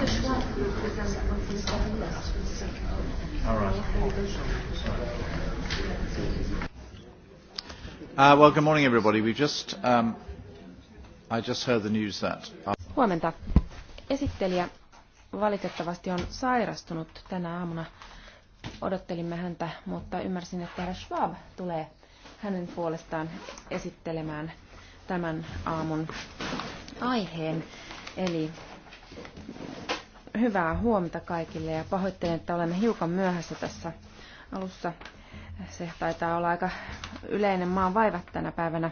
Uh, well, good morning, everybody. We just, um, I just heard the news that. Huomenta. Esittelijä valitettavasti on sairastunut tänä aamuna. Odottelimme häntä, mutta ymmärsin, että herra Schwab tulee hänen puolestaan esittelemään tämän aamun aiheen, eli Hyvää huomenta kaikille ja pahoittelen, että olemme hiukan myöhässä tässä alussa. Se taitaa olla aika yleinen maan vaiva tänä päivänä.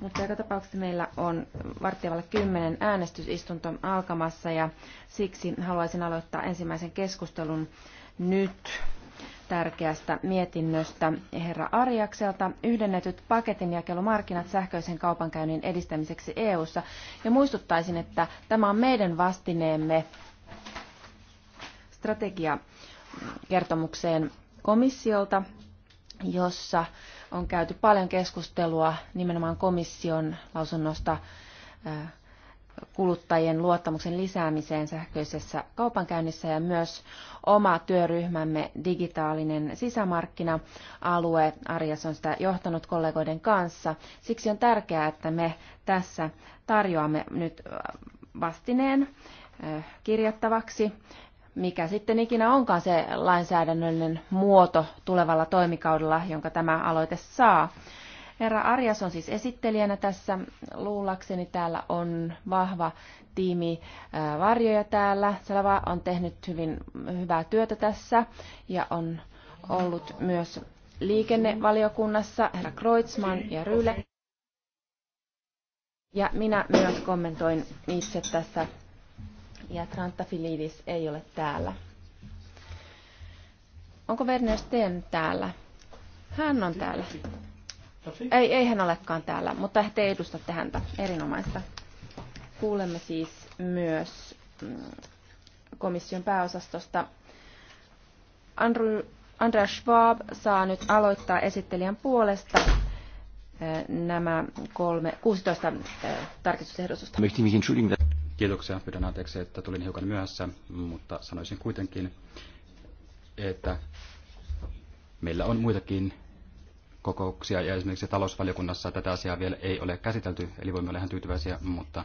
Mutta joka tapauksessa meillä on vartijavalle kymmenen äänestysistunto alkamassa ja siksi haluaisin aloittaa ensimmäisen keskustelun nyt tärkeästä mietinnöstä herra Arjakselta yhdennetyt paketinjakelumarkkinat sähköisen kaupankäynnin edistämiseksi EU:ssa ja muistuttaisin että tämä on meidän vastineemme strategiakertomukseen komissiolta, jossa on käyty paljon keskustelua nimenomaan komission lausunnosta kuluttajien luottamuksen lisäämiseen sähköisessä kaupankäynnissä ja myös oma työryhmämme digitaalinen sisämarkkina-alue. Arjas on sitä johtanut kollegoiden kanssa. Siksi on tärkeää, että me tässä tarjoamme nyt vastineen kirjattavaksi mikä sitten ikinä onkaan se lainsäädännöllinen muoto tulevalla toimikaudella, jonka tämä aloite saa. Herra Arjas on siis esittelijänä tässä. Luulakseni täällä on vahva tiimi äh, varjoja täällä. Selva on tehnyt hyvin hyvää työtä tässä ja on ollut myös liikennevaliokunnassa herra Kreutzmann ja Ryle. Ja minä myös kommentoin itse tässä ja Filidis ei ole täällä. Onko Werner Sten täällä? Hän on täällä. Ei, ei hän olekaan täällä, mutta te edustatte häntä. Erinomaista. Kuulemme siis myös mm, komission pääosastosta. Andrew, Andreas Schwab saa nyt aloittaa esittelijän puolesta äh, nämä kolme, 16 äh, tarkistusehdotusta. Kiitoksia. Pyydän anteeksi, että tulin hiukan myöhässä, mutta sanoisin kuitenkin, että meillä on muitakin kokouksia ja esimerkiksi talousvaliokunnassa tätä asiaa vielä ei ole käsitelty, eli voimme olla ihan tyytyväisiä, mutta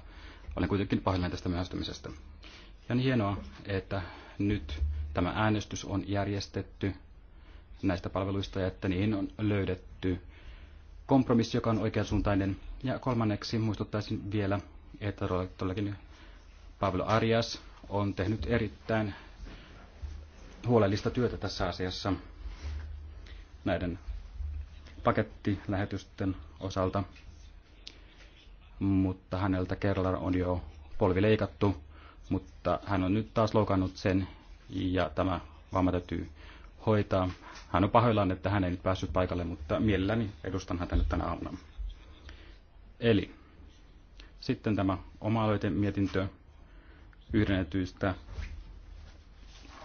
olen kuitenkin pahoillani tästä myöhästymisestä. Ja niin hienoa, että nyt tämä äänestys on järjestetty näistä palveluista ja että niihin on löydetty kompromissi, joka on oikeansuuntainen. Ja kolmanneksi muistuttaisin vielä, että todellakin Pablo Arias on tehnyt erittäin huolellista työtä tässä asiassa näiden pakettilähetysten osalta, mutta häneltä kerran on jo polvi leikattu, mutta hän on nyt taas loukannut sen ja tämä vamma täytyy hoitaa. Hän on pahoillaan, että hän ei nyt päässyt paikalle, mutta mielelläni edustan häntä nyt tänä aamuna. Eli sitten tämä oma-aloite mietintö yhdennetyistä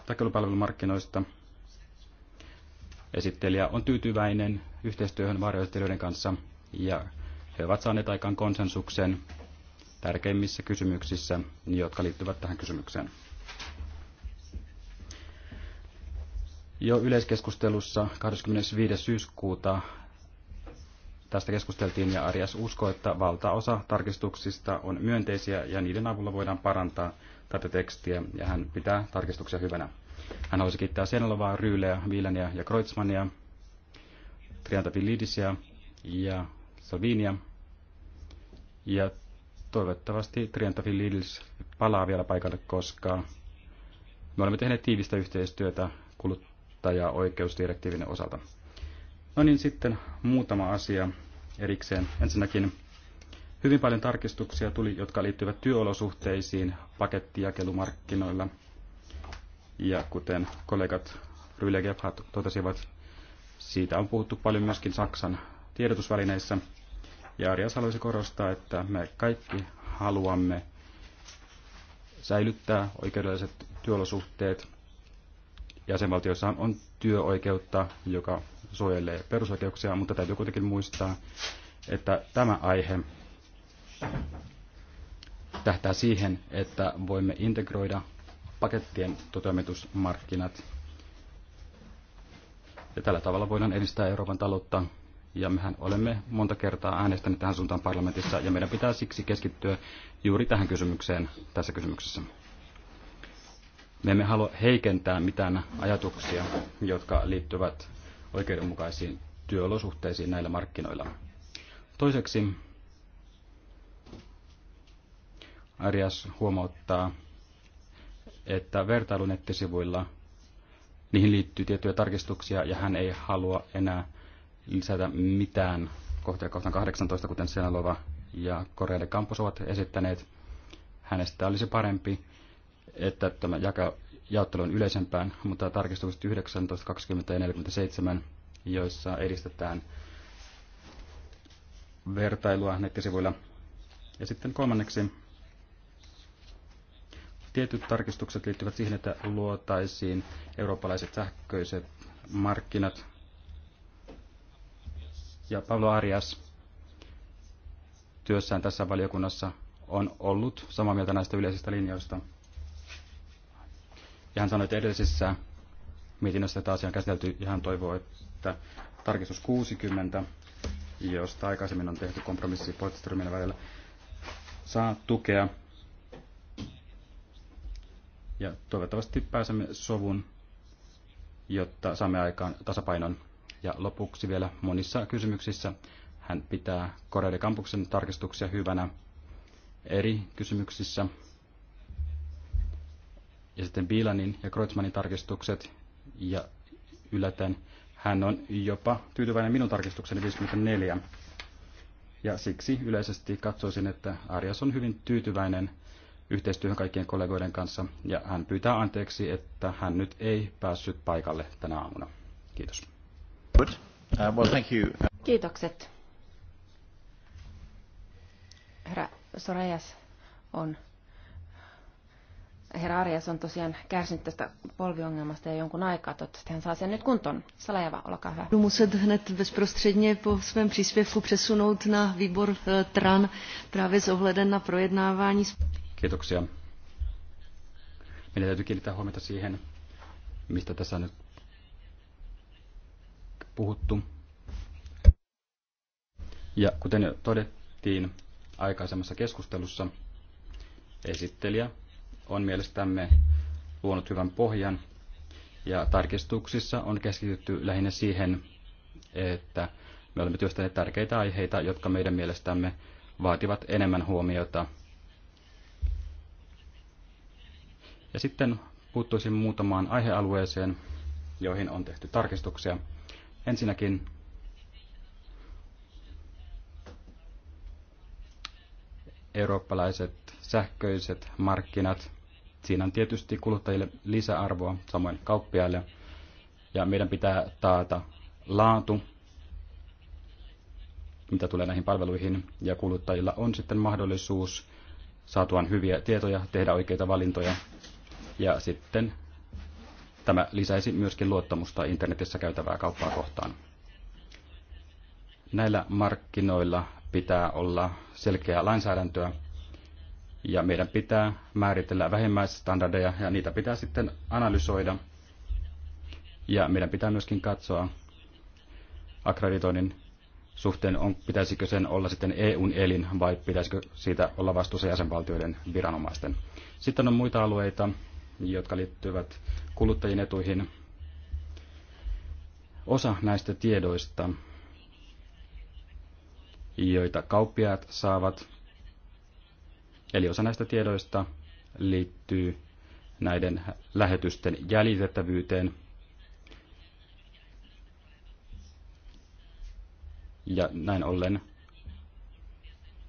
takelupalvelumarkkinoista. Esittelijä on tyytyväinen yhteistyöhön varjoesittelijöiden kanssa ja he ovat saaneet aikaan konsensuksen tärkeimmissä kysymyksissä, jotka liittyvät tähän kysymykseen. Jo yleiskeskustelussa 25. syyskuuta tästä keskusteltiin ja Arias uskoi, että valtaosa tarkistuksista on myönteisiä ja niiden avulla voidaan parantaa tätä tekstiä ja hän pitää tarkistuksia hyvänä. Hän halusi kiittää Senelovaa, Ryyleä, Viilania ja Trianta Triantafilidisia ja Salvinia. Ja toivottavasti Triantafilidis palaa vielä paikalle, koska me olemme tehneet tiivistä yhteistyötä kuluttajaoikeusdirektiivin osalta. No niin, sitten muutama asia erikseen. Ensinnäkin Hyvin paljon tarkistuksia tuli, jotka liittyvät työolosuhteisiin pakettijakelumarkkinoilla. Ja kuten kollegat Ryle Gebhardt totesivat, siitä on puhuttu paljon myöskin Saksan tiedotusvälineissä. Ja Arias haluaisi korostaa, että me kaikki haluamme säilyttää oikeudelliset työolosuhteet. Jäsenvaltioissa on työoikeutta, joka suojelee perusoikeuksia, mutta täytyy kuitenkin muistaa, että tämä aihe tähtää siihen, että voimme integroida pakettien toteutusmarkkinat. Ja tällä tavalla voidaan edistää Euroopan taloutta. Ja mehän olemme monta kertaa äänestäneet tähän suuntaan parlamentissa, ja meidän pitää siksi keskittyä juuri tähän kysymykseen tässä kysymyksessä. Me emme halua heikentää mitään ajatuksia, jotka liittyvät oikeudenmukaisiin työolosuhteisiin näillä markkinoilla. Toiseksi Arias huomauttaa, että vertailunettisivuilla niihin liittyy tiettyjä tarkistuksia ja hän ei halua enää lisätä mitään kohtia kohtaan 18, kuten Senalova ja Korealle Kampus ovat esittäneet. Hänestä olisi parempi, että tämä jaka, jaottelu on yleisempään, mutta tarkistukset 19, 20 ja 47, joissa edistetään vertailua nettisivuilla. Ja sitten kolmanneksi Tietyt tarkistukset liittyvät siihen, että luotaisiin eurooppalaiset sähköiset markkinat. Ja Pablo Arias työssään tässä valiokunnassa on ollut samaa mieltä näistä yleisistä linjoista. Ja hän sanoi, että edellisessä mietinnössä tätä asiaa on käsitelty ja hän toivoo, että tarkistus 60, josta aikaisemmin on tehty kompromissi poliittisten välillä, saa tukea ja toivottavasti pääsemme sovun, jotta saamme aikaan tasapainon. Ja lopuksi vielä monissa kysymyksissä hän pitää Koreiden kampuksen tarkistuksia hyvänä eri kysymyksissä. Ja sitten Bilanin ja Kreutzmannin tarkistukset ja yllätän hän on jopa tyytyväinen minun tarkistukseni 54. Ja siksi yleisesti katsoisin, että Arias on hyvin tyytyväinen yhteistyöhön kaikkien kollegoiden kanssa ja hän pyytää anteeksi, että hän nyt ei päässyt paikalle tänä aamuna. Kiitos. Good. Uh, well, thank you. Kiitokset. Herra Sorajas on herra Arias on tosiaan kärsinyt tästä polviongelmasta ja jonkun aikaa. Toivottavasti hän saa sen nyt kuntoon. Salajava, olkaa hyvä. muset hned bezprostředně po svém příspěvku přesunout na výbor eh, TRAN právě s ohledem na projednávání. Kiitoksia. Meidän täytyy kiinnittää huomiota siihen, mistä tässä on nyt puhuttu. Ja kuten jo todettiin aikaisemmassa keskustelussa, esittelijä on mielestämme luonut hyvän pohjan ja tarkistuksissa on keskitytty lähinnä siihen, että me olemme työstäneet tärkeitä aiheita, jotka meidän mielestämme vaativat enemmän huomiota Ja sitten puuttuisin muutamaan aihealueeseen, joihin on tehty tarkistuksia. Ensinnäkin eurooppalaiset sähköiset markkinat. Siinä on tietysti kuluttajille lisäarvoa, samoin kauppiaille. Ja meidän pitää taata laatu, mitä tulee näihin palveluihin, ja kuluttajilla on sitten mahdollisuus saatuaan hyviä tietoja tehdä oikeita valintoja ja sitten tämä lisäisi myöskin luottamusta internetissä käytävää kauppaa kohtaan. Näillä markkinoilla pitää olla selkeää lainsäädäntöä ja meidän pitää määritellä vähimmäisstandardeja ja niitä pitää sitten analysoida. Ja meidän pitää myöskin katsoa akkreditoinnin suhteen, on, pitäisikö sen olla sitten EUn elin vai pitäisikö siitä olla vastuussa jäsenvaltioiden viranomaisten. Sitten on muita alueita, jotka liittyvät kuluttajien etuihin. Osa näistä tiedoista, joita kauppiaat saavat, eli osa näistä tiedoista liittyy näiden lähetysten jäljitettävyyteen. Ja näin ollen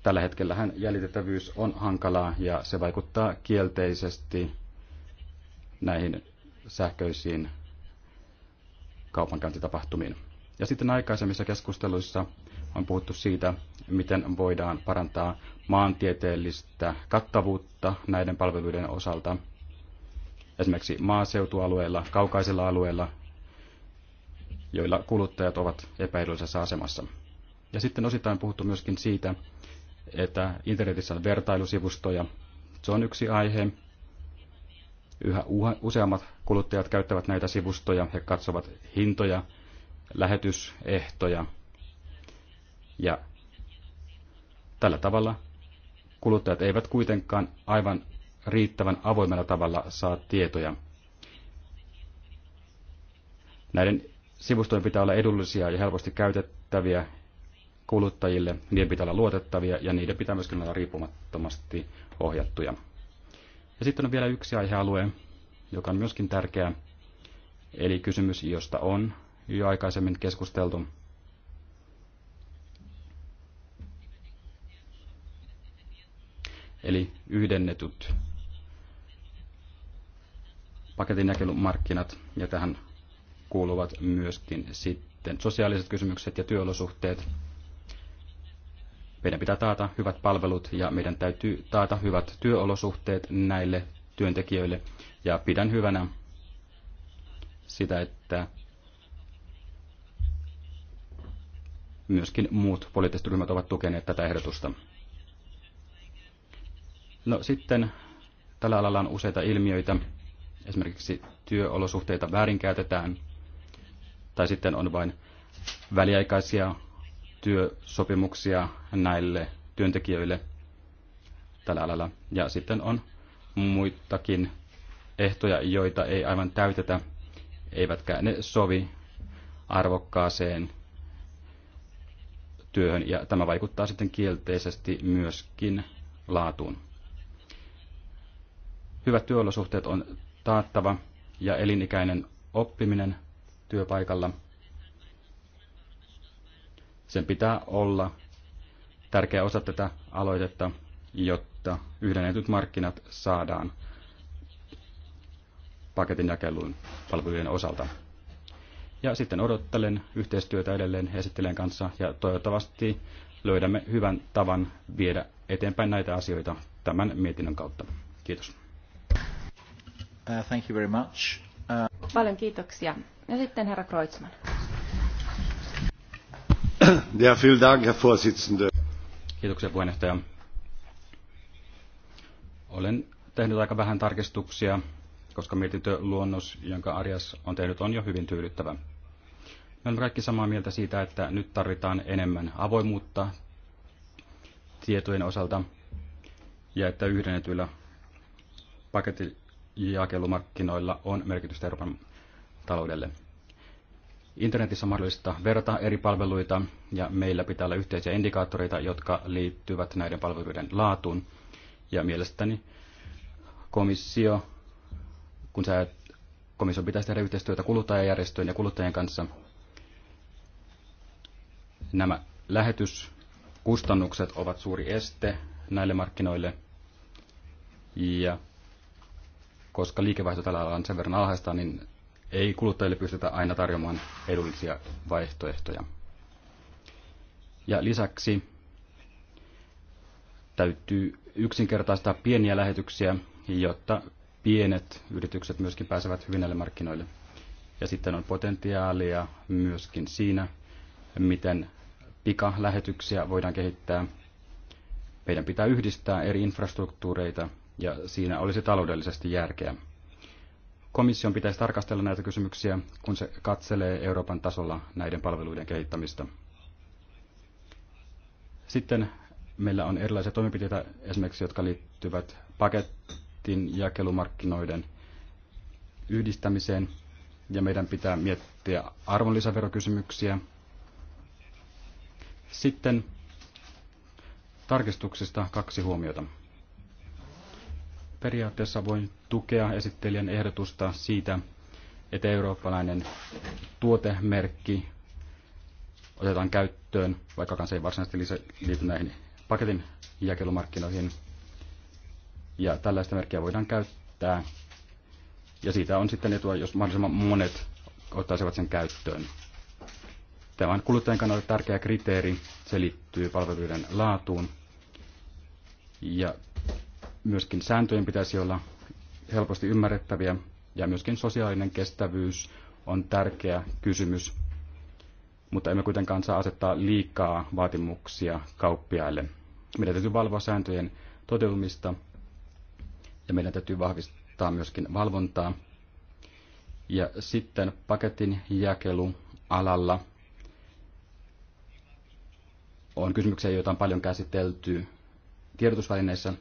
tällä hetkellähän jäljitettävyys on hankalaa ja se vaikuttaa kielteisesti näihin sähköisiin kaupankäyntitapahtumiin. Ja sitten aikaisemmissa keskusteluissa on puhuttu siitä, miten voidaan parantaa maantieteellistä kattavuutta näiden palveluiden osalta. Esimerkiksi maaseutualueilla, kaukaisilla alueilla, joilla kuluttajat ovat epäedullisessa asemassa. Ja sitten osittain puhuttu myöskin siitä, että internetissä on vertailusivustoja. Se on yksi aihe, Yhä useammat kuluttajat käyttävät näitä sivustoja, he katsovat hintoja, lähetysehtoja ja tällä tavalla kuluttajat eivät kuitenkaan aivan riittävän avoimella tavalla saa tietoja. Näiden sivustojen pitää olla edullisia ja helposti käytettäviä kuluttajille, niiden pitää olla luotettavia ja niiden pitää myöskin olla riippumattomasti ohjattuja. Ja sitten on vielä yksi aihealue, joka on myöskin tärkeä, eli kysymys, josta on jo aikaisemmin keskusteltu. Eli yhdennetyt paketin jakelumarkkinat, ja tähän kuuluvat myöskin sitten sosiaaliset kysymykset ja työolosuhteet. Meidän pitää taata hyvät palvelut ja meidän täytyy taata hyvät työolosuhteet näille työntekijöille. Ja pidän hyvänä sitä, että myöskin muut poliittiset ryhmät ovat tukeneet tätä ehdotusta. No sitten tällä alalla on useita ilmiöitä. Esimerkiksi työolosuhteita väärinkäytetään, tai sitten on vain väliaikaisia työsopimuksia näille työntekijöille tällä alalla. Ja sitten on muitakin ehtoja, joita ei aivan täytetä, eivätkä ne sovi arvokkaaseen työhön, ja tämä vaikuttaa sitten kielteisesti myöskin laatuun. Hyvät työolosuhteet on taattava, ja elinikäinen oppiminen työpaikalla – sen pitää olla tärkeä osa tätä aloitetta, jotta yhdennetyt markkinat saadaan paketin jakeluun palvelujen osalta. Ja sitten odottelen yhteistyötä edelleen esittelen kanssa ja toivottavasti löydämme hyvän tavan viedä eteenpäin näitä asioita tämän mietinnön kautta. Kiitos. Uh, thank you very much. Uh... Paljon kiitoksia. Ja sitten herra Kreutzmann. Ja, vielen Kiitoksia puheenjohtaja. Olen tehnyt aika vähän tarkistuksia, koska mietintöluonnos, jonka Arias on tehnyt, on jo hyvin tyydyttävä. Me olemme kaikki samaa mieltä siitä, että nyt tarvitaan enemmän avoimuutta tietojen osalta ja että yhdennetyillä pakettijakelumarkkinoilla on merkitystä Euroopan taloudelle. Internetissä on mahdollista verrata eri palveluita ja meillä pitää olla yhteisiä indikaattoreita, jotka liittyvät näiden palveluiden laatuun. Ja mielestäni komissio, kun sä, komissio pitäisi tehdä yhteistyötä kuluttajajärjestöjen ja kuluttajien kanssa, nämä lähetyskustannukset ovat suuri este näille markkinoille. Ja koska liikevaihto tällä alalla on sen verran alhaista, niin ei kuluttajille pystytä aina tarjoamaan edullisia vaihtoehtoja. Ja lisäksi täytyy yksinkertaistaa pieniä lähetyksiä, jotta pienet yritykset myöskin pääsevät hyvin näille markkinoille. Ja sitten on potentiaalia myöskin siinä, miten pikalähetyksiä voidaan kehittää. Meidän pitää yhdistää eri infrastruktuureita ja siinä olisi taloudellisesti järkeä komission pitäisi tarkastella näitä kysymyksiä, kun se katselee Euroopan tasolla näiden palveluiden kehittämistä. Sitten meillä on erilaisia toimenpiteitä esimerkiksi, jotka liittyvät pakettin jakelumarkkinoiden yhdistämiseen. Ja meidän pitää miettiä arvonlisäverokysymyksiä. Sitten tarkistuksista kaksi huomiota. Periaatteessa voin tukea esittelijän ehdotusta siitä, että eurooppalainen tuotemerkki otetaan käyttöön, vaikka se ei varsinaisesti liity näihin paketin jakelumarkkinoihin. Ja tällaista merkkiä voidaan käyttää. Ja siitä on sitten etua, jos mahdollisimman monet ottaisivat sen käyttöön. Tämä on kuluttajan kannalta tärkeä kriteeri. Se liittyy palveluiden laatuun. Ja Myöskin sääntöjen pitäisi olla helposti ymmärrettäviä ja myöskin sosiaalinen kestävyys on tärkeä kysymys, mutta emme kuitenkaan saa asettaa liikaa vaatimuksia kauppiaille. Meidän täytyy valvoa sääntöjen toteutumista ja meidän täytyy vahvistaa myöskin valvontaa. Ja sitten paketin jakelu alalla on kysymyksiä, joita on paljon käsitelty tiedotusvälineissä.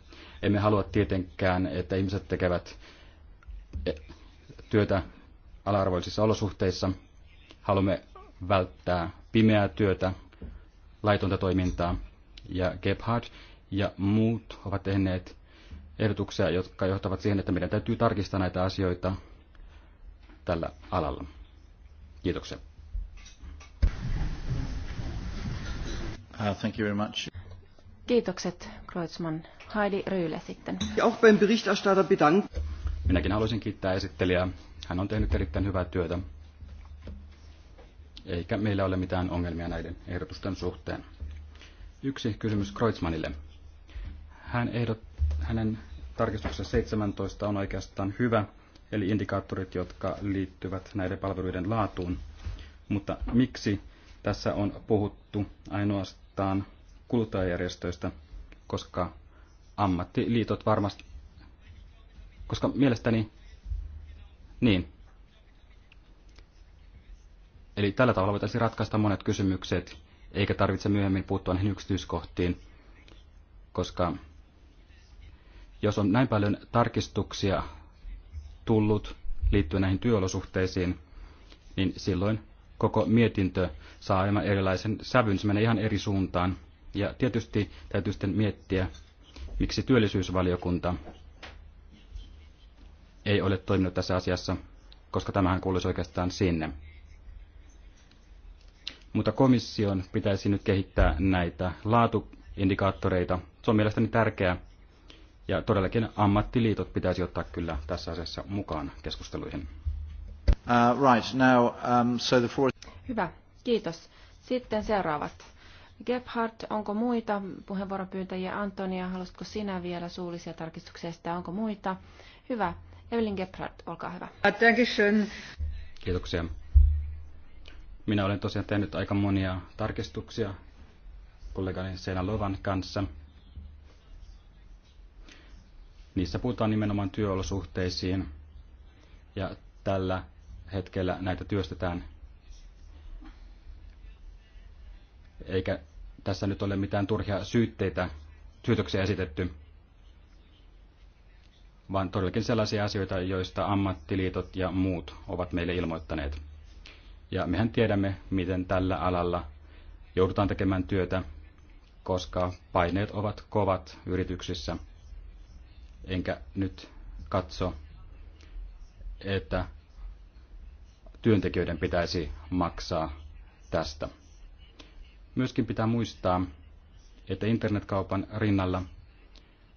Emme halua tietenkään, että ihmiset tekevät e, työtä ala-arvoisissa olosuhteissa. Haluamme välttää pimeää työtä, laitonta toimintaa. Ja Gebhard ja muut ovat tehneet ehdotuksia, jotka johtavat siihen, että meidän täytyy tarkistaa näitä asioita tällä alalla. Kiitoksia. Uh, thank you very much. Kiitokset, Kreutzmann. Heidi Ryyle sitten. Auch beim Berichterstatter bedankt. Minäkin haluaisin kiittää esittelijää. Hän on tehnyt erittäin hyvää työtä. Eikä meillä ole mitään ongelmia näiden ehdotusten suhteen. Yksi kysymys Kreutzmannille. Hän ehdot, hänen tarkistuksessa 17 on oikeastaan hyvä, eli indikaattorit, jotka liittyvät näiden palveluiden laatuun. Mutta miksi tässä on puhuttu ainoastaan kuluttajajärjestöistä, koska ammattiliitot varmasti, koska mielestäni, niin, Eli tällä tavalla voitaisiin ratkaista monet kysymykset, eikä tarvitse myöhemmin puuttua näihin yksityiskohtiin, koska jos on näin paljon tarkistuksia tullut liittyen näihin työolosuhteisiin, niin silloin koko mietintö saa aivan erilaisen sävyn, se menee ihan eri suuntaan. Ja tietysti täytyy sitten miettiä, miksi työllisyysvaliokunta ei ole toiminut tässä asiassa, koska tämähän kuuluisi oikeastaan sinne. Mutta komission pitäisi nyt kehittää näitä laatuindikaattoreita. Se on mielestäni tärkeää. Ja todellakin ammattiliitot pitäisi ottaa kyllä tässä asiassa mukaan keskusteluihin. Uh, right, now, um, so the four... Hyvä, kiitos. Sitten seuraavat Gebhardt, onko muita puheenvuoropyyntäjiä? Antonia, haluaisitko sinä vielä suullisia tarkistuksia? Sitä onko muita? Hyvä. Evelyn Gebhardt, olkaa hyvä. Ah, Kiitoksia. Minä olen tosiaan tehnyt aika monia tarkistuksia kollegani Seena Lovan kanssa. Niissä puhutaan nimenomaan työolosuhteisiin ja tällä hetkellä näitä työstetään eikä tässä nyt ole mitään turhia syytteitä, syytöksiä esitetty, vaan todellakin sellaisia asioita, joista ammattiliitot ja muut ovat meille ilmoittaneet. Ja mehän tiedämme, miten tällä alalla joudutaan tekemään työtä, koska paineet ovat kovat yrityksissä. Enkä nyt katso, että työntekijöiden pitäisi maksaa tästä. Myöskin pitää muistaa, että internetkaupan rinnalla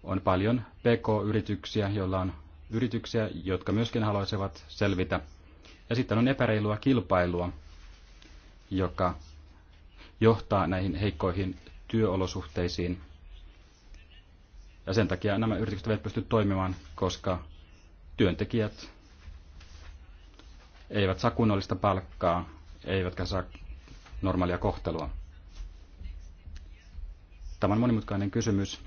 on paljon PK-yrityksiä, joilla on yrityksiä, jotka myöskin haluaisivat selvitä. Ja sitten on epäreilua kilpailua, joka johtaa näihin heikkoihin työolosuhteisiin. Ja sen takia nämä yritykset eivät pysty toimimaan, koska työntekijät eivät saa kunnollista palkkaa, eivätkä saa normaalia kohtelua. Tämä on monimutkainen kysymys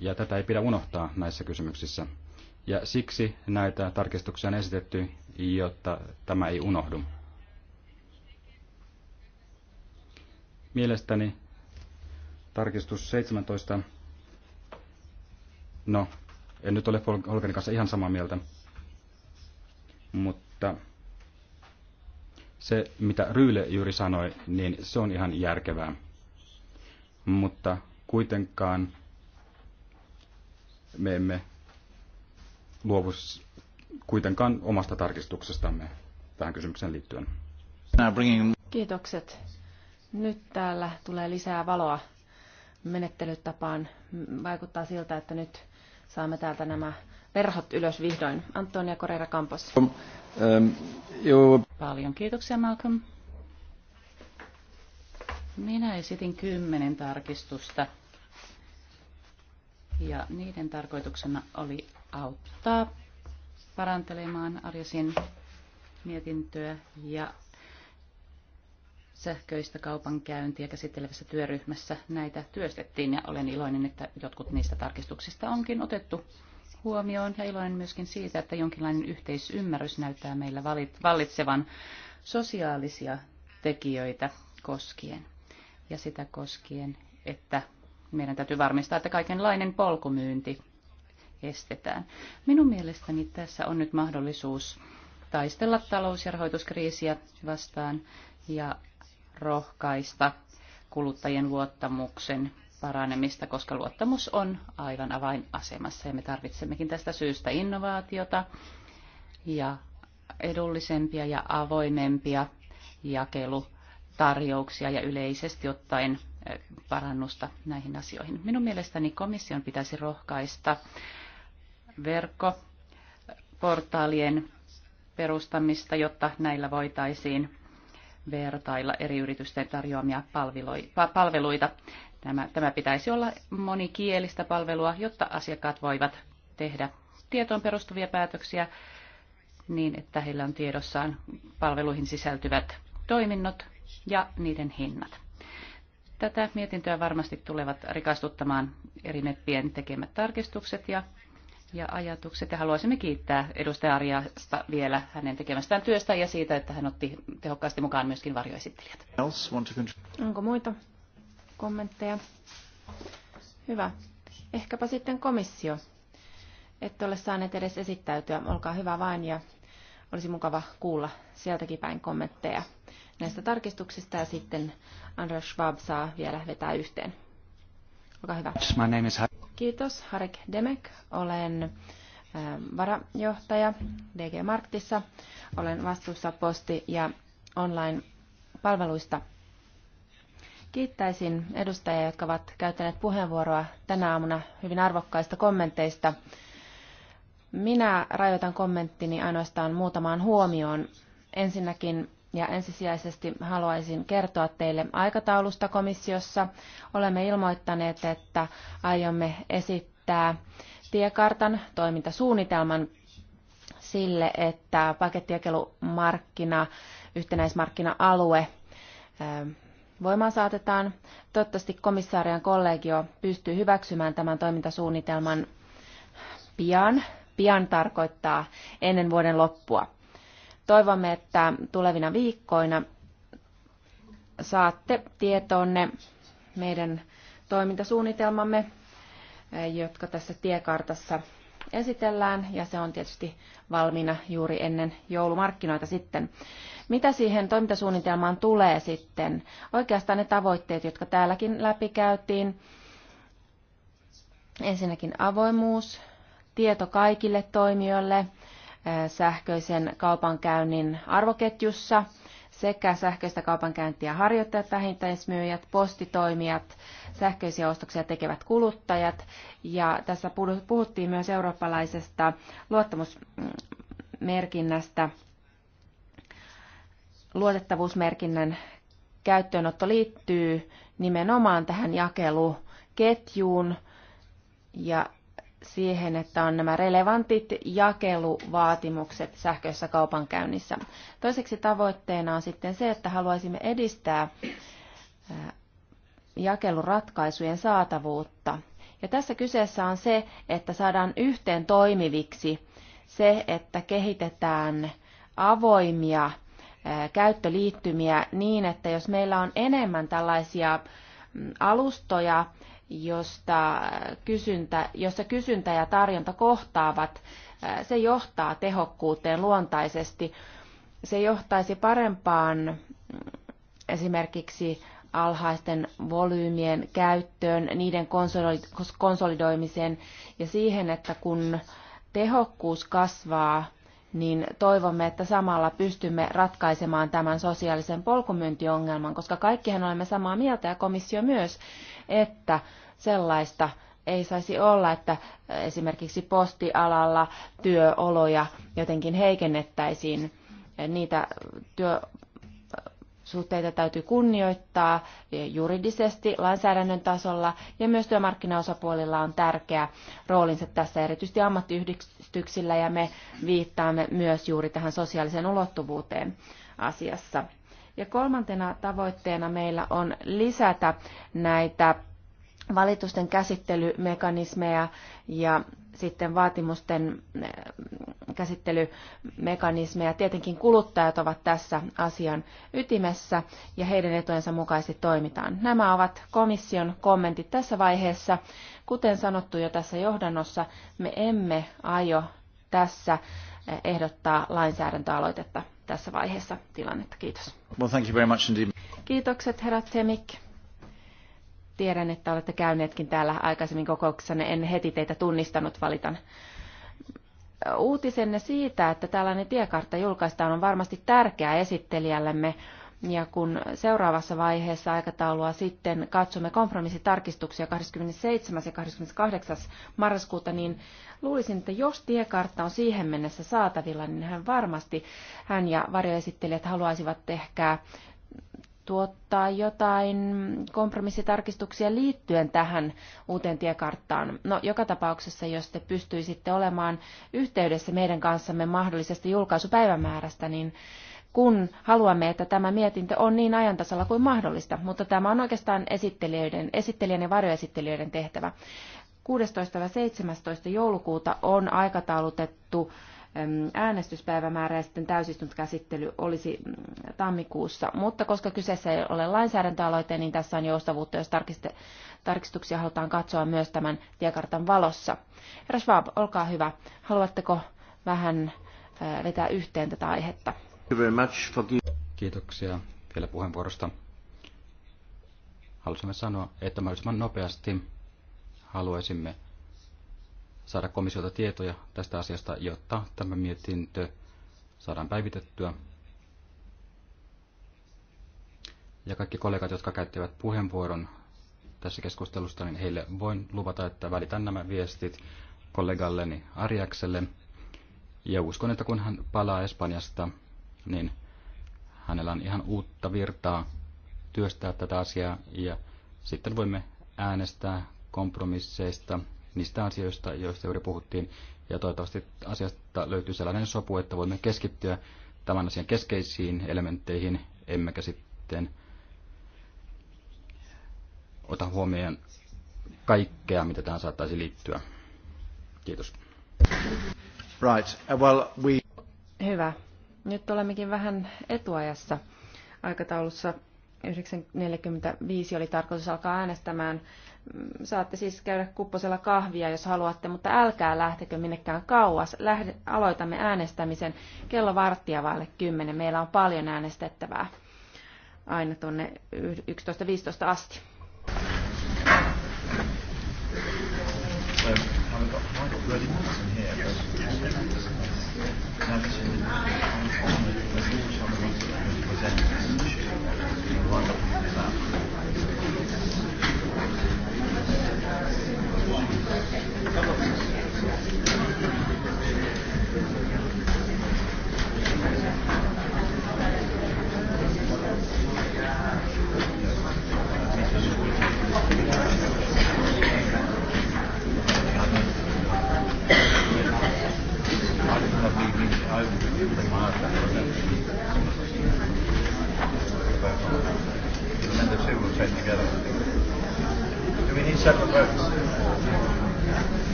ja tätä ei pidä unohtaa näissä kysymyksissä. Ja siksi näitä tarkistuksia on esitetty, jotta tämä ei unohdu. Mielestäni tarkistus 17. No, en nyt ole Holgerin kanssa ihan samaa mieltä, mutta se, mitä Ryyle juuri sanoi, niin se on ihan järkevää. Mutta kuitenkaan me emme luovu kuitenkaan omasta tarkistuksestamme tähän kysymykseen liittyen. Kiitokset. Nyt täällä tulee lisää valoa menettelytapaan. Vaikuttaa siltä, että nyt saamme täältä nämä verhot ylös vihdoin. Antonia Correira Campos. um, um Paljon kiitoksia Malcolm. Minä esitin kymmenen tarkistusta ja niiden tarkoituksena oli auttaa parantelemaan Arjasin mietintöä ja sähköistä kaupankäyntiä käsittelevässä työryhmässä näitä työstettiin ja olen iloinen, että jotkut niistä tarkistuksista onkin otettu huomioon ja iloinen myöskin siitä, että jonkinlainen yhteisymmärrys näyttää meillä vallitsevan sosiaalisia tekijöitä koskien ja sitä koskien, että meidän täytyy varmistaa, että kaikenlainen polkumyynti estetään. Minun mielestäni tässä on nyt mahdollisuus taistella talous- ja rahoituskriisiä vastaan ja rohkaista kuluttajien luottamuksen paranemista, koska luottamus on aivan avainasemassa ja me tarvitsemmekin tästä syystä innovaatiota ja edullisempia ja avoimempia jakelutarjouksia ja yleisesti ottaen parannusta näihin asioihin. Minun mielestäni komission pitäisi rohkaista verkkoportaalien perustamista, jotta näillä voitaisiin vertailla eri yritysten tarjoamia palveluita. Tämä, tämä pitäisi olla monikielistä palvelua, jotta asiakkaat voivat tehdä tietoon perustuvia päätöksiä niin, että heillä on tiedossaan palveluihin sisältyvät toiminnot ja niiden hinnat. Tätä mietintöä varmasti tulevat rikastuttamaan eri meppien tekemät tarkistukset ja, ja ajatukset. Ja haluaisimme kiittää edustaja Arjasta vielä hänen tekemästään työstä ja siitä, että hän otti tehokkaasti mukaan myöskin varjoesittelijät. Onko muita kommentteja? Hyvä. Ehkäpä sitten komissio. Ette ole saaneet edes esittäytyä. Olkaa hyvä vain ja olisi mukava kuulla sieltäkin päin kommentteja näistä tarkistuksista ja sitten Andras Schwab saa vielä vetää yhteen. Olkaa hyvä. My name is Kiitos, Harek Demek. Olen ähm, varajohtaja DG Marktissa. Olen vastuussa posti- ja online-palveluista. Kiittäisin edustajia, jotka ovat käyttäneet puheenvuoroa tänä aamuna hyvin arvokkaista kommenteista. Minä rajoitan kommenttini ainoastaan muutamaan huomioon. Ensinnäkin ja ensisijaisesti haluaisin kertoa teille aikataulusta komissiossa. Olemme ilmoittaneet, että aiomme esittää tiekartan toimintasuunnitelman sille, että pakettijakelumarkkina, yhtenäismarkkina-alue voimaan saatetaan. Toivottavasti komissaarian kollegio pystyy hyväksymään tämän toimintasuunnitelman pian. Pian tarkoittaa ennen vuoden loppua. Toivomme, että tulevina viikkoina saatte tietoonne meidän toimintasuunnitelmamme, jotka tässä tiekartassa esitellään, ja se on tietysti valmiina juuri ennen joulumarkkinoita sitten. Mitä siihen toimintasuunnitelmaan tulee sitten? Oikeastaan ne tavoitteet, jotka täälläkin läpikäytiin. Ensinnäkin avoimuus, tieto kaikille toimijoille, sähköisen kaupankäynnin arvoketjussa sekä sähköistä kaupankäyntiä harjoittajat, vähintäismyyjät, postitoimijat, sähköisiä ostoksia tekevät kuluttajat. Ja tässä puhuttiin myös eurooppalaisesta luottamusmerkinnästä, luotettavuusmerkinnän käyttöönotto liittyy nimenomaan tähän jakeluketjuun ja siihen, että on nämä relevantit jakeluvaatimukset sähköisessä kaupankäynnissä. Toiseksi tavoitteena on sitten se, että haluaisimme edistää jakeluratkaisujen saatavuutta. Ja tässä kyseessä on se, että saadaan yhteen toimiviksi se, että kehitetään avoimia käyttöliittymiä niin, että jos meillä on enemmän tällaisia mm, alustoja, josta kysyntä, jossa kysyntä ja tarjonta kohtaavat, se johtaa tehokkuuteen luontaisesti. Se johtaisi parempaan mm, esimerkiksi alhaisten volyymien käyttöön, niiden konsolidoimiseen ja siihen, että kun tehokkuus kasvaa, niin toivomme, että samalla pystymme ratkaisemaan tämän sosiaalisen polkumyyntiongelman, koska kaikkihan olemme samaa mieltä ja komissio myös, että sellaista ei saisi olla, että esimerkiksi postialalla työoloja jotenkin heikennettäisiin. Niitä työ, suhteita täytyy kunnioittaa juridisesti lainsäädännön tasolla ja myös työmarkkinaosapuolilla on tärkeä roolinsa tässä, erityisesti ammattiyhdistyksillä ja me viittaamme myös juuri tähän sosiaaliseen ulottuvuuteen asiassa. Ja kolmantena tavoitteena meillä on lisätä näitä valitusten käsittelymekanismeja ja sitten vaatimusten eh, käsittelymekanismeja. Tietenkin kuluttajat ovat tässä asian ytimessä ja heidän etujensa mukaisesti toimitaan. Nämä ovat komission kommentit tässä vaiheessa. Kuten sanottu jo tässä johdannossa, me emme aio tässä eh, ehdottaa lainsäädäntöaloitetta tässä vaiheessa tilannetta. Kiitos. Well, thank you very much indeed. Kiitokset herra Temik. Tiedän, että olette käyneetkin täällä aikaisemmin kokouksessanne. En heti teitä tunnistanut, valitan. Uutisenne siitä, että tällainen tiekartta julkaistaan, on varmasti tärkeä esittelijällemme. Ja kun seuraavassa vaiheessa aikataulua sitten katsomme kompromissitarkistuksia 27. ja 28. marraskuuta, niin luulisin, että jos tiekartta on siihen mennessä saatavilla, niin hän varmasti, hän ja varjoesittelijät haluaisivat ehkä tuottaa jotain kompromissitarkistuksia liittyen tähän uuteen tiekarttaan. No, joka tapauksessa, jos te pystyisitte olemaan yhteydessä meidän kanssamme mahdollisesti julkaisupäivämäärästä, niin kun haluamme, että tämä mietintö on niin ajantasalla kuin mahdollista, mutta tämä on oikeastaan esittelijöiden, esittelijän ja varjoesittelijöiden tehtävä. 16-17 joulukuuta on aikataulutettu äänestyspäivämäärä ja sitten täysistuntokäsittely olisi mm, tammikuussa. Mutta koska kyseessä ei ole lainsäädäntöaloite, niin tässä on joustavuutta, jos tarkistuksia halutaan katsoa myös tämän tiekartan valossa. Herra Schwab, olkaa hyvä. Haluatteko vähän vetää yhteen tätä aihetta? Kiitoksia vielä puheenvuorosta. Halusimme sanoa, että mahdollisimman nopeasti haluaisimme saada komissiolta tietoja tästä asiasta, jotta tämä mietintö saadaan päivitettyä. Ja kaikki kollegat, jotka käyttivät puheenvuoron tässä keskustelusta, niin heille voin luvata, että välitän nämä viestit kollegalleni Arjakselle. Ja uskon, että kun hän palaa Espanjasta, niin hänellä on ihan uutta virtaa työstää tätä asiaa ja sitten voimme äänestää kompromisseista niistä asioista, joista juuri puhuttiin. Ja toivottavasti asiasta löytyy sellainen sopu, että voimme keskittyä tämän asian keskeisiin elementteihin, emmekä sitten ota huomioon kaikkea, mitä tähän saattaisi liittyä. Kiitos. Right. Uh, well, we... Hyvä. Nyt olemmekin vähän etuajassa aikataulussa 9.45 oli tarkoitus alkaa äänestämään. Mm, saatte siis käydä kupposella kahvia, jos haluatte, mutta älkää lähtekö minnekään kauas. Lähde, aloitamme äänestämisen kello varttia vaille 10. Meillä on paljon äänestettävää aina tuonne 11.15 asti. Have I got, have got Yes. yes. yes. yes.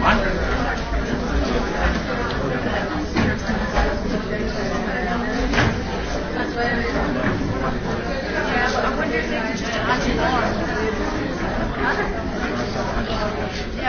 One.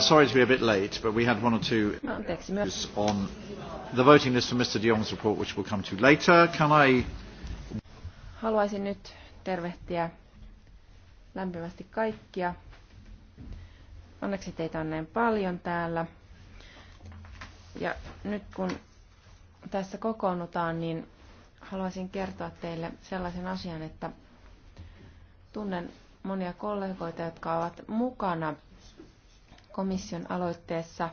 Uh, sorry to be a bit late, but we had one or two no, on the voting list for Mr. de Jong's report, which we'll come to later. Can I... Haluaisin nyt tervehtiä lämpimästi kaikkia. Onneksi teitä on näin paljon täällä. Ja nyt kun tässä kokoonnutaan, niin haluaisin kertoa teille sellaisen asian, että tunnen monia kollegoita, jotka ovat mukana komission aloitteessa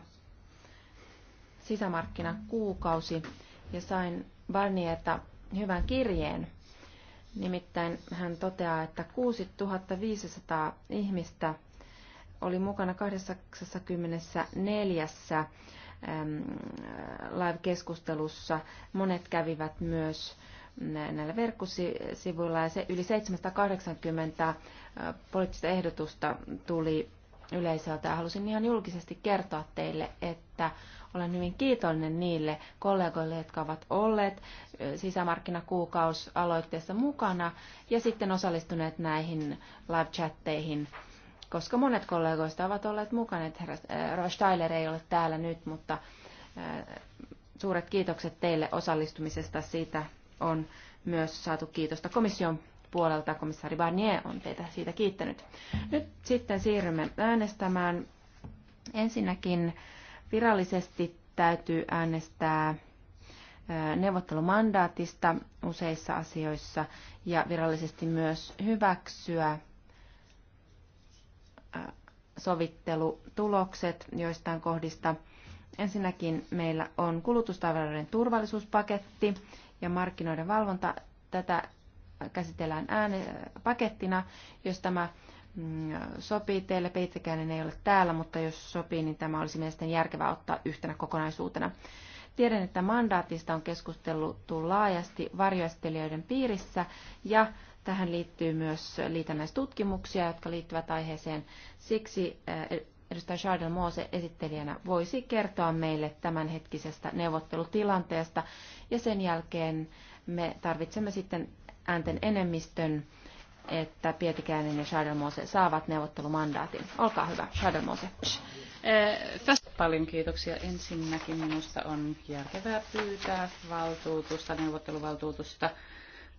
sisämarkkinakuukausi ja sain Barnierta hyvän kirjeen. Nimittäin hän toteaa, että 6500 ihmistä oli mukana 84 live-keskustelussa. Monet kävivät myös mm, näillä verkkosivuilla ja se yli 780 poliittista ehdotusta tuli yleisöltä. Halusin ihan julkisesti kertoa teille, että olen hyvin kiitollinen niille kollegoille, jotka ovat olleet sisämarkkinakuukausaloitteessa mukana ja sitten osallistuneet näihin live-chatteihin, koska monet kollegoista ovat olleet mukana. Herra Steiler ei ole täällä nyt, mutta suuret kiitokset teille osallistumisesta. Siitä on myös saatu kiitosta komission puolelta. Komissaari Barnier on teitä siitä kiittänyt. Nyt sitten siirrymme äänestämään. Ensinnäkin virallisesti täytyy äänestää neuvottelumandaatista useissa asioissa ja virallisesti myös hyväksyä sovittelutulokset joistain kohdista. Ensinnäkin meillä on kulutustavaroiden turvallisuuspaketti ja markkinoiden valvonta. Tätä käsitellään ääne, pakettina, jos tämä mm, sopii teille. Peitsikäinen ei ole täällä, mutta jos sopii, niin tämä olisi mielestäni järkevää ottaa yhtenä kokonaisuutena. Tiedän, että mandaatista on keskusteltu laajasti varjoistelijoiden piirissä ja tähän liittyy myös liitännäistutkimuksia, jotka liittyvät aiheeseen. Siksi eh, edustaja Chardel Moose esittelijänä voisi kertoa meille tämänhetkisestä neuvottelutilanteesta ja sen jälkeen me tarvitsemme sitten äänten enemmistön, että Pietikäinen ja Shadelmose saavat neuvottelumandaatin. Olkaa hyvä, Shadelmose. Paljon kiitoksia. Ensinnäkin minusta on järkevää pyytää valtuutusta, neuvotteluvaltuutusta,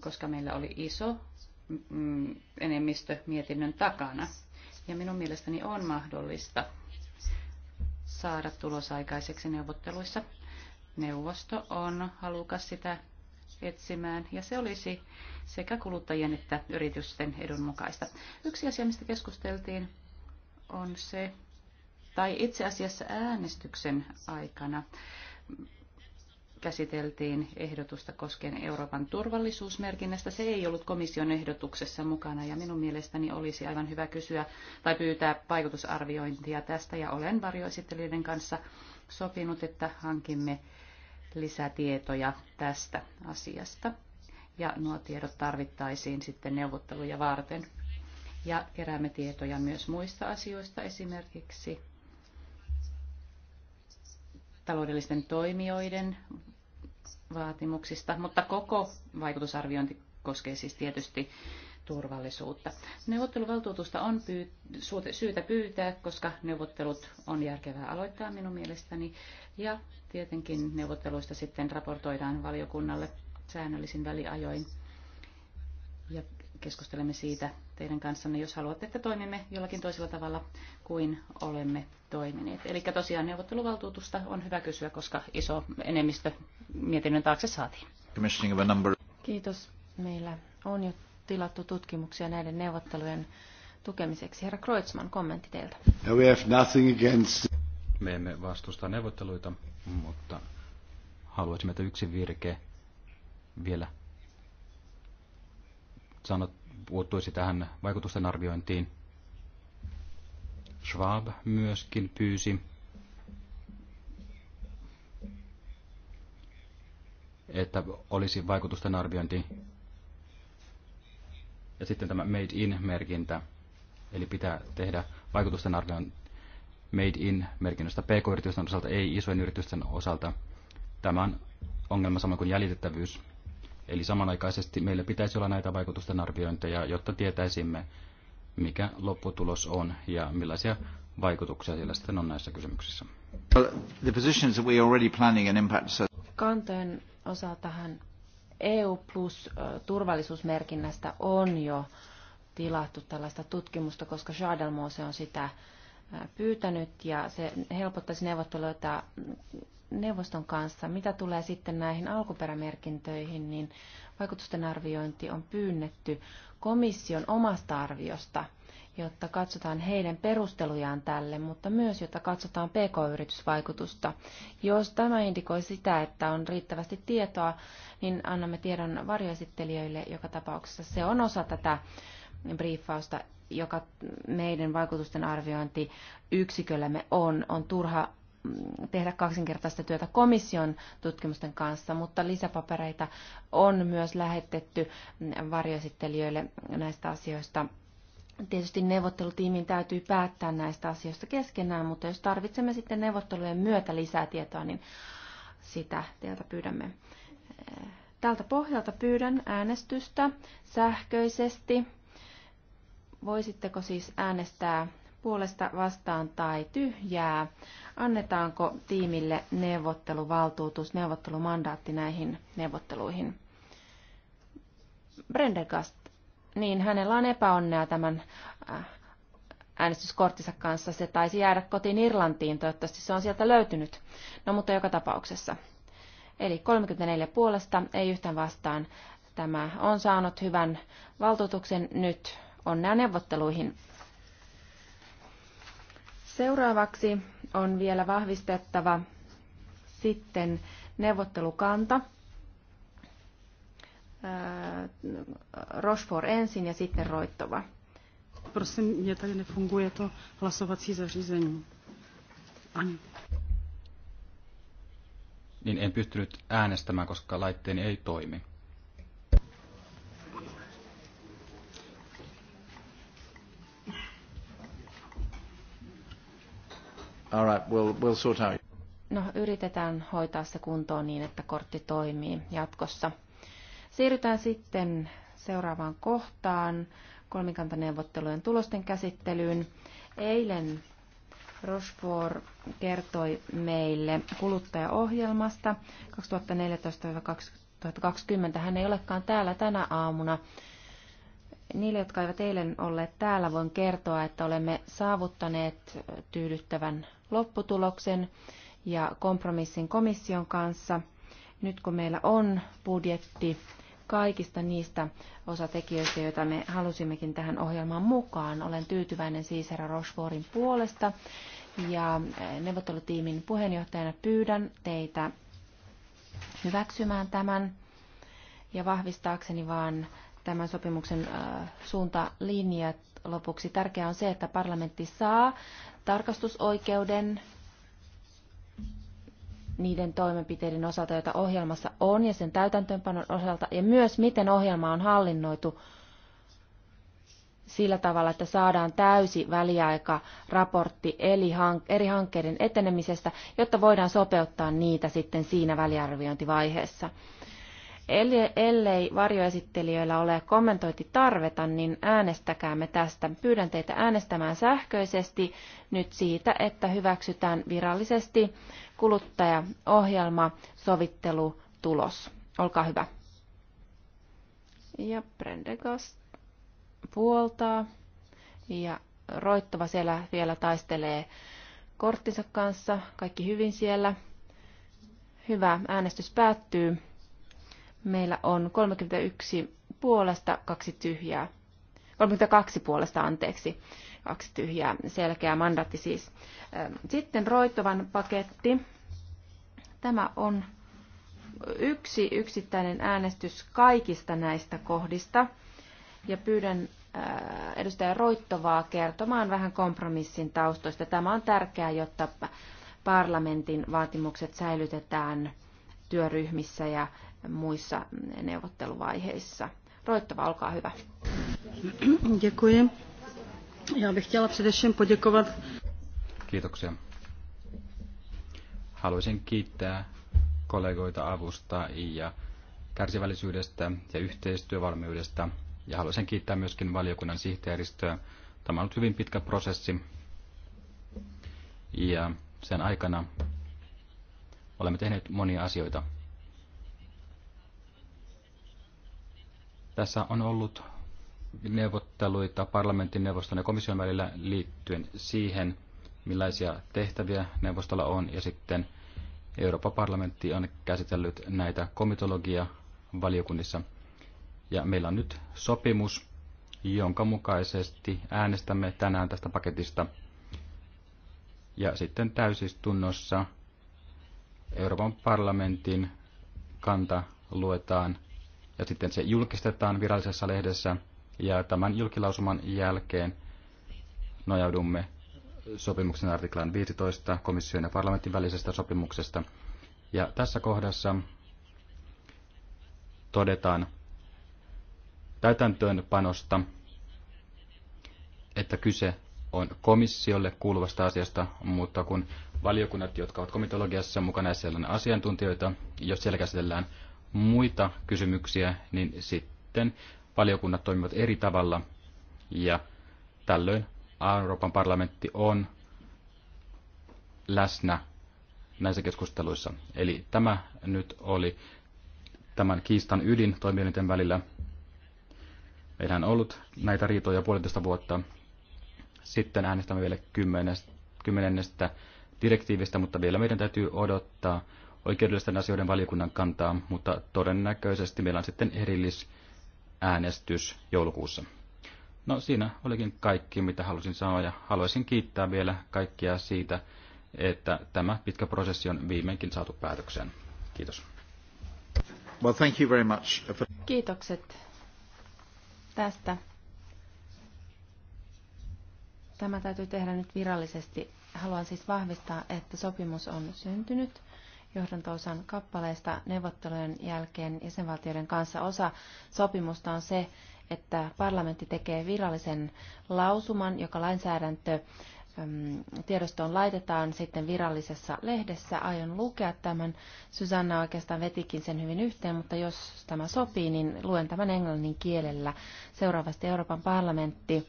koska meillä oli iso mm, enemmistö mietinnön takana. Ja minun mielestäni on mahdollista saada tulosaikaiseksi neuvotteluissa. Neuvosto on halukas sitä etsimään ja se olisi sekä kuluttajien että yritysten edun mukaista. Yksi asia, mistä keskusteltiin, on se, tai itse asiassa äänestyksen aikana käsiteltiin ehdotusta koskien Euroopan turvallisuusmerkinnästä. Se ei ollut komission ehdotuksessa mukana ja minun mielestäni olisi aivan hyvä kysyä tai pyytää vaikutusarviointia tästä ja olen varjoesittelijöiden kanssa sopinut, että hankimme lisätietoja tästä asiasta ja nuo tiedot tarvittaisiin sitten neuvotteluja varten. Ja keräämme tietoja myös muista asioista, esimerkiksi taloudellisten toimijoiden vaatimuksista, mutta koko vaikutusarviointi koskee siis tietysti turvallisuutta. Neuvotteluvaltuutusta on pyy- syytä pyytää, koska neuvottelut on järkevää aloittaa minun mielestäni. Ja tietenkin neuvotteluista sitten raportoidaan valiokunnalle säännöllisin väliajoin. Ja keskustelemme siitä teidän kanssanne, jos haluatte, että toimimme jollakin toisella tavalla kuin olemme toimineet. Eli tosiaan neuvotteluvaltuutusta on hyvä kysyä, koska iso enemmistö mietinnön taakse saatiin. Kiitos. Meillä on jo tilattu tutkimuksia näiden neuvottelujen tukemiseksi. Herra Kreutzmann, kommentti teiltä. No, we have nothing against... Me emme vastusta neuvotteluita, mutta haluaisimme, että yksi virke vielä sanot, puuttuisi tähän vaikutusten arviointiin. Schwab myöskin pyysi, että olisi vaikutusten arviointi. Ja sitten tämä made in-merkintä, eli pitää tehdä vaikutusten arviointi made in-merkinnöstä pk-yritysten osalta, ei isojen yritysten osalta. Tämä on ongelma samoin kuin jäljitettävyys. Eli samanaikaisesti meillä pitäisi olla näitä vaikutusten arviointeja, jotta tietäisimme, mikä lopputulos on ja millaisia vaikutuksia siellä sitten on näissä kysymyksissä. Kanteen osa tähän EU plus turvallisuusmerkinnästä on jo tilattu tällaista tutkimusta, koska Schadelmoose on sitä pyytänyt ja se helpottaisi neuvotteluita neuvoston kanssa. Mitä tulee sitten näihin alkuperämerkintöihin, niin vaikutusten arviointi on pyynnetty komission omasta arviosta, jotta katsotaan heidän perustelujaan tälle, mutta myös jotta katsotaan pk-yritysvaikutusta. Jos tämä indikoi sitä, että on riittävästi tietoa, niin annamme tiedon varjoesittelijöille joka tapauksessa. Se on osa tätä briefausta, joka meidän vaikutusten arviointi yksiköllämme on. On turha tehdä kaksinkertaista työtä komission tutkimusten kanssa, mutta lisäpapereita on myös lähetetty varjoesittelijöille näistä asioista. Tietysti neuvottelutiimin täytyy päättää näistä asioista keskenään, mutta jos tarvitsemme sitten neuvottelujen myötä lisää tietoa, niin sitä teiltä pyydämme. Tältä pohjalta pyydän äänestystä sähköisesti. Voisitteko siis äänestää puolesta vastaan tai tyhjää. Annetaanko tiimille neuvotteluvaltuutus, neuvottelumandaatti näihin neuvotteluihin? Brendergast, niin hänellä on epäonnea tämän äh, äänestyskorttinsa kanssa. Se taisi jäädä kotiin Irlantiin, toivottavasti se on sieltä löytynyt. No mutta joka tapauksessa. Eli 34 puolesta, ei yhtään vastaan. Tämä on saanut hyvän valtuutuksen nyt onnea neuvotteluihin. Seuraavaksi on vielä vahvistettava sitten neuvottelukanta. Rochefort ensin ja sitten Roittova. Prosím, mě tady nefunguje to hlasovací zařízení. Ani. Niin en pystynyt äänestämään, koska laitteeni ei toimi. All right, we'll, we'll sort out. No, yritetään hoitaa se kuntoon niin, että kortti toimii jatkossa. Siirrytään sitten seuraavaan kohtaan, kolmikantaneuvottelujen tulosten käsittelyyn. Eilen Rochefort kertoi meille kuluttajaohjelmasta 2014-2020. Hän ei olekaan täällä tänä aamuna, Niille, jotka eivät eilen olleet täällä, voin kertoa, että olemme saavuttaneet tyydyttävän lopputuloksen ja kompromissin komission kanssa. Nyt kun meillä on budjetti kaikista niistä osatekijöistä, joita me halusimmekin tähän ohjelmaan mukaan, olen tyytyväinen siis herra Rochefortin puolesta. Ja eh, neuvottelutiimin puheenjohtajana pyydän teitä hyväksymään tämän ja vahvistaakseni vaan tämän sopimuksen äh, suuntalinjat lopuksi. Tärkeää on se, että parlamentti saa tarkastusoikeuden niiden toimenpiteiden osalta, joita ohjelmassa on, ja sen täytäntöönpanon osalta, ja myös miten ohjelma on hallinnoitu sillä tavalla, että saadaan täysi väliaika raportti eri hankkeiden etenemisestä, jotta voidaan sopeuttaa niitä sitten siinä väliarviointivaiheessa ellei varjoesittelijöillä ole kommentointitarvetta, niin äänestäkäämme tästä. Pyydän teitä äänestämään sähköisesti nyt siitä, että hyväksytään virallisesti kuluttajaohjelma sovittelutulos. Olkaa hyvä. Ja Prendegast puoltaa. Ja roittava siellä vielä taistelee korttinsa kanssa. Kaikki hyvin siellä. Hyvä, äänestys päättyy. Meillä on 31 puolesta, kaksi tyhjää. 32 puolesta, anteeksi, kaksi tyhjää. Selkeä mandaatti siis. Sitten Roitovan paketti. Tämä on yksi yksittäinen äänestys kaikista näistä kohdista. Ja pyydän edustaja Roittovaa kertomaan vähän kompromissin taustoista. Tämä on tärkeää, jotta parlamentin vaatimukset säilytetään työryhmissä ja muissa neuvotteluvaiheissa. Roittava, olkaa hyvä. Děkuji. Já bych chtěla především poděkovat. Kiitoksia. Haluaisin kiittää kollegoita avusta ja kärsivällisyydestä ja yhteistyövalmiudesta. Ja haluaisin kiittää myöskin valiokunnan sihteeristöä. Tämä on ollut hyvin pitkä prosessi. Ja sen aikana olemme tehneet monia asioita. Tässä on ollut neuvotteluita parlamentin neuvoston ja komission välillä liittyen siihen, millaisia tehtäviä neuvostolla on, ja sitten Euroopan parlamentti on käsitellyt näitä komitologia valiokunnissa. Ja meillä on nyt sopimus, jonka mukaisesti äänestämme tänään tästä paketista. Ja sitten täysistunnossa Euroopan parlamentin kanta luetaan ja sitten se julkistetaan virallisessa lehdessä ja tämän julkilausuman jälkeen nojaudumme sopimuksen artiklan 15 komission ja parlamentin välisestä sopimuksesta. Ja tässä kohdassa todetaan täytäntöönpanosta, että kyse on komissiolle kuuluvasta asiasta, mutta kun valiokunnat, jotka ovat komitologiassa mukana siellä on asiantuntijoita, jos siellä käsitellään muita kysymyksiä, niin sitten valiokunnat toimivat eri tavalla ja tällöin Euroopan parlamentti on läsnä näissä keskusteluissa. Eli tämä nyt oli tämän kiistan ydin toimielinten välillä. Meillähän on ollut näitä riitoja puolitoista vuotta. Sitten äänestämme vielä kymmenestä, kymmenestä direktiivistä, mutta vielä meidän täytyy odottaa oikeudellisten asioiden valiokunnan kantaa, mutta todennäköisesti meillä on sitten erillisäänestys joulukuussa. No siinä olikin kaikki, mitä halusin sanoa ja haluaisin kiittää vielä kaikkia siitä, että tämä pitkä prosessi on viimeinkin saatu päätökseen. Kiitos. Well, thank you very much. Kiitokset tästä. Tämä täytyy tehdä nyt virallisesti. Haluan siis vahvistaa, että sopimus on syntynyt johdantoosan kappaleista neuvottelujen jälkeen jäsenvaltioiden kanssa. Osa sopimusta on se, että parlamentti tekee virallisen lausuman, joka lainsäädäntö tiedostoon laitetaan sitten virallisessa lehdessä. Aion lukea tämän. Susanna oikeastaan vetikin sen hyvin yhteen, mutta jos tämä sopii, niin luen tämän englannin kielellä. Seuraavasti Euroopan parlamentti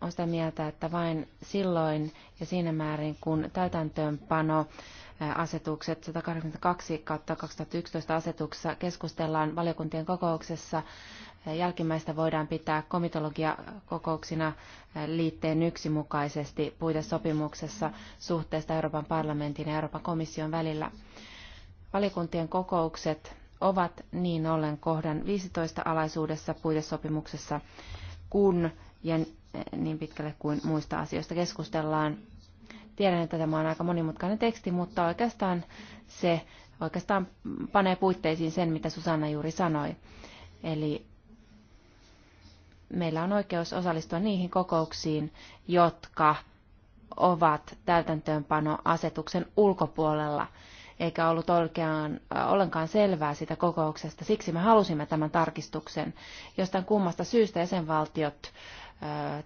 on sitä mieltä, että vain silloin ja siinä määrin, kun täytäntöönpano asetukset 182 2011 asetuksessa keskustellaan valiokuntien kokouksessa, jälkimmäistä voidaan pitää komitologiakokouksina liitteen yksi mukaisesti puitesopimuksessa suhteesta Euroopan parlamentin ja Euroopan komission välillä. Valiokuntien kokoukset ovat niin ollen kohdan 15 alaisuudessa puitesopimuksessa, kun ja niin pitkälle kuin muista asioista keskustellaan. Tiedän, että tämä on aika monimutkainen teksti, mutta oikeastaan se oikeastaan panee puitteisiin sen, mitä Susanna juuri sanoi. Eli meillä on oikeus osallistua niihin kokouksiin, jotka ovat täytäntöönpanoasetuksen ulkopuolella, eikä ollut oikeaan, äh, ollenkaan selvää sitä kokouksesta. Siksi me halusimme tämän tarkistuksen. Jostain kummasta syystä jäsenvaltiot valtiot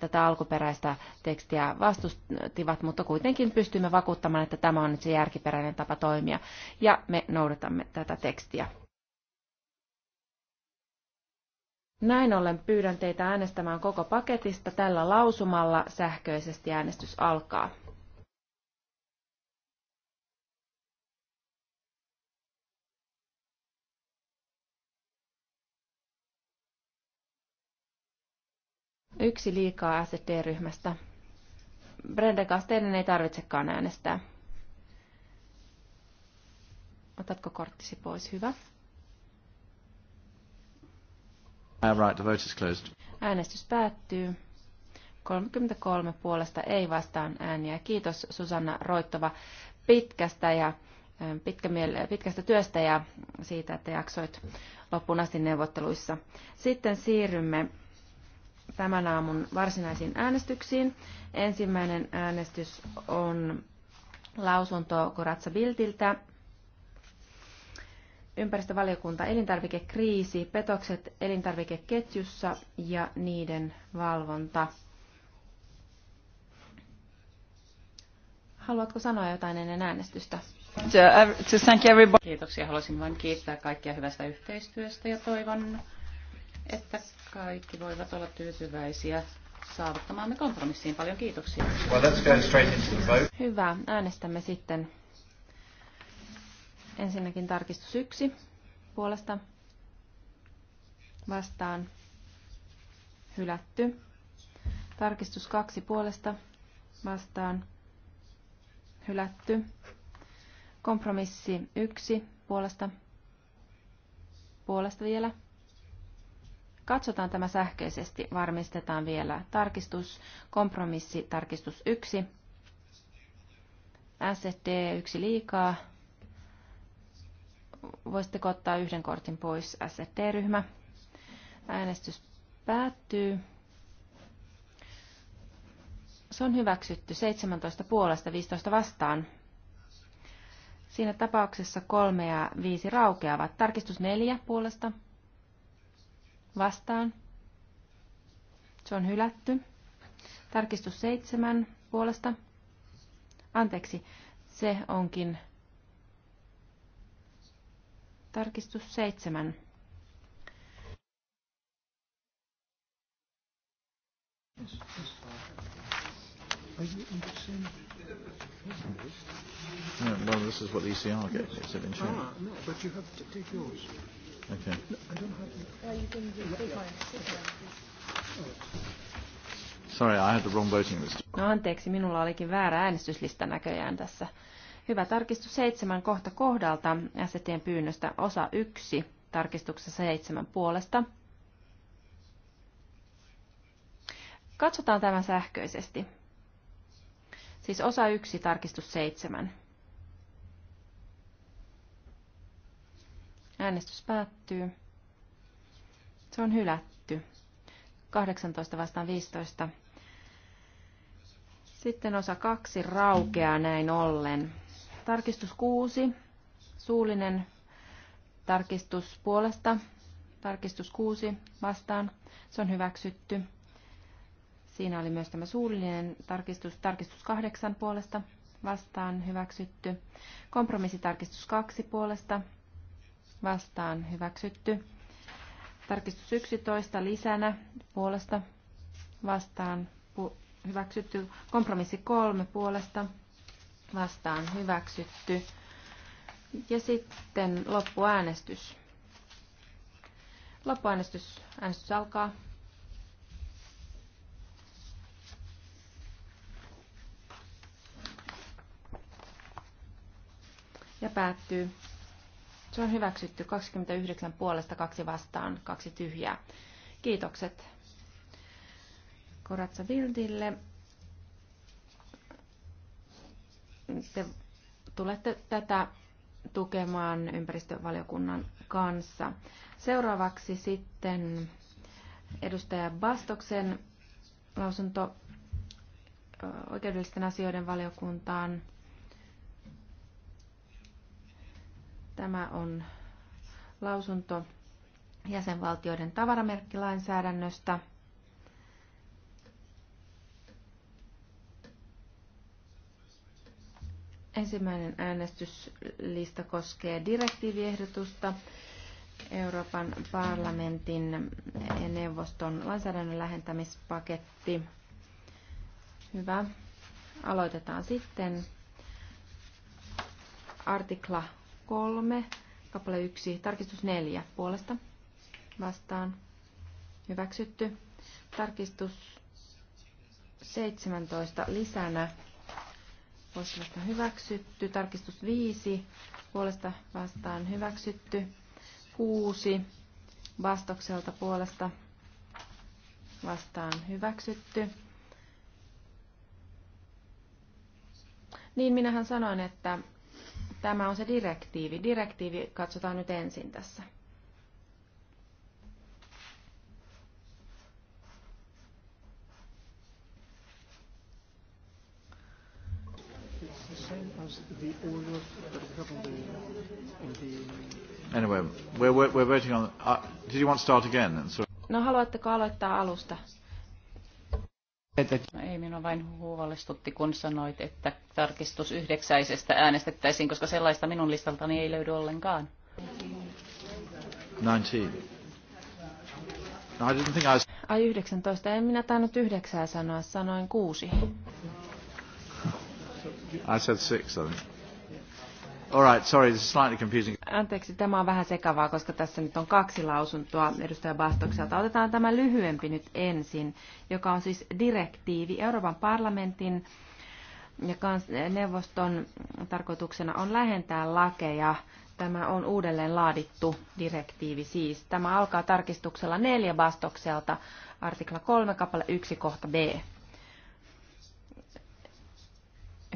tätä alkuperäistä tekstiä vastustivat, mutta kuitenkin pystymme vakuuttamaan, että tämä on nyt se järkiperäinen tapa toimia ja me noudatamme tätä tekstiä. Näin ollen pyydän teitä äänestämään koko paketista tällä lausumalla sähköisesti äänestys alkaa. Yksi liikaa sd ryhmästä Brendekas, teidän ei tarvitsekaan äänestää. Otatko korttisi pois? Hyvä. Right, the vote is closed. Äänestys päättyy. 33 puolesta ei vastaan ääniä. Kiitos Susanna Roittova pitkästä ja ähm, pitkästä työstä ja siitä, että jaksoit loppuun asti neuvotteluissa. Sitten siirrymme tämän aamun varsinaisiin äänestyksiin. Ensimmäinen äänestys on lausunto Koratsa Biltiltä. Ympäristövaliokunta elintarvikekriisi, petokset elintarvikeketjussa ja niiden valvonta. Haluatko sanoa jotain ennen äänestystä? Uh, Kiitoksia. Haluaisin vain kiittää kaikkia hyvästä yhteistyöstä ja toivon että kaikki voivat olla tyytyväisiä saavuttamaamme kompromissiin. Paljon kiitoksia. Well, Hyvä. Äänestämme sitten ensinnäkin tarkistus yksi puolesta vastaan hylätty. Tarkistus kaksi puolesta vastaan hylätty. Kompromissi yksi puolesta puolesta vielä Katsotaan tämä sähköisesti, varmistetaan vielä tarkistus, kompromissi, tarkistus 1, SSD 1 liikaa. Voisitteko ottaa yhden kortin pois, ssd ryhmä Äänestys päättyy. Se on hyväksytty 17 puolesta 15 vastaan. Siinä tapauksessa kolme ja viisi raukeavat. Tarkistus neljä puolesta vastaan. Se on hylätty. Tarkistus seitsemän puolesta. Anteeksi, se onkin tarkistus seitsemän. Are No, well, this is what the ECR gets. It's an insurance. Ah, no, but you have to take yours. Okay. Sorry, I had the wrong voting list. No anteeksi, minulla olikin väärä äänestyslista näköjään tässä. Hyvä tarkistus seitsemän kohta kohdalta STn pyynnöstä osa yksi tarkistuksessa seitsemän puolesta. Katsotaan tämä sähköisesti. Siis osa yksi tarkistus seitsemän. Äänestys päättyy. Se on hylätty. 18 vastaan 15. Sitten osa kaksi raukeaa näin ollen. Tarkistus 6. Suullinen tarkistus puolesta. Tarkistus 6 vastaan. Se on hyväksytty. Siinä oli myös tämä suullinen tarkistus. Tarkistus 8 puolesta vastaan hyväksytty. Kompromissitarkistus 2 puolesta vastaan hyväksytty. Tarkistus 11 lisänä puolesta vastaan pu- hyväksytty. Kompromissi 3 puolesta vastaan hyväksytty. Ja sitten loppuäänestys. Loppuäänestys. Äänestys alkaa. Ja päättyy. Se on hyväksytty 29 puolesta, kaksi vastaan, kaksi tyhjää. Kiitokset Koratsa Vildille. Te tulette tätä tukemaan ympäristövaliokunnan kanssa. Seuraavaksi sitten edustaja Bastoksen lausunto oikeudellisten asioiden valiokuntaan. Tämä on lausunto jäsenvaltioiden tavaramerkkilainsäädännöstä. Ensimmäinen äänestyslista koskee direktiiviehdotusta Euroopan parlamentin ja neuvoston lainsäädännön lähentämispaketti. Hyvä. Aloitetaan sitten. Artikla 3, kappale 1, tarkistus 4 puolesta vastaan hyväksytty. Tarkistus 17 lisänä puolesta hyväksytty. Tarkistus 5 puolesta vastaan hyväksytty. 6 vastokselta puolesta vastaan hyväksytty. Niin minähän sanoin, että Tämä on se direktiivi. Direktiivi katsotaan nyt ensin tässä. Anyway, we're, we're, we're voting on... Uh, did you want to start again? So... No, haluatteko aloittaa alusta? No ei minua vain huolestutti, kun sanoit, että tarkistus yhdeksäisestä äänestettäisiin, koska sellaista minun listaltani ei löydy ollenkaan. 19. No, I didn't think I was... Ai 19, en minä tainnut yhdeksää sanoa, sanoin kuusi. I said six, I think. All right, sorry, this is slightly confusing. Anteeksi, tämä on vähän sekavaa, koska tässä nyt on kaksi lausuntoa edustaja Bastokselta. Otetaan tämä lyhyempi nyt ensin, joka on siis direktiivi Euroopan parlamentin ja neuvoston tarkoituksena on lähentää lakeja. Tämä on uudelleen laadittu direktiivi siis. Tämä alkaa tarkistuksella neljä Bastokselta, artikla 3, kappale 1, kohta B.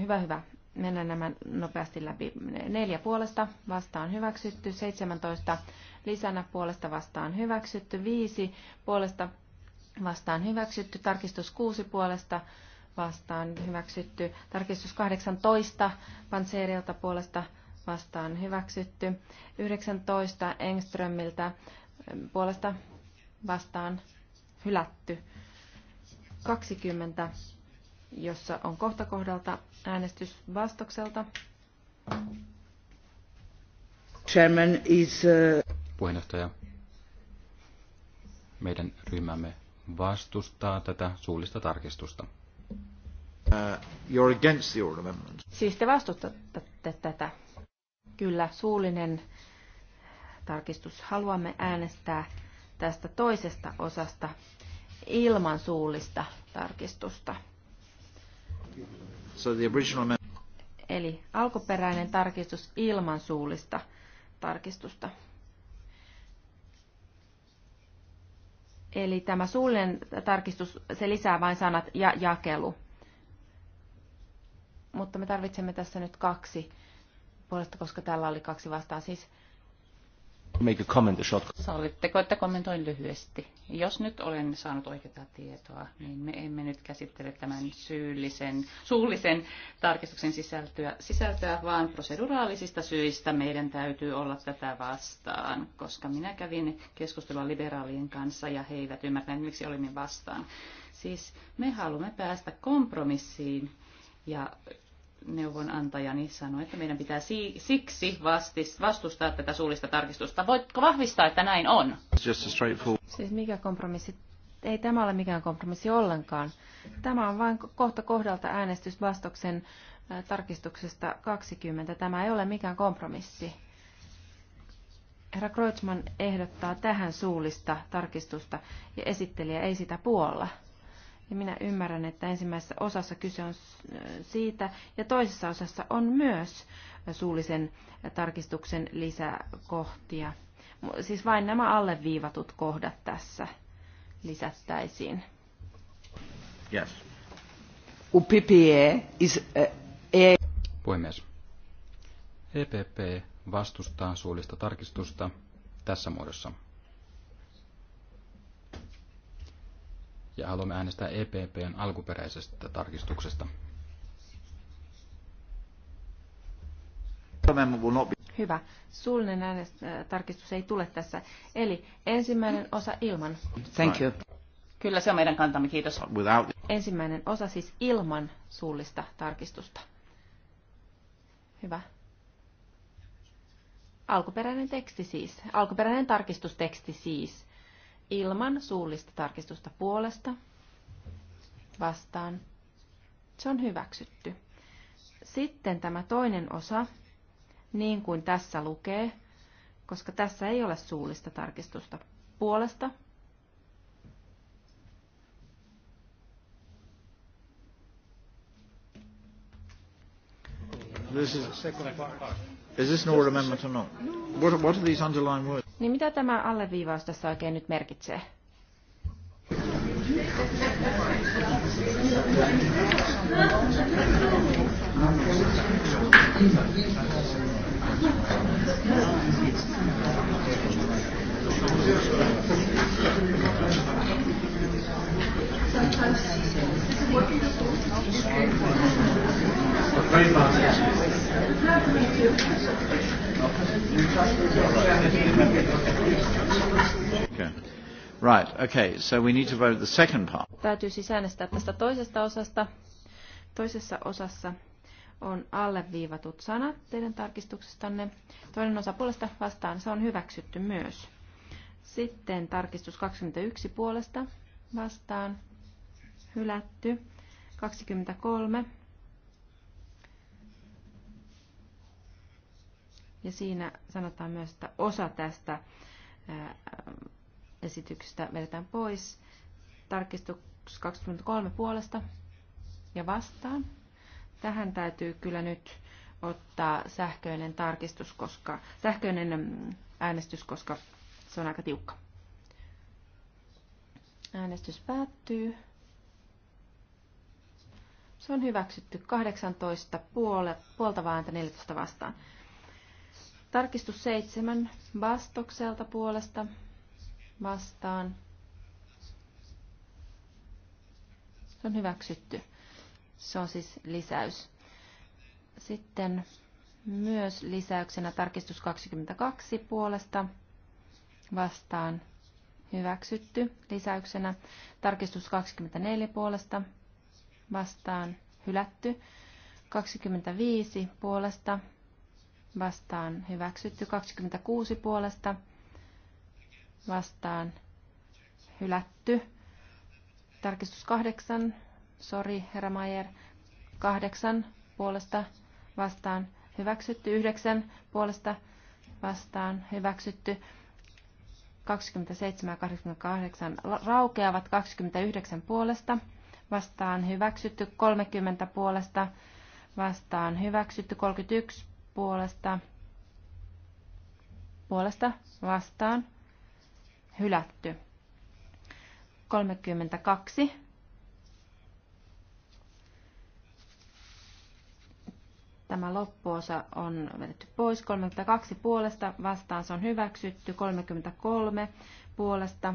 Hyvä, hyvä mennä nämä nopeasti läpi. Neljä puolesta vastaan hyväksytty, 17 lisänä puolesta vastaan hyväksytty, viisi puolesta vastaan hyväksytty, tarkistus kuusi puolesta vastaan hyväksytty, tarkistus 18 Panseerilta puolesta vastaan hyväksytty, 19 Engströmiltä puolesta vastaan hylätty, 20 jossa on kohta kohdalta äänestys vastokselta. Chairman is, uh... Puheenjohtaja, meidän ryhmämme vastustaa tätä suullista tarkistusta. Uh, you're against the oral amendment. Siis te vastustatte tätä. Kyllä, suullinen tarkistus. Haluamme äänestää tästä toisesta osasta ilman suullista tarkistusta. So the original... Eli alkuperäinen tarkistus ilman suullista tarkistusta. Eli tämä suullinen tarkistus, se lisää vain sanat ja jakelu. Mutta me tarvitsemme tässä nyt kaksi puolesta, koska tällä oli kaksi vastaan. Siis Make a comment, a short. Sallitteko, että kommentoin lyhyesti? Jos nyt olen saanut oikeaa tietoa, niin me emme nyt käsittele tämän syyllisen, suullisen tarkistuksen sisältöä, sisältöä, vaan proseduraalisista syistä meidän täytyy olla tätä vastaan, koska minä kävin keskustelua liberaalien kanssa ja he eivät ymmärtäneet, miksi olimme vastaan. Siis me haluamme päästä kompromissiin ja neuvonantajani sanoi, että meidän pitää siksi vastustaa tätä suullista tarkistusta. Voitko vahvistaa, että näin on? Siis mikä kompromissi? Ei tämä ole mikään kompromissi ollenkaan. Tämä on vain kohta kohdalta äänestys vastuksen tarkistuksesta 20. Tämä ei ole mikään kompromissi. Herra Kreutzmann ehdottaa tähän suullista tarkistusta ja esittelijä ei sitä puolla. Ja minä ymmärrän, että ensimmäisessä osassa kyse on siitä, ja toisessa osassa on myös suullisen tarkistuksen lisäkohtia. Siis vain nämä alleviivatut kohdat tässä lisättäisiin. Yes. UPPE is, eh, a... Puhemies. EPP vastustaa suullista tarkistusta tässä muodossa. ja haluamme äänestää EPPn alkuperäisestä tarkistuksesta. Hyvä. Suullinen äänestarkistus äh, tarkistus ei tule tässä. Eli ensimmäinen osa ilman. Thank you. Kyllä se on meidän kantamme, kiitos. Without... Ensimmäinen osa siis ilman suullista tarkistusta. Hyvä. Alkuperäinen teksti siis. Alkuperäinen tarkistusteksti siis ilman suullista tarkistusta puolesta vastaan. Se on hyväksytty. Sitten tämä toinen osa, niin kuin tässä lukee, koska tässä ei ole suullista tarkistusta puolesta. This is, is this an order amendment or not? What, what are these underlying words? Niin mitä tämä alleviivaus tässä oikein nyt merkitsee? you. Okay. Right, okay, so we need to vote the second part. Täytyy siis äänestää tästä toisesta osasta. Toisessa osassa on alleviivatut sanat teidän tarkistuksestanne. Toinen osa puolesta vastaan, se on hyväksytty myös. Sitten tarkistus 21 puolesta vastaan, hylätty. 23 Ja siinä sanotaan myös, että osa tästä esityksestä vedetään pois. Tarkistus 23 puolesta ja vastaan. Tähän täytyy kyllä nyt ottaa sähköinen tarkistus, koska sähköinen mm, äänestys, koska se on aika tiukka. Äänestys päättyy. Se on hyväksytty 18 puolta vaan 14 vastaan. Tarkistus seitsemän vastokselta puolesta vastaan. Se on hyväksytty. Se on siis lisäys. Sitten myös lisäyksenä tarkistus 22 puolesta vastaan hyväksytty. Lisäyksenä tarkistus 24 puolesta vastaan hylätty. 25 puolesta vastaan hyväksytty 26 puolesta vastaan hylätty. Tarkistus 8, sori herra Mayer, 8 puolesta vastaan hyväksytty, 9 puolesta vastaan hyväksytty. 27 ja 88 raukeavat 29 puolesta, vastaan hyväksytty 30 puolesta, vastaan hyväksytty 31 puolesta, puolesta vastaan hylätty. 32 Tämä loppuosa on vedetty pois. 32 puolesta vastaan se on hyväksytty. 33 puolesta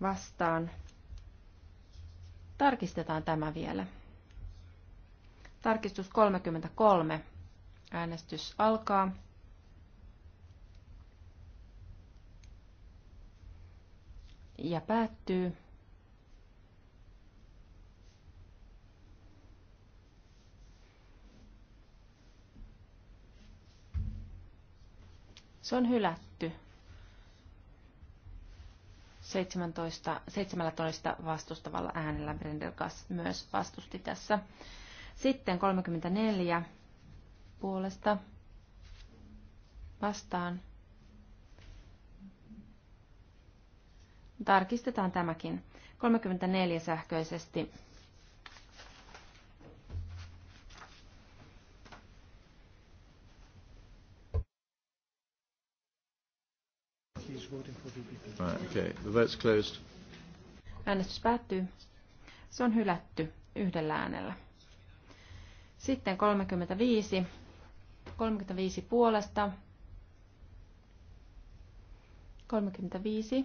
vastaan. Tarkistetaan tämä vielä. Tarkistus 33. Äänestys alkaa. Ja päättyy. Se on hylätty. 17, 17 vastustavalla äänellä Brendelkas myös vastusti tässä. Sitten 34 puolesta vastaan. Tarkistetaan tämäkin. 34 sähköisesti. Okay, the vote's closed. Äänestys päättyy. Se on hylätty yhdellä äänellä. Sitten 35 35 puolesta. 35.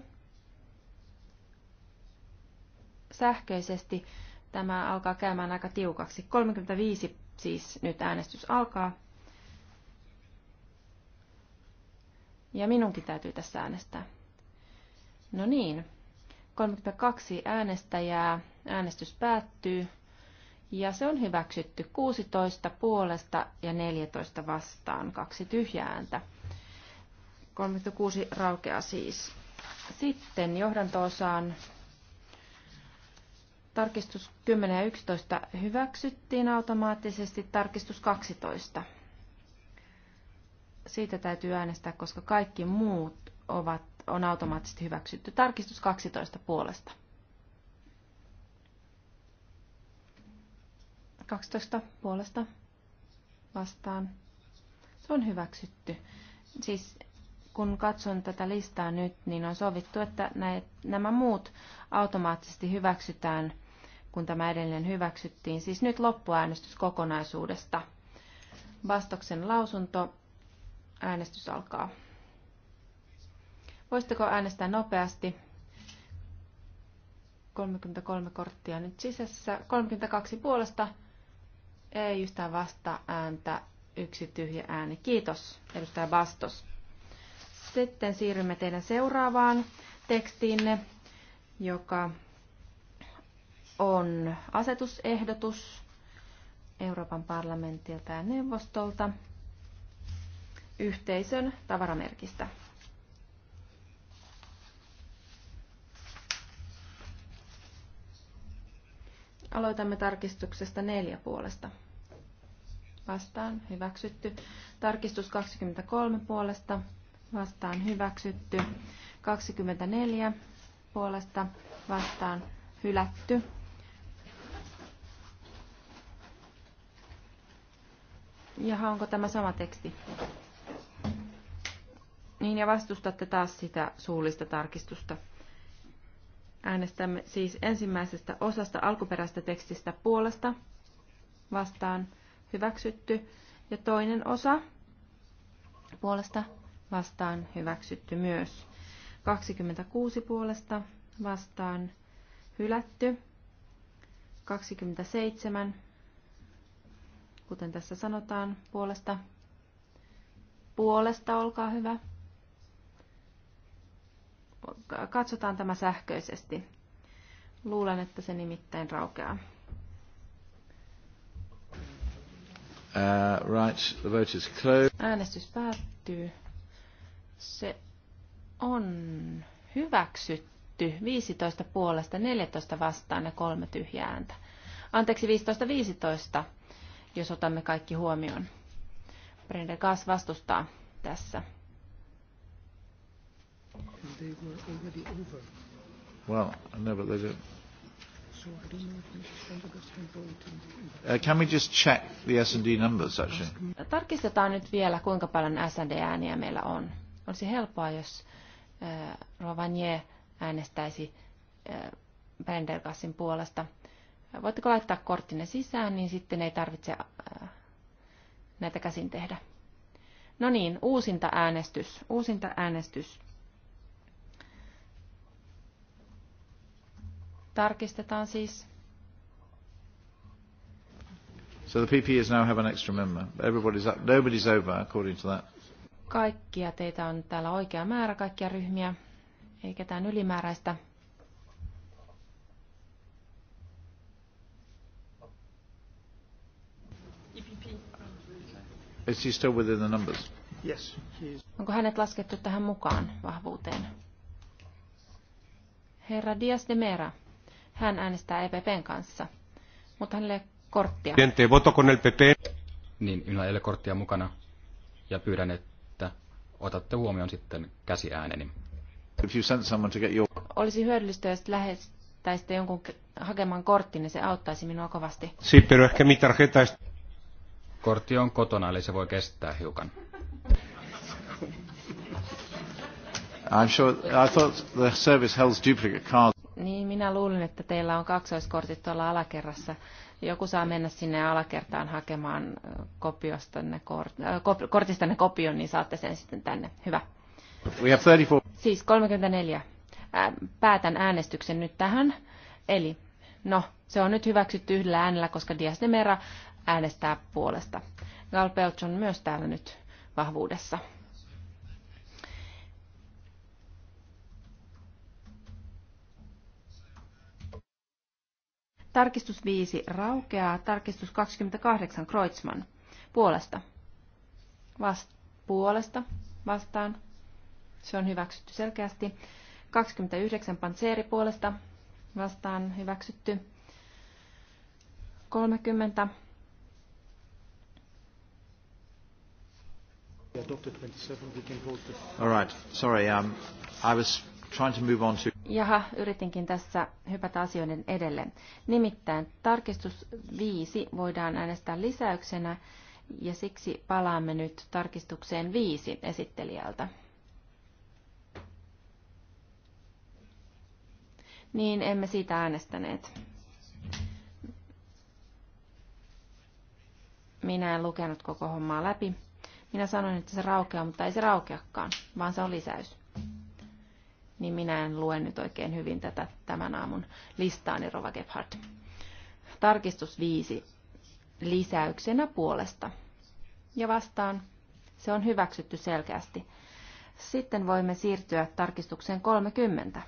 Sähköisesti tämä alkaa käymään aika tiukaksi. 35 siis nyt äänestys alkaa. Ja minunkin täytyy tässä äänestää. No niin, 32 äänestäjää, äänestys päättyy. Ja se on hyväksytty 16 puolesta ja 14 vastaan, kaksi tyhjää ääntä. 36 raukeaa siis. Sitten johdanto-osaan tarkistus 10 ja 11 hyväksyttiin automaattisesti, tarkistus 12. Siitä täytyy äänestää, koska kaikki muut ovat, on automaattisesti hyväksytty. Tarkistus 12 puolesta 12 puolesta vastaan. Se on hyväksytty. Siis kun katson tätä listaa nyt, niin on sovittu, että näet, nämä muut automaattisesti hyväksytään, kun tämä edellinen hyväksyttiin. Siis nyt loppuäänestys kokonaisuudesta. Vastoksen lausunto. Äänestys alkaa. Voisitteko äänestää nopeasti? 33 korttia nyt sisässä. 32 puolesta, ei yhtään vasta ääntä, yksi tyhjä ääni. Kiitos, edustaja Bastos. Sitten siirrymme teidän seuraavaan tekstiinne, joka on asetusehdotus Euroopan parlamentilta ja neuvostolta yhteisön tavaramerkistä. Aloitamme tarkistuksesta neljä puolesta vastaan hyväksytty. Tarkistus 23 puolesta vastaan hyväksytty. 24 puolesta vastaan hylätty. ja onko tämä sama teksti? Niin, ja vastustatte taas sitä suullista tarkistusta. Äänestämme siis ensimmäisestä osasta alkuperäistä tekstistä puolesta vastaan hyväksytty. Ja toinen osa puolesta vastaan hyväksytty myös. 26 puolesta vastaan hylätty. 27, kuten tässä sanotaan, puolesta. Puolesta, olkaa hyvä. Katsotaan tämä sähköisesti. Luulen, että se nimittäin raukeaa. Uh, right, the vote is closed. Äänestys päättyy. Se on hyväksytty 15 puolesta, 14 vastaan ja kolme tyhjää ääntä. Anteeksi, 15-15, jos otamme kaikki huomioon. Brenda Gass vastustaa tässä. They were already over. Well, no, but they didn't. Uh, can we just check the S&D numbers actually? Tarkistetaan nyt vielä, kuinka paljon S&D-ääniä meillä on. Olisi helppoa, jos äh, uh, Rovanie äänestäisi äh, Brendergassin puolesta. Voitteko laittaa korttinne sisään, niin sitten ei tarvitse äh, näitä käsin tehdä. No niin, uusinta äänestys. Uusinta äänestys. Tarkistetaan siis. So the PPs now have an extra member. Everybody's up. Nobody's over according to that. Kaikkia teitä on täällä oikea määrä, kaikkia ryhmiä. Ei ketään ylimääräistä. Is he still within the numbers? Yes, he is. Onko hänet laskettu tähän mukaan vahvuuteen? Herra Dias de Mera. Hän äänestää EPPn kanssa, mutta hänelle ei korttia. Niin, minulla ei ole korttia mukana ja pyydän, että otatte huomioon sitten käsiääneni. If you send someone to get your... Olisi hyödyllistä, jos lähettäisitte jonkun hakemaan kortin, niin se auttaisi minua kovasti. Si, ehkä mitä tarjeta Kortti on kotona, eli se voi kestää hiukan. I'm sure, I thought the service holds duplicate cards. Niin, minä luulin, että teillä on kaksoiskortit tuolla alakerrassa. Joku saa mennä sinne alakertaan hakemaan kopiostanne kort, äh, kortistanne kopion, niin saatte sen sitten tänne. Hyvä. We have 34. Siis 34. Päätän äänestyksen nyt tähän. Eli, no, se on nyt hyväksytty yhdellä äänellä, koska Dias de Mera äänestää puolesta. Galpelch on myös täällä nyt vahvuudessa. Tarkistus 5 raukeaa. Tarkistus 28 Kreutzmann. Puolesta. Vast, puolesta vastaan. Se on hyväksytty selkeästi. 29 Panseeri puolesta vastaan hyväksytty. 30. All right. Sorry. Um, I was trying to move on to... Jaha, yritinkin tässä hypätä asioiden edelle. Nimittäin tarkistus 5 voidaan äänestää lisäyksenä ja siksi palaamme nyt tarkistukseen 5 esittelijältä. Niin, emme siitä äänestäneet. Minä en lukenut koko hommaa läpi. Minä sanoin, että se raukeaa, mutta ei se raukeakaan, vaan se on lisäys niin minä en lue nyt oikein hyvin tätä tämän aamun listaani, niin Rova Gebhardt. Tarkistus viisi Lisäyksenä puolesta. Ja vastaan. Se on hyväksytty selkeästi. Sitten voimme siirtyä tarkistukseen 30,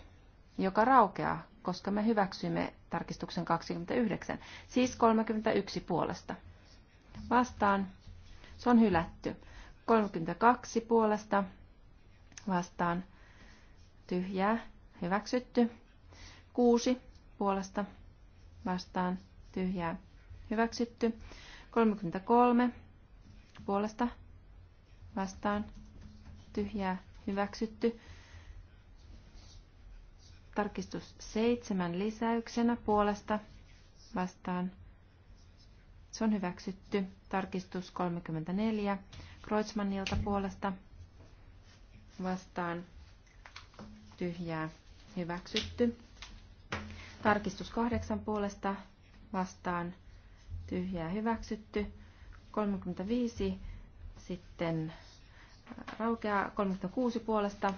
joka raukeaa, koska me hyväksymme tarkistuksen 29, siis 31 puolesta. Vastaan. Se on hylätty. 32 puolesta vastaan tyhjää, hyväksytty. Kuusi puolesta vastaan, tyhjää, hyväksytty. 33 puolesta vastaan, tyhjää, hyväksytty. Tarkistus seitsemän lisäyksenä puolesta vastaan. Se on hyväksytty. Tarkistus 34 Kreutzmannilta puolesta vastaan tyhjää hyväksytty. Tarkistus kahdeksan puolesta vastaan tyhjää hyväksytty. 35 sitten äh, raukeaa 36 puolesta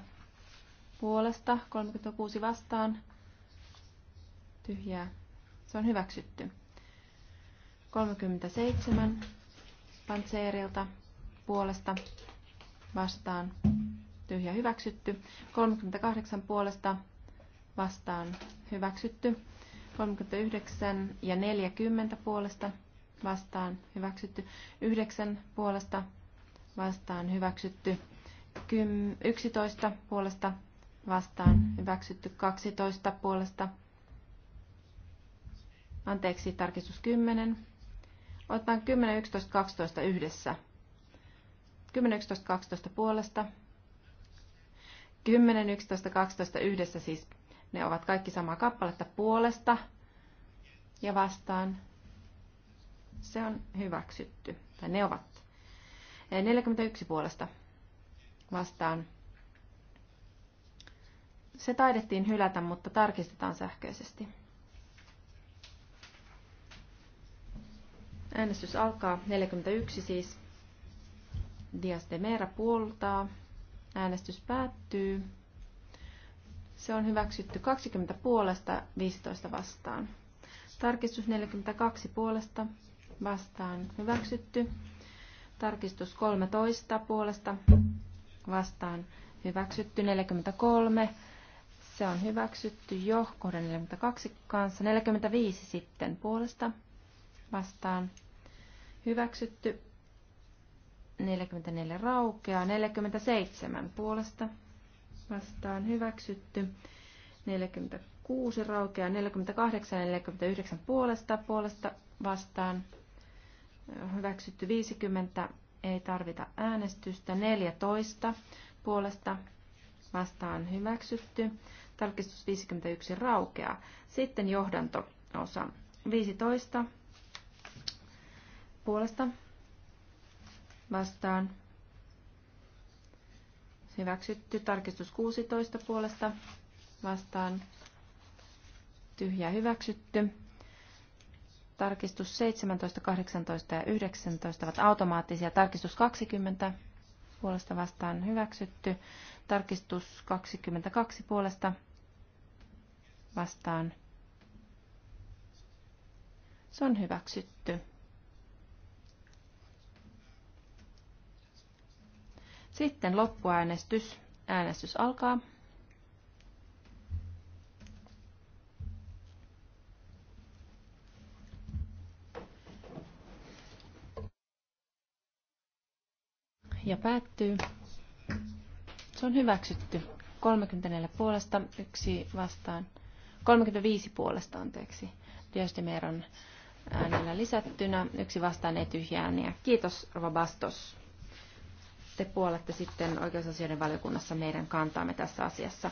puolesta 36 vastaan tyhjää. Se on hyväksytty. 37 panseerilta puolesta vastaan hylätty ja hyväksytty. 38 puolesta vastaan hyväksytty. 39 ja 40 puolesta vastaan hyväksytty. 9 puolesta vastaan hyväksytty. 11 puolesta vastaan hyväksytty. 12 puolesta anteeksi, tarkistus 10. Otetaan 10, 11, 12 yhdessä. 10, 11, 12 puolesta 10, 11, 12 yhdessä siis ne ovat kaikki samaa kappaletta puolesta ja vastaan. Se on hyväksytty. Tai ne ovat. 41 eh, puolesta vastaan. Se taidettiin hylätä, mutta tarkistetaan sähköisesti. Äänestys alkaa. 41 siis. Dias de Mera puoltaa. Äänestys päättyy. Se on hyväksytty 20 puolesta 15 vastaan. Tarkistus 42 puolesta vastaan hyväksytty. Tarkistus 13 puolesta vastaan hyväksytty. 43 se on hyväksytty jo. kohden 42 kanssa. 45 sitten puolesta vastaan hyväksytty. 44 raukeaa. 47 puolesta vastaan hyväksytty. 46 raukeaa. 48 ja 49 puolesta puolesta vastaan hyväksytty. 50 ei tarvita äänestystä. 14 puolesta vastaan hyväksytty. Tarkistus 51 raukeaa. Sitten johdantoosa 15 puolesta vastaan. Hyväksytty. Tarkistus 16 puolesta vastaan. Tyhjä hyväksytty. Tarkistus 17, 18 ja 19 ovat automaattisia. Tarkistus 20 puolesta vastaan hyväksytty. Tarkistus 22 puolesta vastaan. Se on hyväksytty. Sitten loppuäänestys. Äänestys alkaa. ja päättyy. Se on hyväksytty. 34 puolesta, yksi vastaan. 35 puolesta, anteeksi. Diöstemeron äänellä lisättynä, yksi vastaan ei tyhjää Kiitos, Rova Bastos te puolette sitten oikeusasioiden valiokunnassa meidän kantaamme tässä asiassa.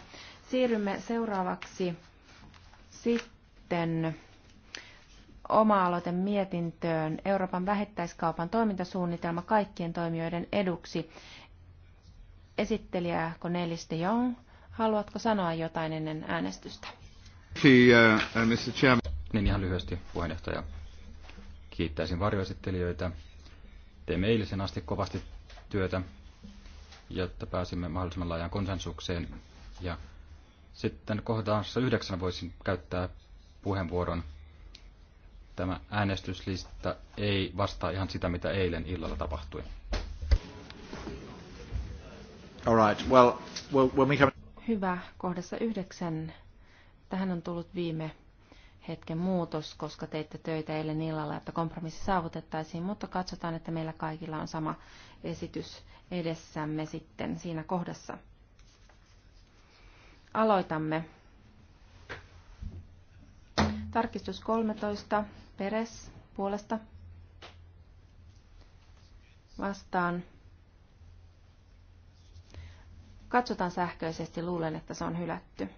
Siirrymme seuraavaksi sitten oma-aloite mietintöön Euroopan vähittäiskaupan toimintasuunnitelma kaikkien toimijoiden eduksi. Esittelijä Cornelis de Jong, haluatko sanoa jotain ennen äänestystä? Uh, uh, niin ihan lyhyesti puheenjohtaja. Kiittäisin varjoesittelijöitä. Teimme eilisen asti kovasti työtä jotta pääsimme mahdollisimman laajaan konsensukseen. Ja sitten kohdassa yhdeksän voisin käyttää puheenvuoron. Tämä äänestyslista ei vastaa ihan sitä, mitä eilen illalla tapahtui. All right. Well, when we have... Hyvä. Kohdassa yhdeksän. Tähän on tullut viime hetken muutos, koska teitte töitä eilen illalla, että kompromissi saavutettaisiin, mutta katsotaan, että meillä kaikilla on sama esitys edessämme sitten siinä kohdassa. Aloitamme. Tarkistus 13. Peres puolesta. Vastaan. Katsotaan sähköisesti. Luulen, että se on hylätty.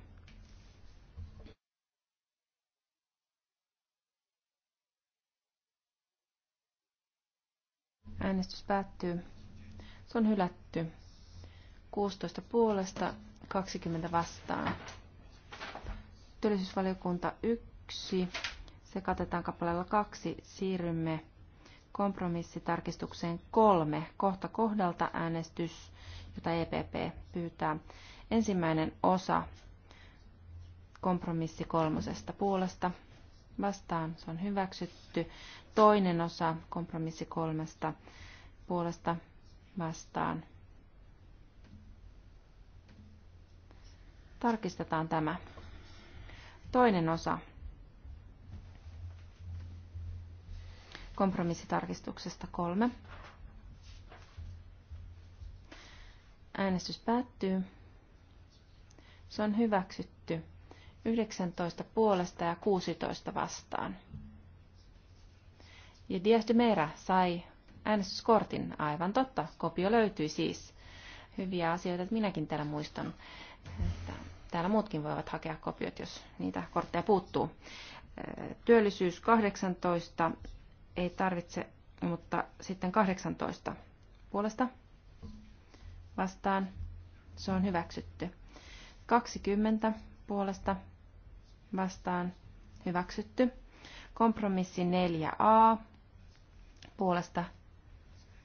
Äänestys päättyy. Se on hylätty. 16 puolesta, 20 vastaan. Työllisyysvaliokunta 1. Se katetaan kappaleella 2. Siirrymme kompromissitarkistukseen 3. Kohta kohdalta äänestys, jota EPP pyytää. Ensimmäinen osa kompromissi kolmosesta puolesta vastaan. Se on hyväksytty toinen osa kompromissi kolmesta puolesta vastaan. Tarkistetaan tämä. Toinen osa kompromissitarkistuksesta kolme. Äänestys päättyy. Se on hyväksytty 19 puolesta ja 16 vastaan. Ja Dias de Mera sai äänestyskortin, aivan totta, kopio löytyi siis. Hyviä asioita, että minäkin täällä muistan. Että täällä muutkin voivat hakea kopiot, jos niitä kortteja puuttuu. Työllisyys 18 ei tarvitse, mutta sitten 18 puolesta vastaan. Se on hyväksytty. 20 puolesta vastaan hyväksytty. Kompromissi 4a puolesta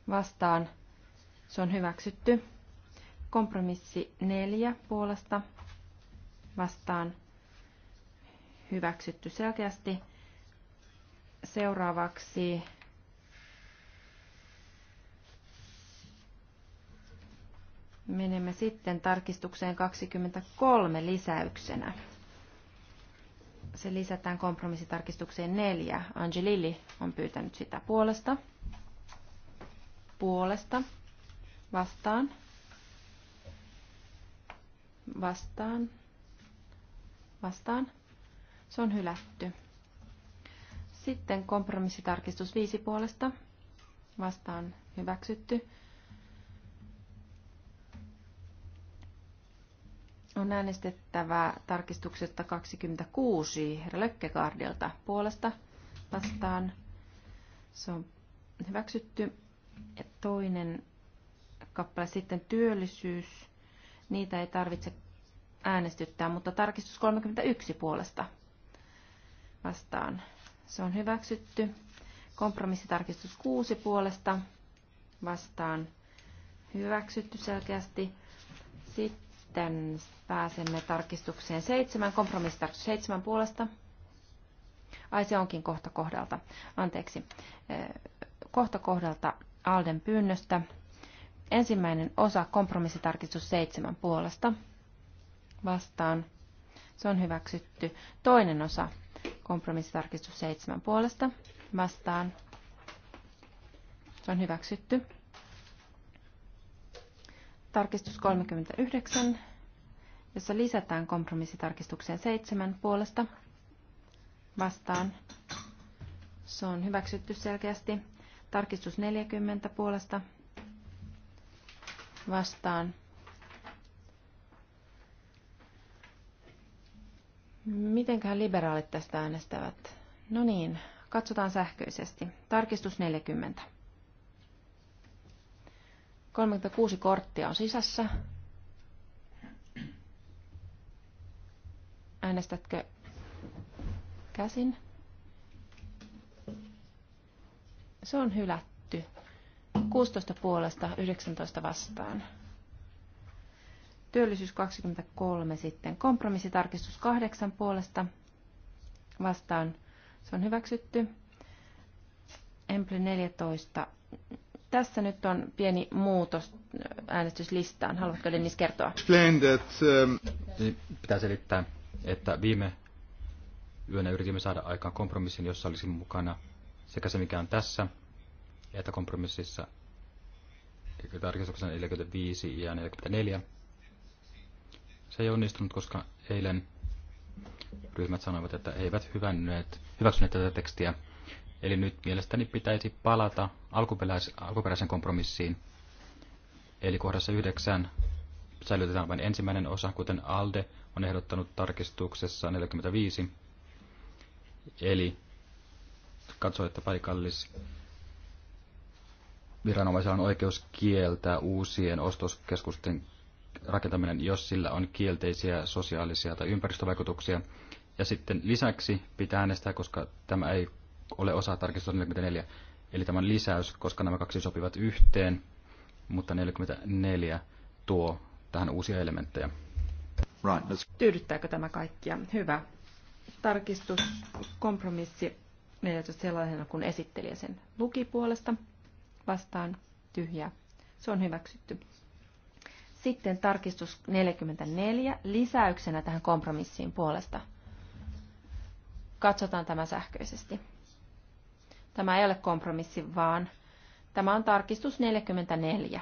vastaan. Se on hyväksytty. Kompromissi 4 puolesta vastaan hyväksytty selkeästi. Seuraavaksi menemme sitten tarkistukseen 23 lisäyksenä se lisätään kompromissitarkistukseen neljä. Angelilli on pyytänyt sitä puolesta. Puolesta. Vastaan. Vastaan. Vastaan. Se on hylätty. Sitten kompromissitarkistus viisi puolesta. Vastaan hyväksytty. on äänestettävä tarkistuksesta 26 herra Lökkegaardilta puolesta vastaan. Se on hyväksytty. Ja toinen kappale sitten työllisyys. Niitä ei tarvitse äänestyttää, mutta tarkistus 31 puolesta vastaan. Se on hyväksytty. Kompromissitarkistus 6 puolesta vastaan hyväksytty selkeästi. Sitten sitten pääsemme tarkistukseen seitsemän. Kompromissitarkistus seitsemän puolesta. Ai se onkin kohta kohdalta. Anteeksi. Eh, kohta kohdalta Alden pyynnöstä. Ensimmäinen osa kompromissitarkistus seitsemän puolesta. Vastaan. Se on hyväksytty. Toinen osa kompromissitarkistus seitsemän puolesta. Vastaan. Se on hyväksytty tarkistus 39, jossa lisätään kompromissitarkistukseen 7 puolesta vastaan. Se on hyväksytty selkeästi. Tarkistus 40 puolesta vastaan. Mitenköhän liberaalit tästä äänestävät? No niin, katsotaan sähköisesti. Tarkistus 40. 36 korttia on sisässä. Äänestätkö käsin? Se on hylätty. 16 puolesta 19 vastaan. Työllisyys 23 sitten. Kompromissitarkistus 8 puolesta vastaan. Se on hyväksytty. Emple 14 tässä nyt on pieni muutos äh, äänestyslistaan. Haluatko Dennis kertoa? Ähm, niin, pitää selittää, että viime yönä yritimme saada aikaan kompromissin, jossa olisi mukana sekä se, mikä on tässä, että kompromississa tarkistuksessa 45 ja 44. Se ei onnistunut, koska eilen ryhmät sanoivat, että he eivät hyväksyneet tätä tekstiä, Eli nyt mielestäni pitäisi palata alkuperäis- alkuperäisen kompromissiin. Eli kohdassa yhdeksän säilytetään vain ensimmäinen osa, kuten ALDE on ehdottanut tarkistuksessa 45. Eli katso, että paikallis viranomaisella on oikeus kieltää uusien ostoskeskusten rakentaminen, jos sillä on kielteisiä sosiaalisia tai ympäristövaikutuksia. Ja sitten lisäksi pitää äänestää, koska tämä ei ole osa tarkistus 44. Eli tämä on lisäys, koska nämä kaksi sopivat yhteen, mutta 44 tuo tähän uusia elementtejä. Right, Tyydyttääkö tämä kaikkia? Hyvä. Tarkistus, kompromissi 14 sellaisena, kuin esittelijä sen luki puolesta. Vastaan tyhjä. Se on hyväksytty. Sitten tarkistus 44 lisäyksenä tähän kompromissiin puolesta. Katsotaan tämä sähköisesti. Tämä ei ole kompromissi, vaan tämä on tarkistus 44.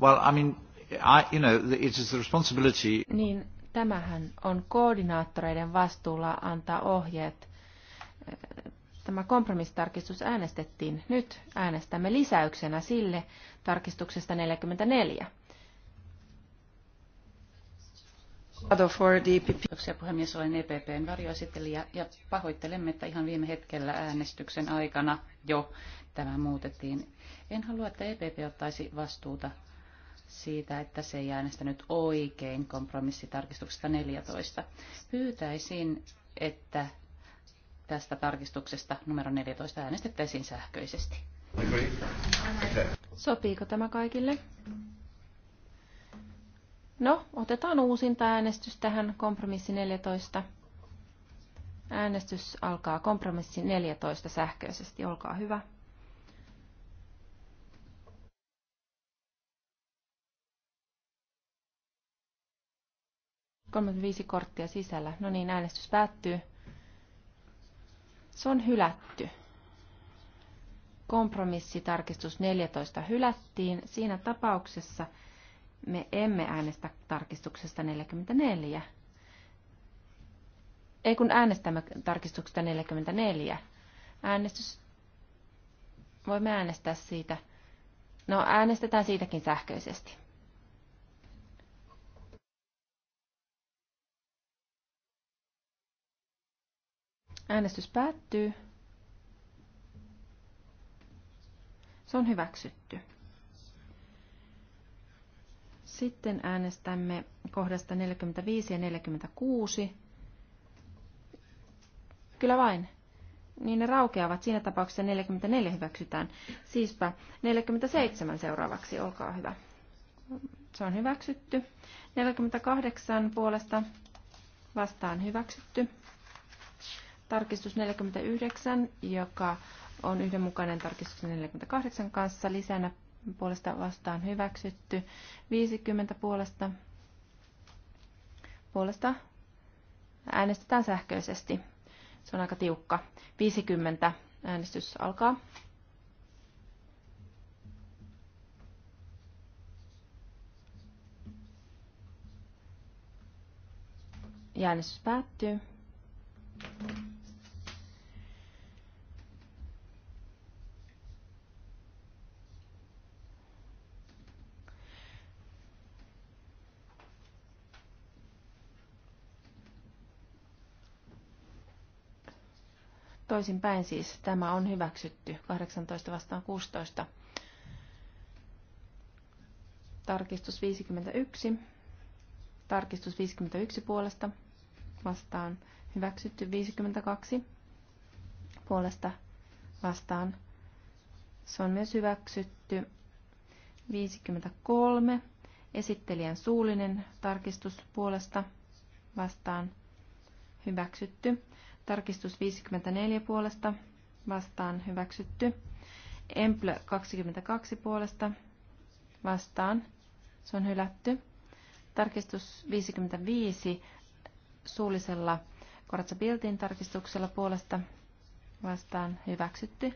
Well, I mean, I, you know, it is the responsibility. Niin, tämähän on koordinaattoreiden vastuulla antaa ohjeet. Tämä kompromissitarkistus äänestettiin. Nyt äänestämme lisäyksenä sille tarkistuksesta 44. For Kiitoksia puhemies, olen EPPn varjoesittelijä ja pahoittelemme, että ihan viime hetkellä äänestyksen aikana jo tämä muutettiin. En halua, että EPP ottaisi vastuuta siitä, että se ei äänestänyt oikein kompromissitarkistuksesta 14. Pyytäisin, että tästä tarkistuksesta numero 14 äänestettäisiin sähköisesti. Sopiiko tämä kaikille? No, otetaan uusinta äänestys tähän kompromissi 14. Äänestys alkaa kompromissi 14 sähköisesti. Olkaa hyvä. viisi korttia sisällä. No niin, äänestys päättyy. Se on hylätty. Kompromissitarkistus 14 hylättiin. Siinä tapauksessa me emme äänestä tarkistuksesta 44. Ei kun äänestämme tarkistuksesta 44. Äänestys. Voimme äänestää siitä. No äänestetään siitäkin sähköisesti. Äänestys päättyy. Se on hyväksytty. Sitten äänestämme kohdasta 45 ja 46. Kyllä vain. Niin ne raukeavat. Siinä tapauksessa 44 hyväksytään. Siispä 47 seuraavaksi. Olkaa hyvä. Se on hyväksytty. 48 puolesta vastaan hyväksytty. Tarkistus 49, joka on yhdenmukainen tarkistus 48 kanssa lisänä puolesta vastaan hyväksytty. 50 puolesta puolesta äänestetään sähköisesti. Se on aika tiukka. 50 äänestys alkaa. Ja äänestys päättyy. Toisinpäin siis tämä on hyväksytty 18 vastaan 16. Tarkistus 51. Tarkistus 51 puolesta vastaan hyväksytty 52 puolesta vastaan. Se on myös hyväksytty 53 esittelijän suullinen tarkistus puolesta vastaan hyväksytty. Tarkistus 54 puolesta vastaan hyväksytty. Emple 22 puolesta vastaan. Se on hylätty. Tarkistus 55 suullisella Koratsa Biltin tarkistuksella puolesta vastaan hyväksytty.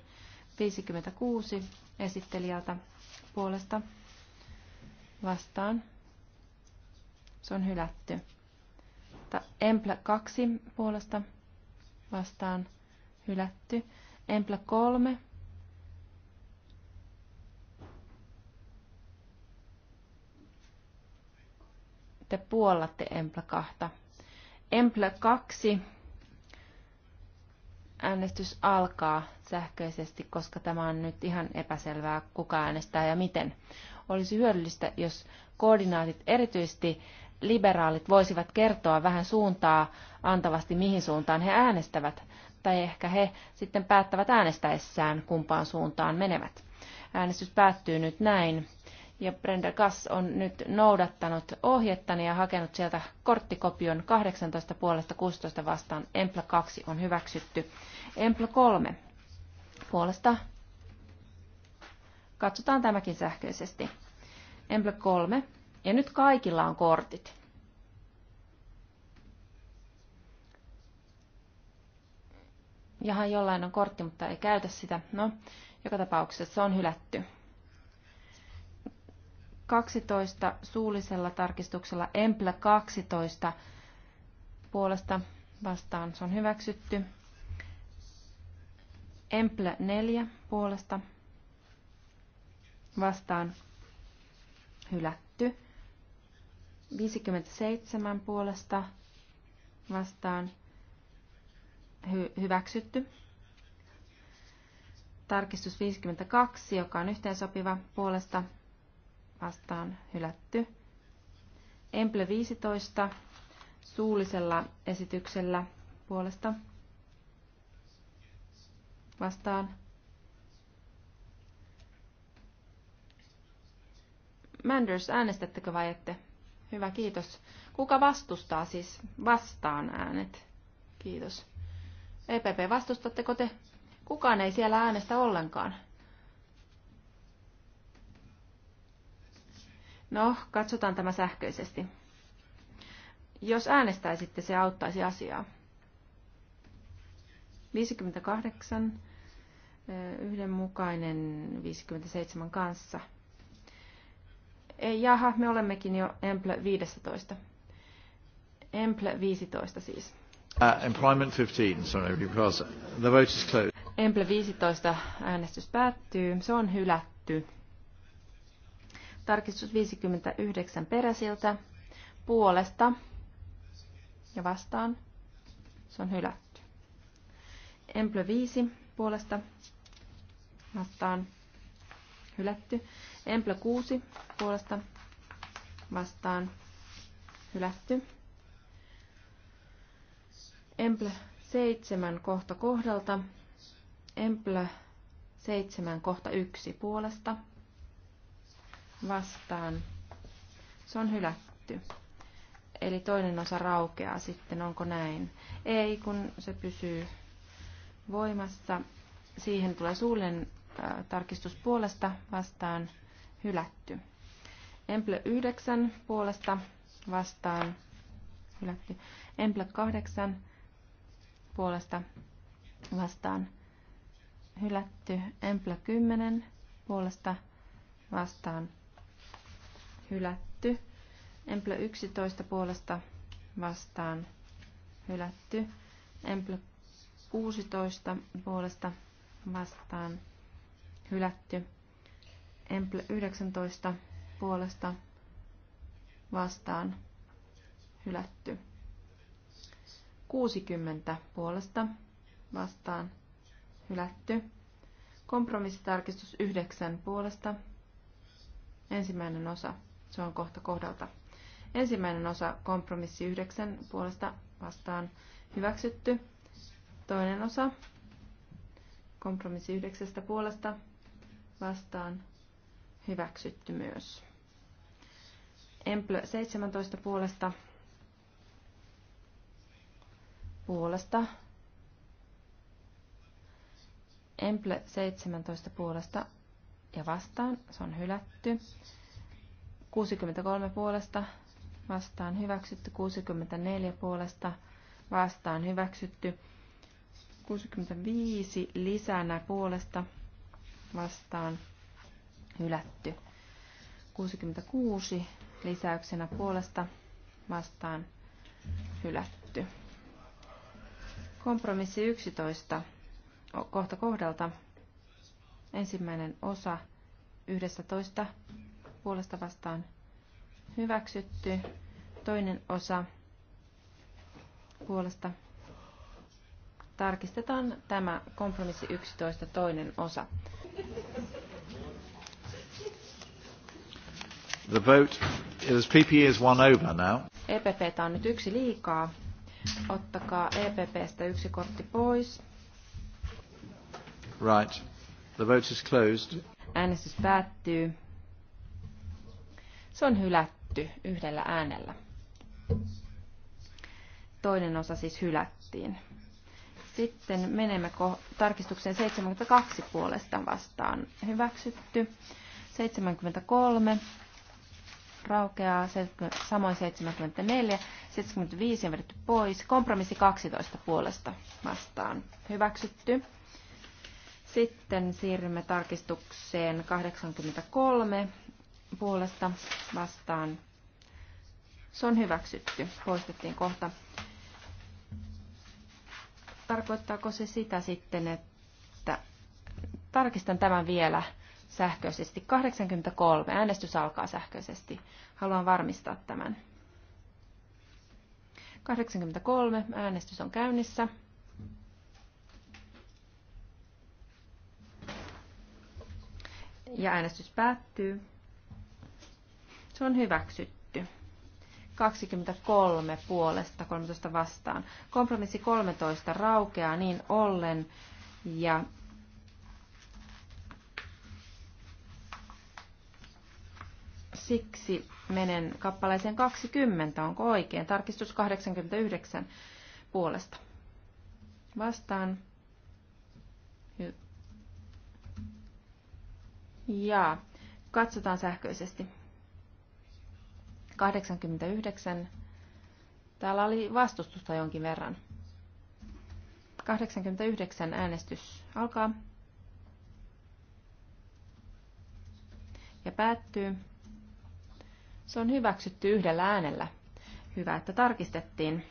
56 esittelijältä puolesta vastaan. Se on hylätty. Emple 2 puolesta vastaan hylätty. Empla 3 te puollatte Empla 2. Empla 2 äänestys alkaa sähköisesti, koska tämä on nyt ihan epäselvää, kuka äänestää ja miten. Olisi hyödyllistä, jos koordinaatit erityisesti liberaalit voisivat kertoa vähän suuntaa antavasti, mihin suuntaan he äänestävät, tai ehkä he sitten päättävät äänestäessään, kumpaan suuntaan menevät. Äänestys päättyy nyt näin, ja Brenda Gass on nyt noudattanut ohjettani ja hakenut sieltä korttikopion 18 puolesta 16 vastaan. Empla 2 on hyväksytty. Empla 3 puolesta. Katsotaan tämäkin sähköisesti. Empla 3 ja nyt kaikilla on kortit. Jahan jollain on kortti, mutta ei käytä sitä. No, joka tapauksessa se on hylätty. 12 suullisella tarkistuksella Emple 12 puolesta vastaan se on hyväksytty. Emple 4 puolesta vastaan hylätty. 57 puolesta vastaan hy- hyväksytty. Tarkistus 52, joka on yhteensopiva puolesta vastaan hylätty. Emple 15 suullisella esityksellä puolesta vastaan. Manders, äänestättekö vai ette? Hyvä, kiitos. Kuka vastustaa siis vastaan äänet? Kiitos. EPP, vastustatteko te? Kukaan ei siellä äänestä ollenkaan. No, katsotaan tämä sähköisesti. Jos äänestäisitte, se auttaisi asiaa. 58, eh, yhdenmukainen 57 kanssa. Ei, eh, Jaha, me olemmekin jo Emple 15. Emple 15 siis. Uh, employment 15, sorry, because the vote is closed. Emple 15 äänestys päättyy. Se on hylätty. Tarkistus 59 peräsiltä puolesta ja vastaan. Se on hylätty. Emple 5 puolesta vastaan hylätty. Emple 6 puolesta vastaan hylätty. Emple 7 kohta kohdalta. Emple 7 kohta 1 puolesta vastaan. Se on hylätty. Eli toinen osa raukeaa sitten, onko näin? Ei, kun se pysyy voimassa. Siihen tulee suullinen äh, tarkistus puolesta vastaan hylätty. Emple 9 puolesta vastaan hylätty. Emple 8 puolesta vastaan hylätty. Emple 10 puolesta vastaan hylätty. Emple 11 puolesta vastaan hylätty. Emple 16 puolesta vastaan hylätty. Emple 19 puolesta vastaan hylätty. 60 puolesta vastaan hylätty. Kompromissitarkistus 9 puolesta. Ensimmäinen osa. Se on kohta kohdalta. Ensimmäinen osa kompromissi 9 puolesta vastaan hyväksytty. Toinen osa kompromissi 9 puolesta vastaan hyväksytty myös. Emple 17 puolesta puolesta. Emple 17 puolesta ja vastaan, se on hylätty. 63 puolesta vastaan hyväksytty, 64 puolesta vastaan hyväksytty, 65 lisänä puolesta vastaan hylätty. 66 lisäyksenä puolesta vastaan hylätty. Kompromissi 11 kohta kohdalta ensimmäinen osa 11 puolesta vastaan hyväksytty. Toinen osa puolesta tarkistetaan tämä kompromissi 11 toinen osa. The vote is PP is one over now. EPP on nyt yksi liikaa. Ottakaa EPPstä yksi kortti pois. Right. The vote is closed. Äänestys päättyy. Se on hylätty yhdellä äänellä. Toinen osa siis hylättiin. Sitten menemme tarkistukseen 72 puolesta vastaan. Hyväksytty. 73 raukeaa, samoin 74, 75 on vedetty pois, kompromissi 12 puolesta vastaan hyväksytty. Sitten siirrymme tarkistukseen 83 puolesta vastaan. Se on hyväksytty, poistettiin kohta. Tarkoittaako se sitä sitten, että tarkistan tämän vielä sähköisesti. 83. Äänestys alkaa sähköisesti. Haluan varmistaa tämän. 83. Äänestys on käynnissä. Ja äänestys päättyy. Se on hyväksytty. 23 puolesta, 13 vastaan. Kompromissi 13 raukeaa niin ollen ja Siksi menen kappaleeseen 20, onko oikein? Tarkistus 89 puolesta. Vastaan. Ja katsotaan sähköisesti. 89. Täällä oli vastustusta jonkin verran. 89 äänestys alkaa. Ja päättyy. Se on hyväksytty yhdellä äänellä. Hyvä, että tarkistettiin.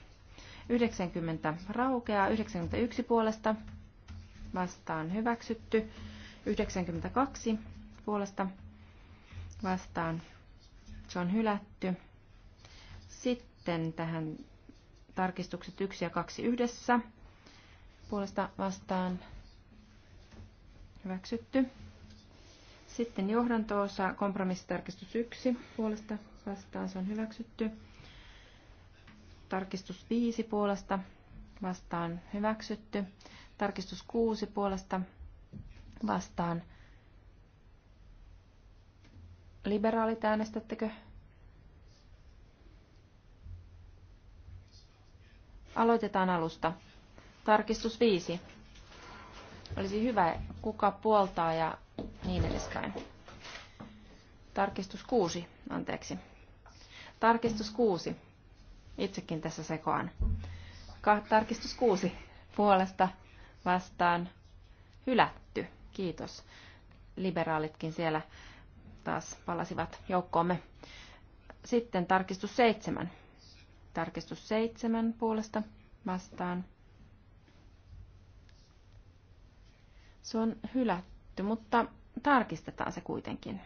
90 raukeaa, 91 puolesta vastaan hyväksytty, 92 puolesta vastaan se on hylätty. Sitten tähän tarkistukset 1 ja 2 yhdessä puolesta vastaan hyväksytty. Sitten johdanto-osa, kompromissitarkistus 1 puolesta vastaan, se on hyväksytty. Tarkistus 5 puolesta vastaan hyväksytty. Tarkistus 6 puolesta vastaan. Liberaalit äänestättekö? Aloitetaan alusta. Tarkistus 5. Olisi hyvä, kuka puoltaa ja niin edespäin. Tarkistus kuusi, anteeksi. Tarkistus kuusi. Itsekin tässä sekoan. tarkistus kuusi. Puolesta vastaan hylätty. Kiitos. Liberaalitkin siellä taas palasivat joukkoomme. Sitten tarkistus seitsemän. Tarkistus seitsemän puolesta vastaan. Se on hylätty, mutta tarkistetaan se kuitenkin.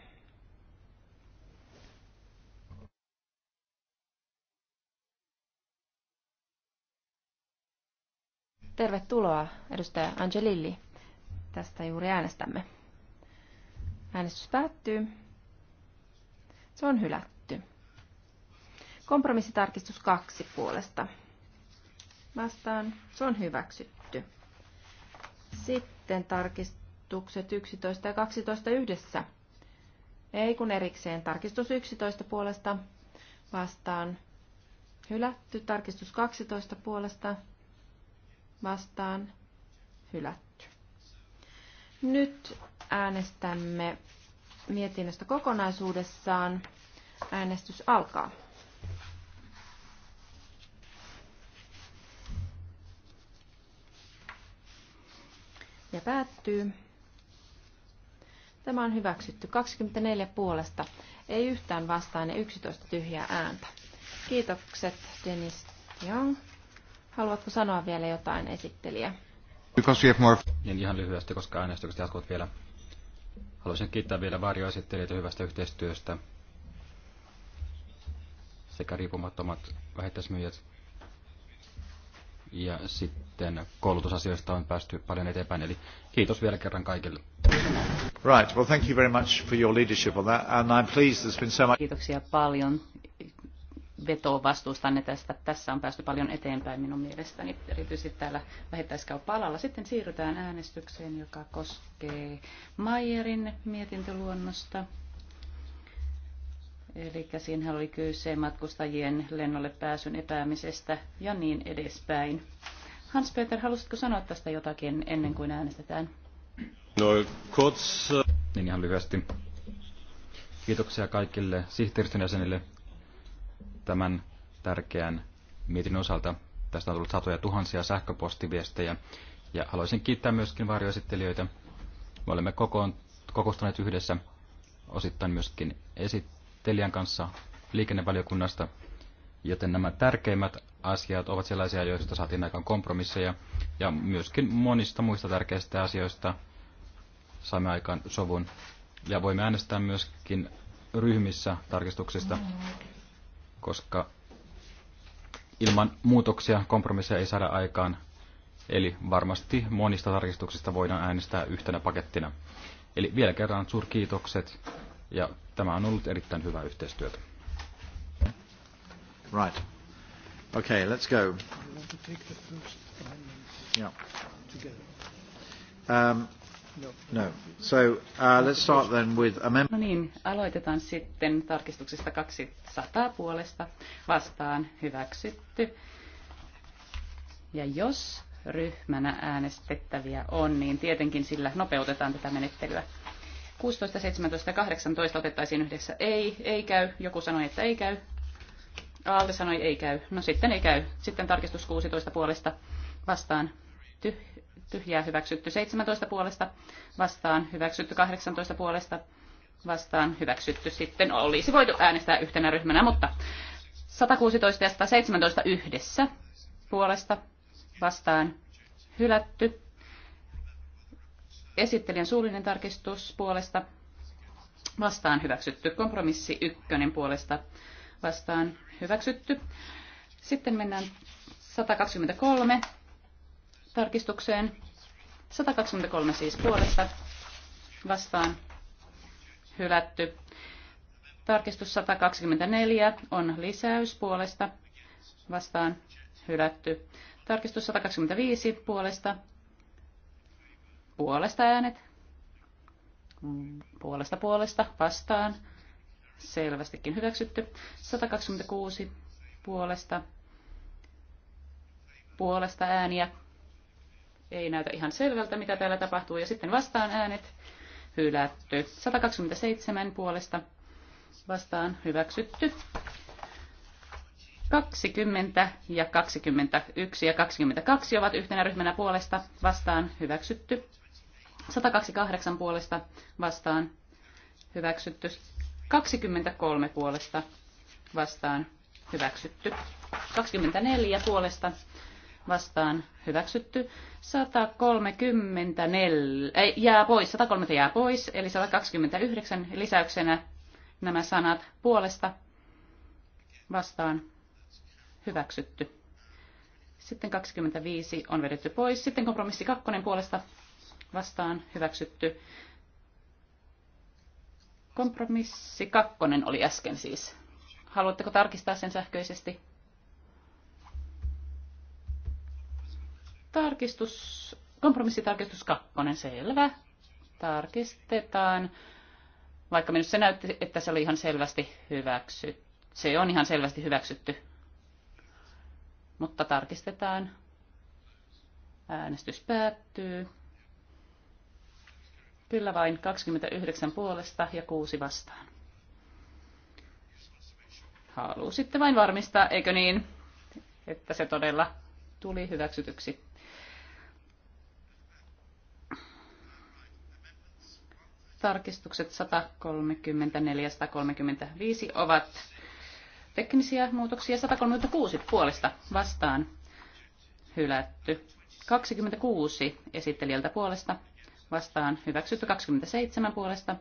Tervetuloa, edustaja Angelilli. Tästä juuri äänestämme. Äänestys päättyy. Se on hylätty. Kompromissitarkistus kaksi puolesta. Vastaan. Se on hyväksytty. Sitten tarkistus tarkistukset 11 ja 12 yhdessä. Ei kun erikseen. Tarkistus 11 puolesta vastaan. Hylätty. Tarkistus 12 puolesta vastaan. Hylätty. Nyt äänestämme mietinnöstä kokonaisuudessaan. Äänestys alkaa. ja päättyy. Tämä on hyväksytty. 24 puolesta. Ei yhtään vastaan ja 11 tyhjää ääntä. Kiitokset Dennis Young. Haluatko sanoa vielä jotain esittelijä? Niin ihan lyhyesti, koska äänestykset jatkuvat vielä. Haluaisin kiittää vielä varjoesittelijöitä hyvästä yhteistyöstä sekä riippumattomat vähittäismyyjät. Ja sitten koulutusasioista on päästy paljon eteenpäin, eli kiitos vielä kerran kaikille. Right. Well, thank you very much for your leadership on that, and I'm pleased there's been so much. Kiitoksia paljon vetovastuustanne tästä. Tässä on päästy paljon eteenpäin minun mielestäni, erityisesti täällä vähittäiskauppa-alalla. Sitten siirrytään äänestykseen, joka koskee Mayerin mietintöluonnosta. Eli siinä oli kyse matkustajien lennolle pääsyn epäämisestä ja niin edespäin. Hans-Peter, haluaisitko sanoa tästä jotakin ennen kuin äänestetään? No, niin ihan lyhyesti. Kiitoksia kaikille sihteeristön jäsenille tämän tärkeän mietin osalta. Tästä on tullut satoja tuhansia sähköpostiviestejä ja haluaisin kiittää myöskin varjoesittelijöitä. Me olemme kokoon, kokoustaneet yhdessä osittain myöskin esittelijän kanssa liikennevaliokunnasta, joten nämä tärkeimmät asiat ovat sellaisia, joista saatiin aikaan kompromisseja ja myöskin monista muista tärkeistä asioista saimme aikaan sovun. Ja voimme äänestää myöskin ryhmissä tarkistuksista, koska ilman muutoksia kompromisseja ei saada aikaan. Eli varmasti monista tarkistuksista voidaan äänestää yhtenä pakettina. Eli vielä kerran suurkiitokset ja tämä on ollut erittäin hyvä yhteistyötä. Right. Okay, let's go. Yeah. Um, No. no. So, uh, let's start then with No niin, aloitetaan sitten tarkistuksesta 200 puolesta vastaan hyväksytty. Ja jos ryhmänä äänestettäviä on, niin tietenkin sillä nopeutetaan tätä menettelyä. 16, 17 ja 18 otettaisiin yhdessä. Ei, ei käy. Joku sanoi, että ei käy. Aalto sanoi, ei käy. No sitten ei käy. Sitten tarkistus 16 puolesta vastaan ty- tyhjää hyväksytty 17 puolesta, vastaan hyväksytty 18 puolesta, vastaan hyväksytty. Sitten olisi voitu äänestää yhtenä ryhmänä, mutta 116 ja 117 yhdessä puolesta vastaan hylätty. Esittelijän suullinen tarkistus puolesta vastaan hyväksytty. Kompromissi ykkönen puolesta vastaan hyväksytty. Sitten mennään 123 tarkistukseen. 123 siis puolesta vastaan hylätty. Tarkistus 124 on lisäys puolesta vastaan hylätty. Tarkistus 125 puolesta puolesta äänet puolesta puolesta vastaan selvästikin hyväksytty. 126 puolesta puolesta ääniä ei näytä ihan selvältä, mitä täällä tapahtuu. Ja sitten vastaan äänet hylätty. 127 puolesta vastaan hyväksytty. 20 ja 21 ja 22 ovat yhtenä ryhmänä puolesta vastaan hyväksytty. 128 puolesta vastaan hyväksytty. 23 puolesta vastaan hyväksytty. 24 puolesta vastaan hyväksytty. 134 ei, jää pois, 130 jää pois, eli 129 lisäyksenä nämä sanat puolesta vastaan hyväksytty. Sitten 25 on vedetty pois. Sitten kompromissi 2 puolesta vastaan hyväksytty. Kompromissi 2 oli äsken siis. Haluatteko tarkistaa sen sähköisesti? Tarkistus, kompromissitarkistus kakkonen, selvä. Tarkistetaan. Vaikka minusta se näytti, että se oli ihan selvästi hyväksytty. Se on ihan selvästi hyväksytty. Mutta tarkistetaan. Äänestys päättyy. Kyllä vain 29 puolesta ja 6 vastaan. Haluaisitte vain varmistaa, eikö niin, että se todella tuli hyväksytyksi. Tarkistukset 134-135 ovat teknisiä muutoksia. 136 puolesta vastaan hylätty. 26 esittelijältä puolesta vastaan hyväksytty. 27 puolesta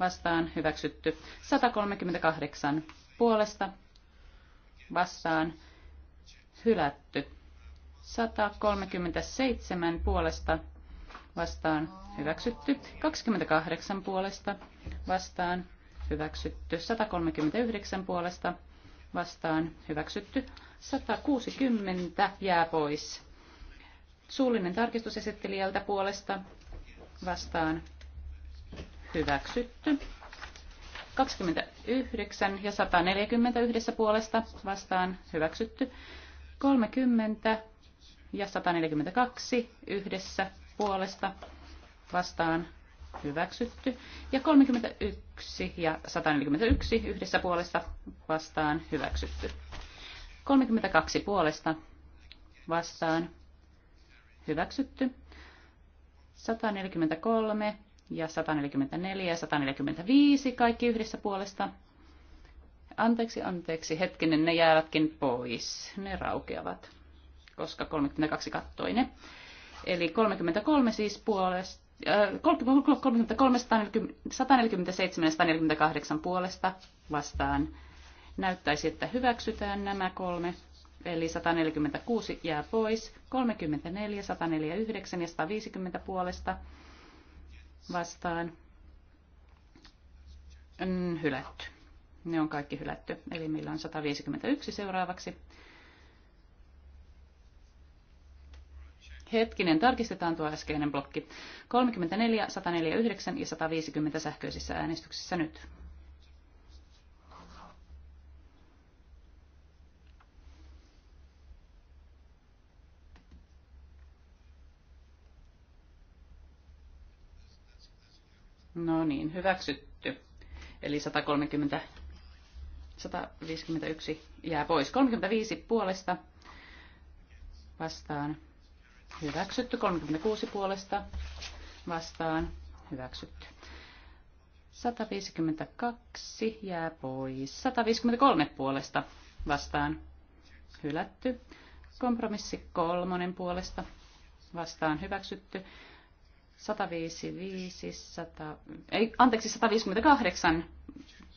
vastaan hyväksytty. 138 puolesta vastaan hylätty. 137 puolesta vastaan hyväksytty. 28 puolesta vastaan hyväksytty. 139 puolesta vastaan hyväksytty. 160 jää pois. Suullinen tarkistus esittelijältä puolesta vastaan hyväksytty. 29 ja 140 yhdessä puolesta vastaan hyväksytty. 30 ja 142 yhdessä puolesta vastaan hyväksytty. Ja 31 ja 141 yhdessä puolesta vastaan hyväksytty. 32 puolesta vastaan hyväksytty. 143 ja 144 ja 145 kaikki yhdessä puolesta. Anteeksi, anteeksi, hetkinen, ne jäävätkin pois. Ne raukeavat, koska 32 kattoi ne. Eli 33 siis puolesta, 33, 147 148 puolesta vastaan. Näyttäisi, että hyväksytään nämä kolme. Eli 146 jää pois, 34, 149 ja 150 puolesta vastaan. Mm, hylätty. Ne on kaikki hylätty. Eli meillä on 151 seuraavaksi Hetkinen, tarkistetaan tuo äskeinen blokki. 34, 149 ja 150 sähköisissä äänestyksissä nyt. No niin, hyväksytty. Eli 130, 151 jää pois. 35 puolesta vastaan Hyväksytty 36 puolesta vastaan. Hyväksytty. 152 jää pois. 153 puolesta vastaan. Hylätty. Kompromissi kolmonen puolesta vastaan hyväksytty. 155, 100, ei, anteeksi, 158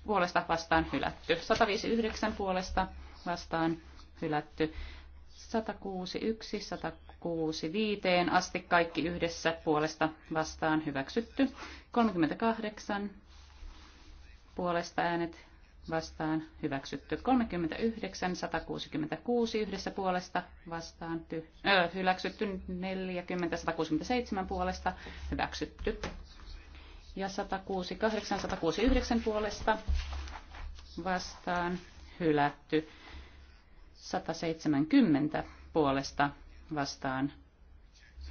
puolesta vastaan hylätty. 159 puolesta vastaan hylätty. 161, 165 asti kaikki yhdessä puolesta vastaan hyväksytty. 38 puolesta äänet vastaan hyväksytty. 39, 166 yhdessä puolesta vastaan ty, ö, hyväksytty. 40, 167 puolesta hyväksytty. Ja 168, 169 puolesta vastaan hylätty. 170 puolesta vastaan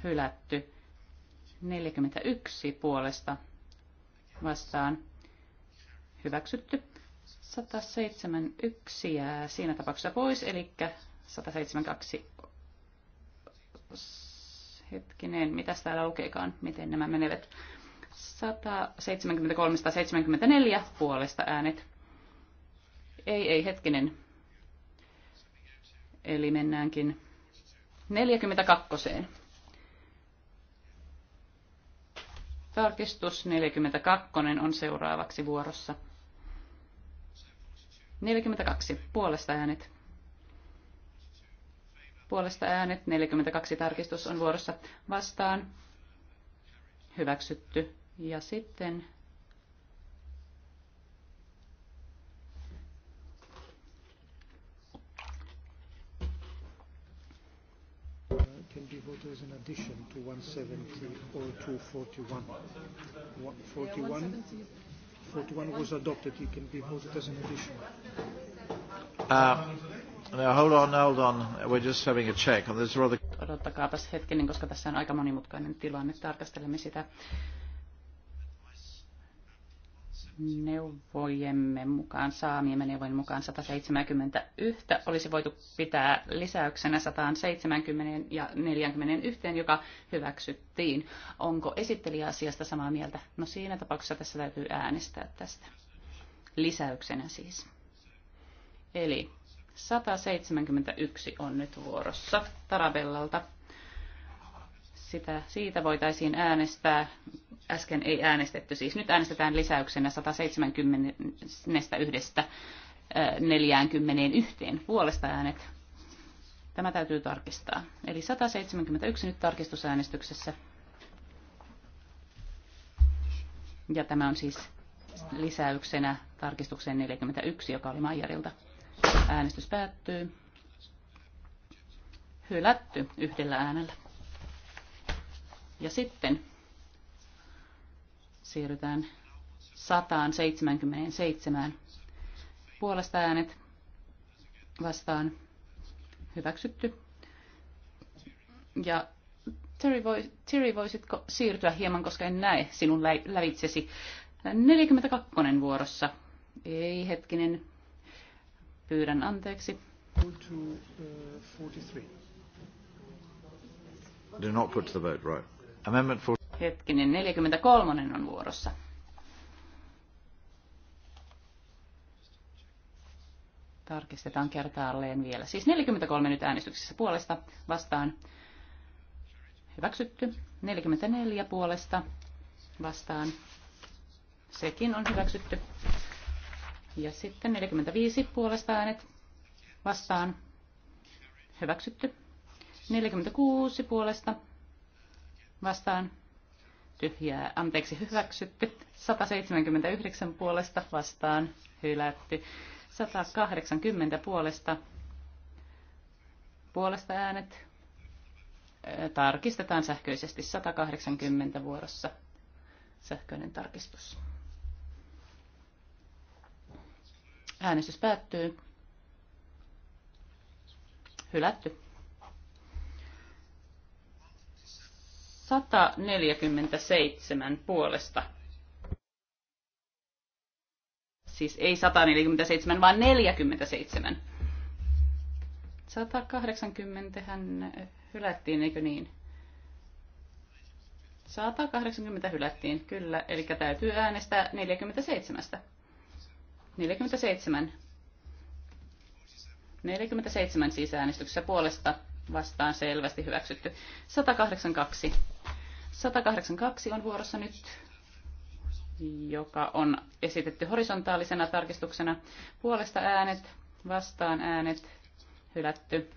hylätty. 41 puolesta vastaan hyväksytty. 171 jää siinä tapauksessa pois, eli 172 hetkinen, mitä täällä lukeekaan, miten nämä menevät. 173-174 puolesta äänet. Ei, ei, hetkinen. Eli mennäänkin 42. Tarkistus 42 on seuraavaksi vuorossa. 42. Puolesta äänet. Puolesta äänet. 42 tarkistus on vuorossa vastaan. Hyväksytty. Ja sitten vote is an addition to 170 or 241? 41? 41 was adopted. It can be voted as an addition. Uh, now hold on, hold on. We're just having a check. And there's rather... Odottakaapas hetkinen, koska tässä on aika monimutkainen tilanne. Tarkastelemme sitä neuvojemme mukaan, saamiemme neuvojen mukaan 171 olisi voitu pitää lisäyksenä 170 ja 41, joka hyväksyttiin. Onko esittelijä asiasta samaa mieltä? No siinä tapauksessa tässä täytyy äänestää tästä. Lisäyksenä siis. Eli 171 on nyt vuorossa Tarabellalta sitä, siitä voitaisiin äänestää. Äsken ei äänestetty, siis nyt äänestetään lisäyksenä 171 41 äh, puolesta äänet. Tämä täytyy tarkistaa. Eli 171 nyt tarkistusäänestyksessä. Ja tämä on siis lisäyksenä tarkistukseen 41, joka oli Maijarilta. Äänestys päättyy. Hylätty yhdellä äänellä. Ja sitten siirrytään 177 puolesta äänet vastaan hyväksytty. Ja Terry, voi, Terry, voisitko siirtyä hieman, koska en näe sinun lä- lävitsesi. 42 vuorossa. Ei hetkinen. Pyydän anteeksi. Uh, Do not put the vote right. Amendment for... Hetkinen, 43 on vuorossa. Tarkistetaan kertaalleen vielä. Siis 43 nyt äänestyksessä puolesta vastaan. Hyväksytty. 44 puolesta vastaan. Sekin on hyväksytty. Ja sitten 45 puolesta äänet vastaan. Hyväksytty. 46 puolesta vastaan tyhjää, anteeksi, hyväksytty. 179 puolesta vastaan hylätty. 180 puolesta puolesta äänet tarkistetaan sähköisesti 180 vuorossa sähköinen tarkistus. Äänestys päättyy. Hylätty. 147 puolesta. Siis ei 147, vaan 47. 180 hän eh, hylättiin, eikö niin? 180 hylättiin, kyllä. Eli täytyy äänestää 47. 47. 47 siis äänestyksessä puolesta vastaan selvästi hyväksytty. 182 182 on vuorossa nyt, joka on esitetty horisontaalisena tarkistuksena. Puolesta äänet, vastaan äänet, hylätty.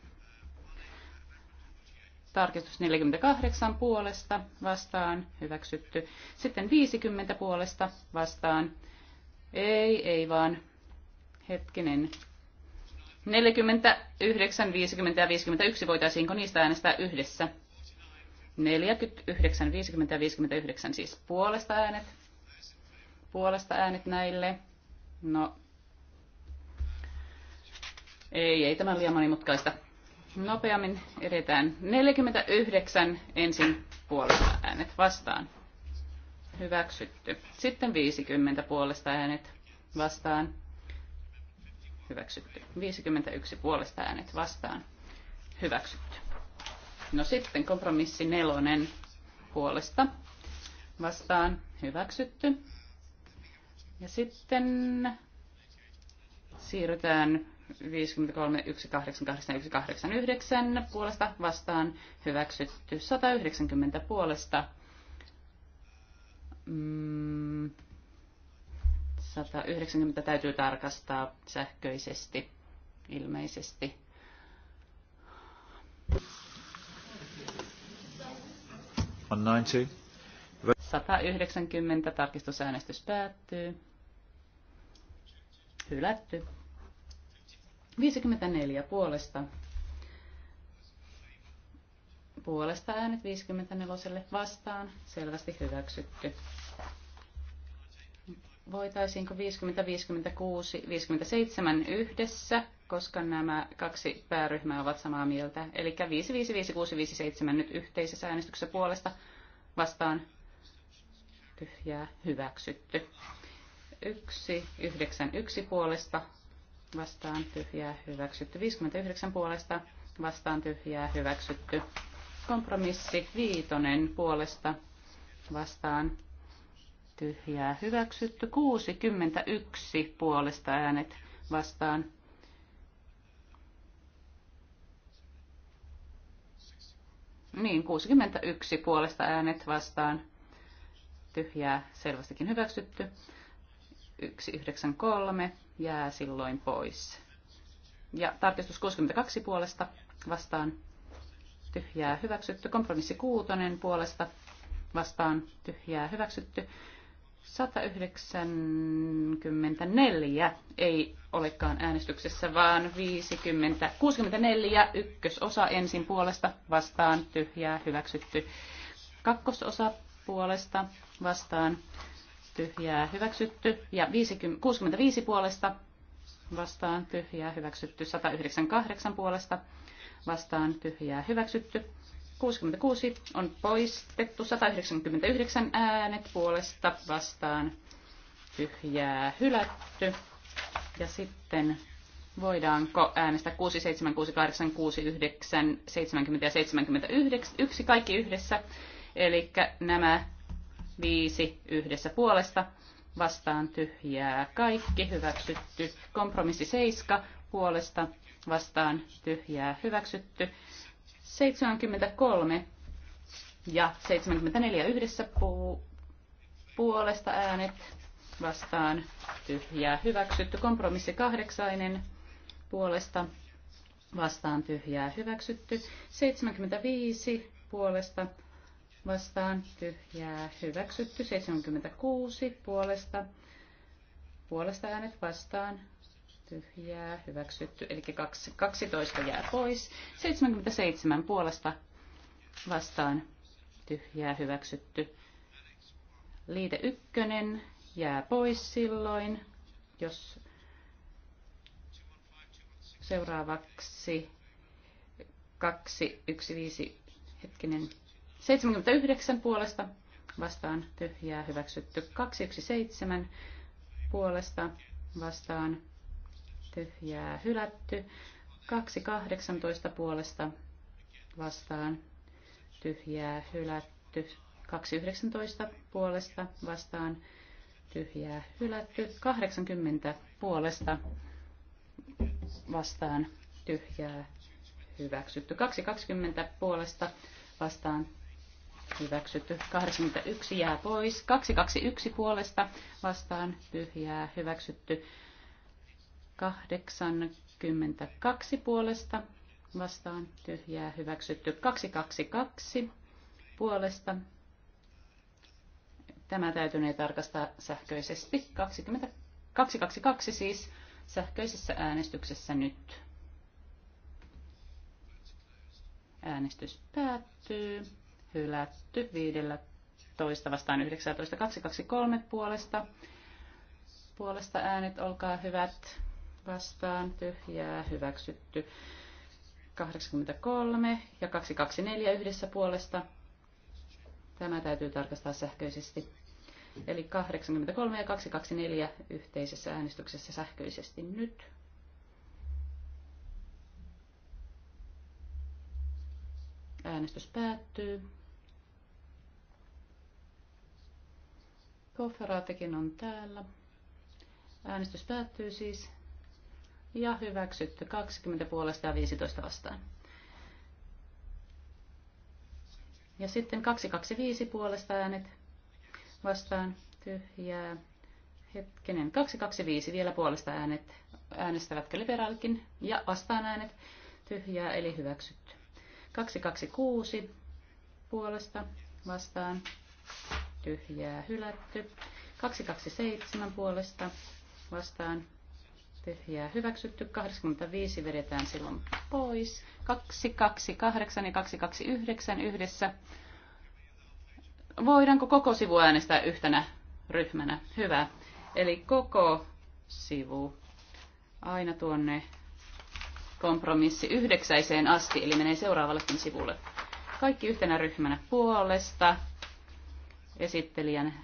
Tarkistus 48 puolesta, vastaan, hyväksytty. Sitten 50 puolesta, vastaan, ei, ei vaan, hetkinen, 49, 50 ja 51 voitaisiinko niistä äänestää yhdessä? 49, 50 ja 59 siis puolesta äänet. Puolesta äänet näille. No, ei, ei tämä liian monimutkaista. Nopeammin edetään. 49 ensin puolesta äänet vastaan. Hyväksytty. Sitten 50 puolesta äänet vastaan. Hyväksytty. 51 puolesta äänet vastaan. Hyväksytty. No sitten kompromissi nelonen puolesta vastaan hyväksytty. Ja sitten siirrytään 53.188.189 puolesta vastaan hyväksytty 190 puolesta. Mm, 190 täytyy tarkastaa sähköisesti ilmeisesti. 190. 190 tarkistusäänestys päättyy. Hylätty. 54 puolesta. Puolesta äänet 54 vastaan. Selvästi hyväksytty. Voitaisiinko 50, 56, 57 yhdessä koska nämä kaksi pääryhmää ovat samaa mieltä. Eli 555657 nyt yhteisessä äänestyksessä puolesta vastaan tyhjää hyväksytty. 191 puolesta vastaan tyhjää hyväksytty. 59 puolesta vastaan tyhjää hyväksytty. Kompromissi viitonen puolesta vastaan tyhjää hyväksytty. 61 puolesta äänet vastaan Niin, 61 puolesta äänet vastaan. Tyhjää selvästikin hyväksytty. 193 jää silloin pois. Ja tarkistus 62 puolesta vastaan tyhjää hyväksytty. Kompromissi 6 puolesta vastaan tyhjää hyväksytty. 194 ei olekaan äänestyksessä, vaan 50, 64 ykkösosa ensin puolesta vastaan tyhjää hyväksytty. Kakkososa puolesta vastaan tyhjää hyväksytty ja 50, 65 puolesta vastaan tyhjää hyväksytty, 198 puolesta vastaan tyhjää hyväksytty, 66 on poistettu, 199 äänet puolesta vastaan tyhjää hylätty. Ja sitten voidaanko äänestää 6, 7, 6, 8, 6, 9, 70 ja 79, yksi kaikki yhdessä. Eli nämä viisi yhdessä puolesta vastaan tyhjää kaikki hyväksytty. Kompromissi 7 puolesta vastaan tyhjää hyväksytty. 73 ja 74 yhdessä puu, puolesta äänet vastaan tyhjää hyväksytty. Kompromissi kahdeksainen puolesta vastaan tyhjää hyväksytty. 75 puolesta vastaan tyhjää hyväksytty. 76 puolesta puolesta äänet vastaan tyhjää, hyväksytty, eli 12 jää pois. 77 puolesta vastaan tyhjää, hyväksytty. Liite 1 jää pois silloin, jos seuraavaksi 2, 1, 5, hetkinen, 79 puolesta vastaan tyhjää, hyväksytty. 2, 1, 7 puolesta vastaan tyhjää hylätty. 2.18 puolesta vastaan tyhjää hylätty. 2.19 puolesta vastaan tyhjää hylätty. 80 puolesta vastaan tyhjää hyväksytty. 2.20 puolesta vastaan hyväksytty. 81 jää pois. 221 puolesta vastaan tyhjää hyväksytty. 82 puolesta vastaan tyhjää hyväksytty 222 puolesta. Tämä täytynee tarkastaa sähköisesti 20, 222 siis sähköisessä äänestyksessä nyt. Äänestys päättyy. Hylätty 15 vastaan 19 223 puolesta. Puolesta äänet, olkaa hyvät vastaan tyhjää hyväksytty. 83 ja 224 yhdessä puolesta. Tämä täytyy tarkastaa sähköisesti. Eli 83 ja 224 yhteisessä äänestyksessä sähköisesti nyt. Äänestys päättyy. Kofferaatikin on täällä. Äänestys päättyy siis ja hyväksytty 20 puolesta ja 15 vastaan. Ja sitten 225 puolesta äänet vastaan tyhjää. Hetkinen, 225 vielä puolesta äänet äänestävätkö liberaalikin ja vastaan äänet tyhjää eli hyväksytty. 226 puolesta vastaan tyhjää hylätty. 227 puolesta vastaan tyhjää hyväksytty. 25 vedetään silloin pois. 8 ja 9 yhdessä. Voidaanko koko sivu äänestää yhtenä ryhmänä? Hyvä. Eli koko sivu aina tuonne kompromissi yhdeksäiseen asti, eli menee seuraavallekin sivulle. Kaikki yhtenä ryhmänä puolesta, esittelijän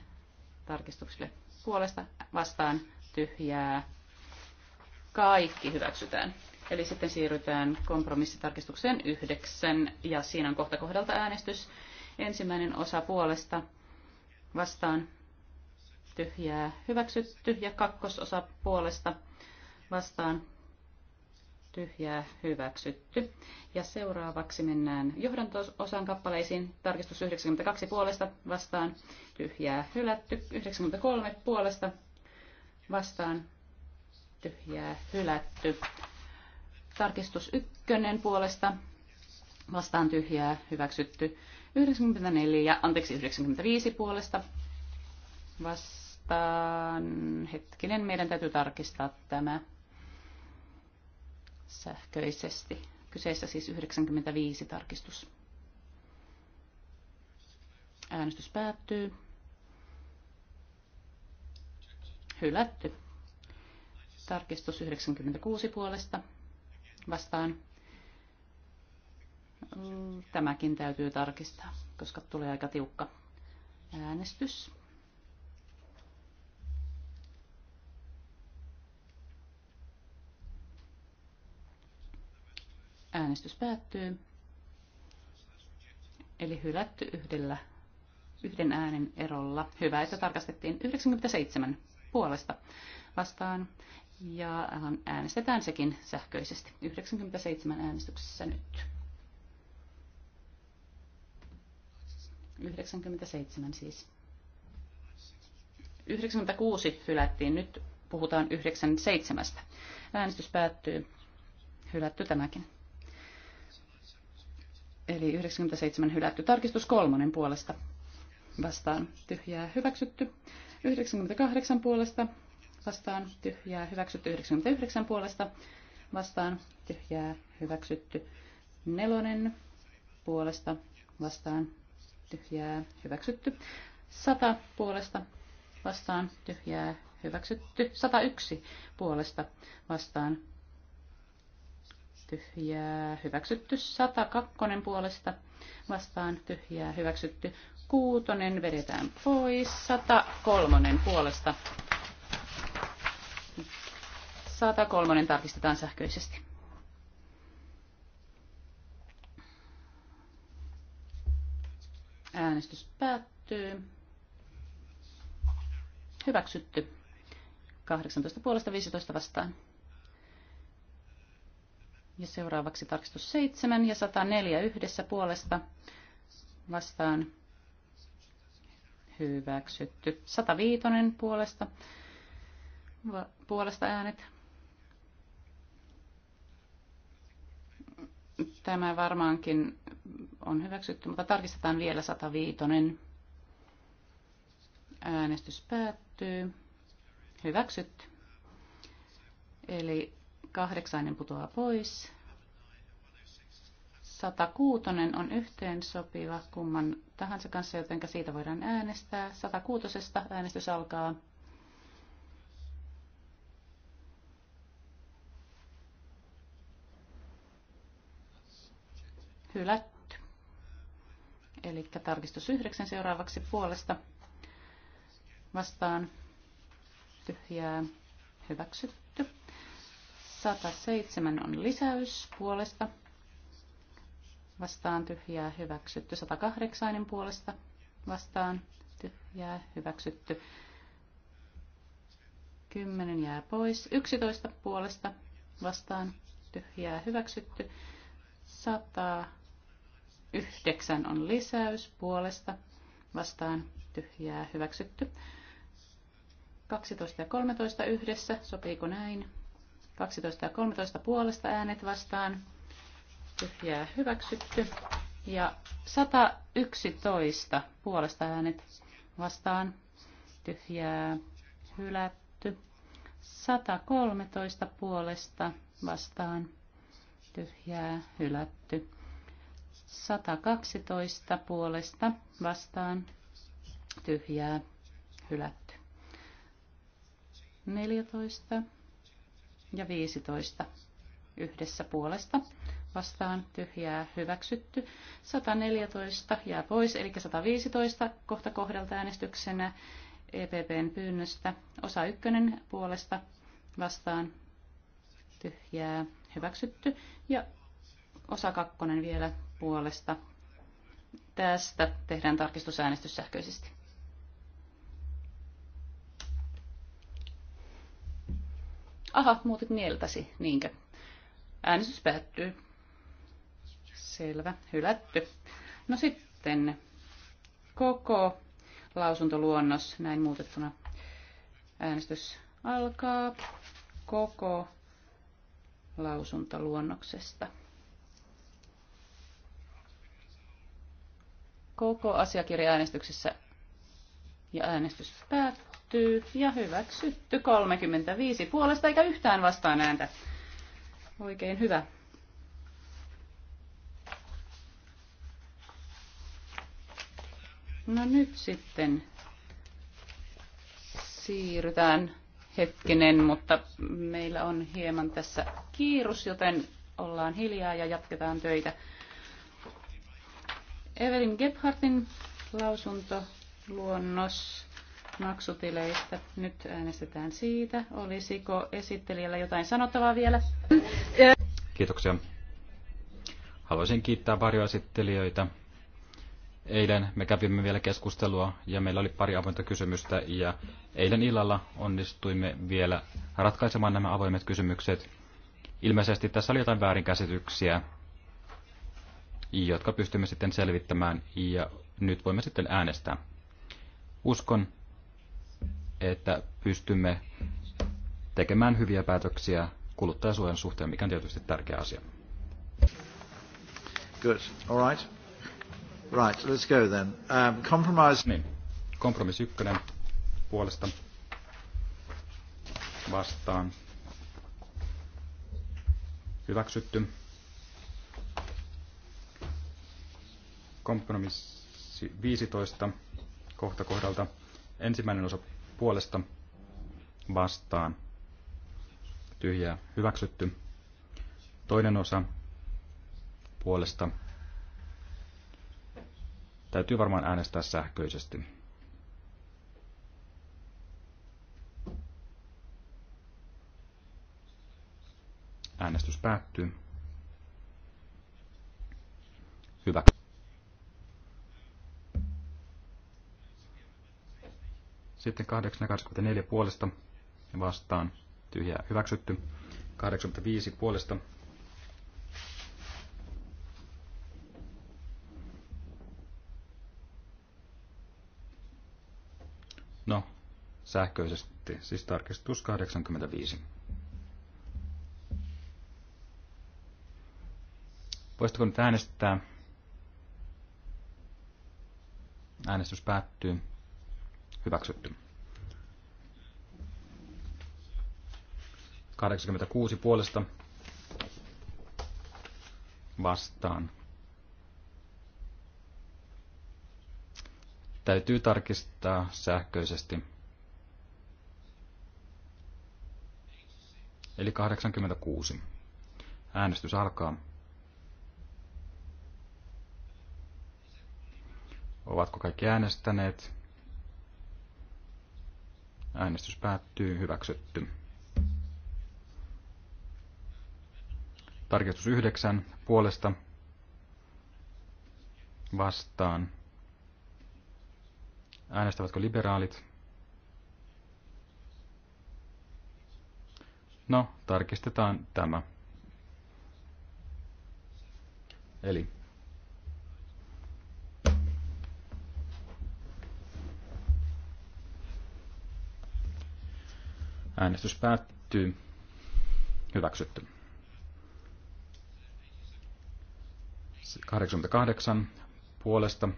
tarkistuksille puolesta, vastaan tyhjää, kaikki hyväksytään. Eli sitten siirrytään kompromissitarkistukseen yhdeksän ja siinä on kohta kohdalta äänestys. Ensimmäinen osa puolesta vastaan tyhjää hyväksytty ja kakkososa puolesta vastaan tyhjää hyväksytty. Ja seuraavaksi mennään johdanto-osan kappaleisiin. Tarkistus 92 puolesta vastaan tyhjää hylätty. 93 puolesta vastaan tyhjää hylätty. Tarkistus ykkönen puolesta vastaan tyhjää hyväksytty. 94, anteeksi 95 puolesta vastaan, hetkinen, meidän täytyy tarkistaa tämä sähköisesti. Kyseessä siis 95 tarkistus. Äänestys päättyy. Hylätty. Tarkistus 96 puolesta vastaan. Tämäkin täytyy tarkistaa, koska tulee aika tiukka äänestys. Äänestys päättyy. Eli hylätty yhdellä, yhden äänen erolla. Hyvä, että tarkastettiin 97 puolesta vastaan. Ja äänestetään sekin sähköisesti. 97 äänestyksessä nyt. 97 siis. 96 hylättiin, nyt puhutaan 97. Äänestys päättyy. Hylätty tämäkin. Eli 97 hylätty. Tarkistus kolmonen puolesta vastaan tyhjää hyväksytty. 98 puolesta vastaan tyhjää hyväksytty 99 puolesta vastaan tyhjää hyväksytty nelonen puolesta vastaan tyhjää hyväksytty 100 puolesta vastaan tyhjää hyväksytty 101 puolesta vastaan tyhjää hyväksytty 102 puolesta vastaan tyhjää hyväksytty kuutonen vedetään pois 103 puolesta 103 tarkistetaan sähköisesti. Äänestys päättyy. Hyväksytty. 18 puolesta 15 vastaan. Ja seuraavaksi tarkistus 7 ja 104 yhdessä puolesta vastaan hyväksytty. 105 puolesta, puolesta äänet Tämä varmaankin on hyväksytty, mutta tarkistetaan vielä 105. Äänestys päättyy. Hyväksytty. Eli kahdeksainen putoaa pois. 106 on yhteen sopiva kumman tahansa kanssa, joten siitä voidaan äänestää. 106. äänestys alkaa. hylätty. Eli tarkistus 9 seuraavaksi puolesta vastaan tyhjää hyväksytty. 107 on lisäys puolesta vastaan tyhjää hyväksytty. 108 puolesta vastaan tyhjää hyväksytty. 10 jää pois. 11 puolesta vastaan tyhjää hyväksytty. 100 Yhdeksän on lisäys puolesta vastaan tyhjää hyväksytty. 12 ja 13 yhdessä, sopiiko näin? 12 ja 13 puolesta äänet vastaan, tyhjää hyväksytty. Ja 111 puolesta äänet vastaan, tyhjää hylätty. 113 puolesta vastaan, tyhjää hylätty. 112 puolesta vastaan tyhjää hylätty. 14 ja 15 yhdessä puolesta vastaan tyhjää hyväksytty. 114 jää pois, eli 115 kohta kohdalta äänestyksenä EPPn pyynnöstä. Osa ykkönen puolesta vastaan tyhjää hyväksytty ja osa kakkonen vielä puolesta. Tästä tehdään tarkistusäänestys sähköisesti. Aha, muutit mieltäsi, niinkö? Äänestys päättyy. Selvä, hylätty. No sitten koko lausuntoluonnos näin muutettuna. Äänestys alkaa koko lausuntoluonnoksesta. koko asiakirjaäänestyksessä. Ja äänestys päättyy ja hyväksytty 35 puolesta eikä yhtään vastaan ääntä. Oikein hyvä. No nyt sitten siirrytään hetkinen, mutta meillä on hieman tässä kiirus, joten ollaan hiljaa ja jatketaan töitä. Evelyn Gebhardin lausunto luonnos maksutileistä. Nyt äänestetään siitä. Olisiko esittelijällä jotain sanottavaa vielä? Kiitoksia. Haluaisin kiittää esittelijöitä. Eilen me kävimme vielä keskustelua ja meillä oli pari avointa kysymystä ja eilen illalla onnistuimme vielä ratkaisemaan nämä avoimet kysymykset. Ilmeisesti tässä oli jotain väärinkäsityksiä jotka pystymme sitten selvittämään ja nyt voimme sitten äänestää. Uskon, että pystymme tekemään hyviä päätöksiä kuluttajasuojan suhteen, mikä on tietysti tärkeä asia. Good. All right. Right, let's go then. Um, compromise... Niin. Kompromissi ykkönen puolesta vastaan. Hyväksytty. Kompromissi 15 kohta kohdalta. Ensimmäinen osa puolesta vastaan. Tyhjää hyväksytty. Toinen osa puolesta. Täytyy varmaan äänestää sähköisesti. Äänestys päättyy. Hyvä. Sitten 84 puolesta vastaan tyhjä hyväksytty. 85 puolesta No, sähköisesti, siis tarkistus 85. Voisitko nyt äänestää? Äänestys päättyy. Hyväksytty. 86 puolesta vastaan. Täytyy tarkistaa sähköisesti. Eli 86. Äänestys alkaa. Ovatko kaikki äänestäneet? Äänestys päättyy. Hyväksytty. Tarkistus 9 puolesta vastaan. Äänestävätkö liberaalit? No, tarkistetaan tämä. Eli Äänestys päättyy. Hyväksytty. 88 puolesta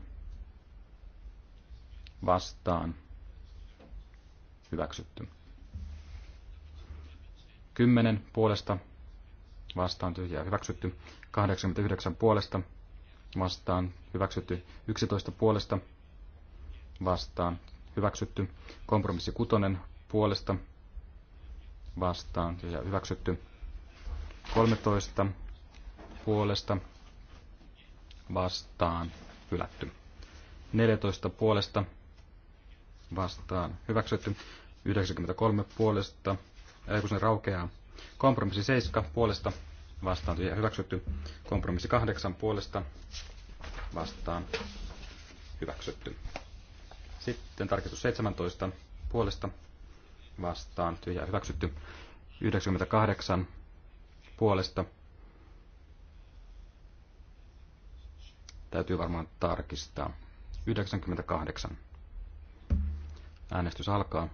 vastaan hyväksytty. 10 puolesta vastaan tyhjää hyväksytty. 89 puolesta vastaan hyväksytty. 11 puolesta vastaan hyväksytty. Kompromissi 6 puolesta vastaan, Ja hyväksytty. 13 puolesta vastaan, hylätty. 14 puolesta vastaan, hyväksytty. 93 puolesta, ei kun se raukeaa. Kompromissi 7 puolesta vastaan, ja hyväksytty. Kompromissi 8 puolesta vastaan, hyväksytty. Sitten tarkistus 17 puolesta vastaan Tyhjä hyväksytty. 98 puolesta. Täytyy varmaan tarkistaa. 98. Äänestys alkaa.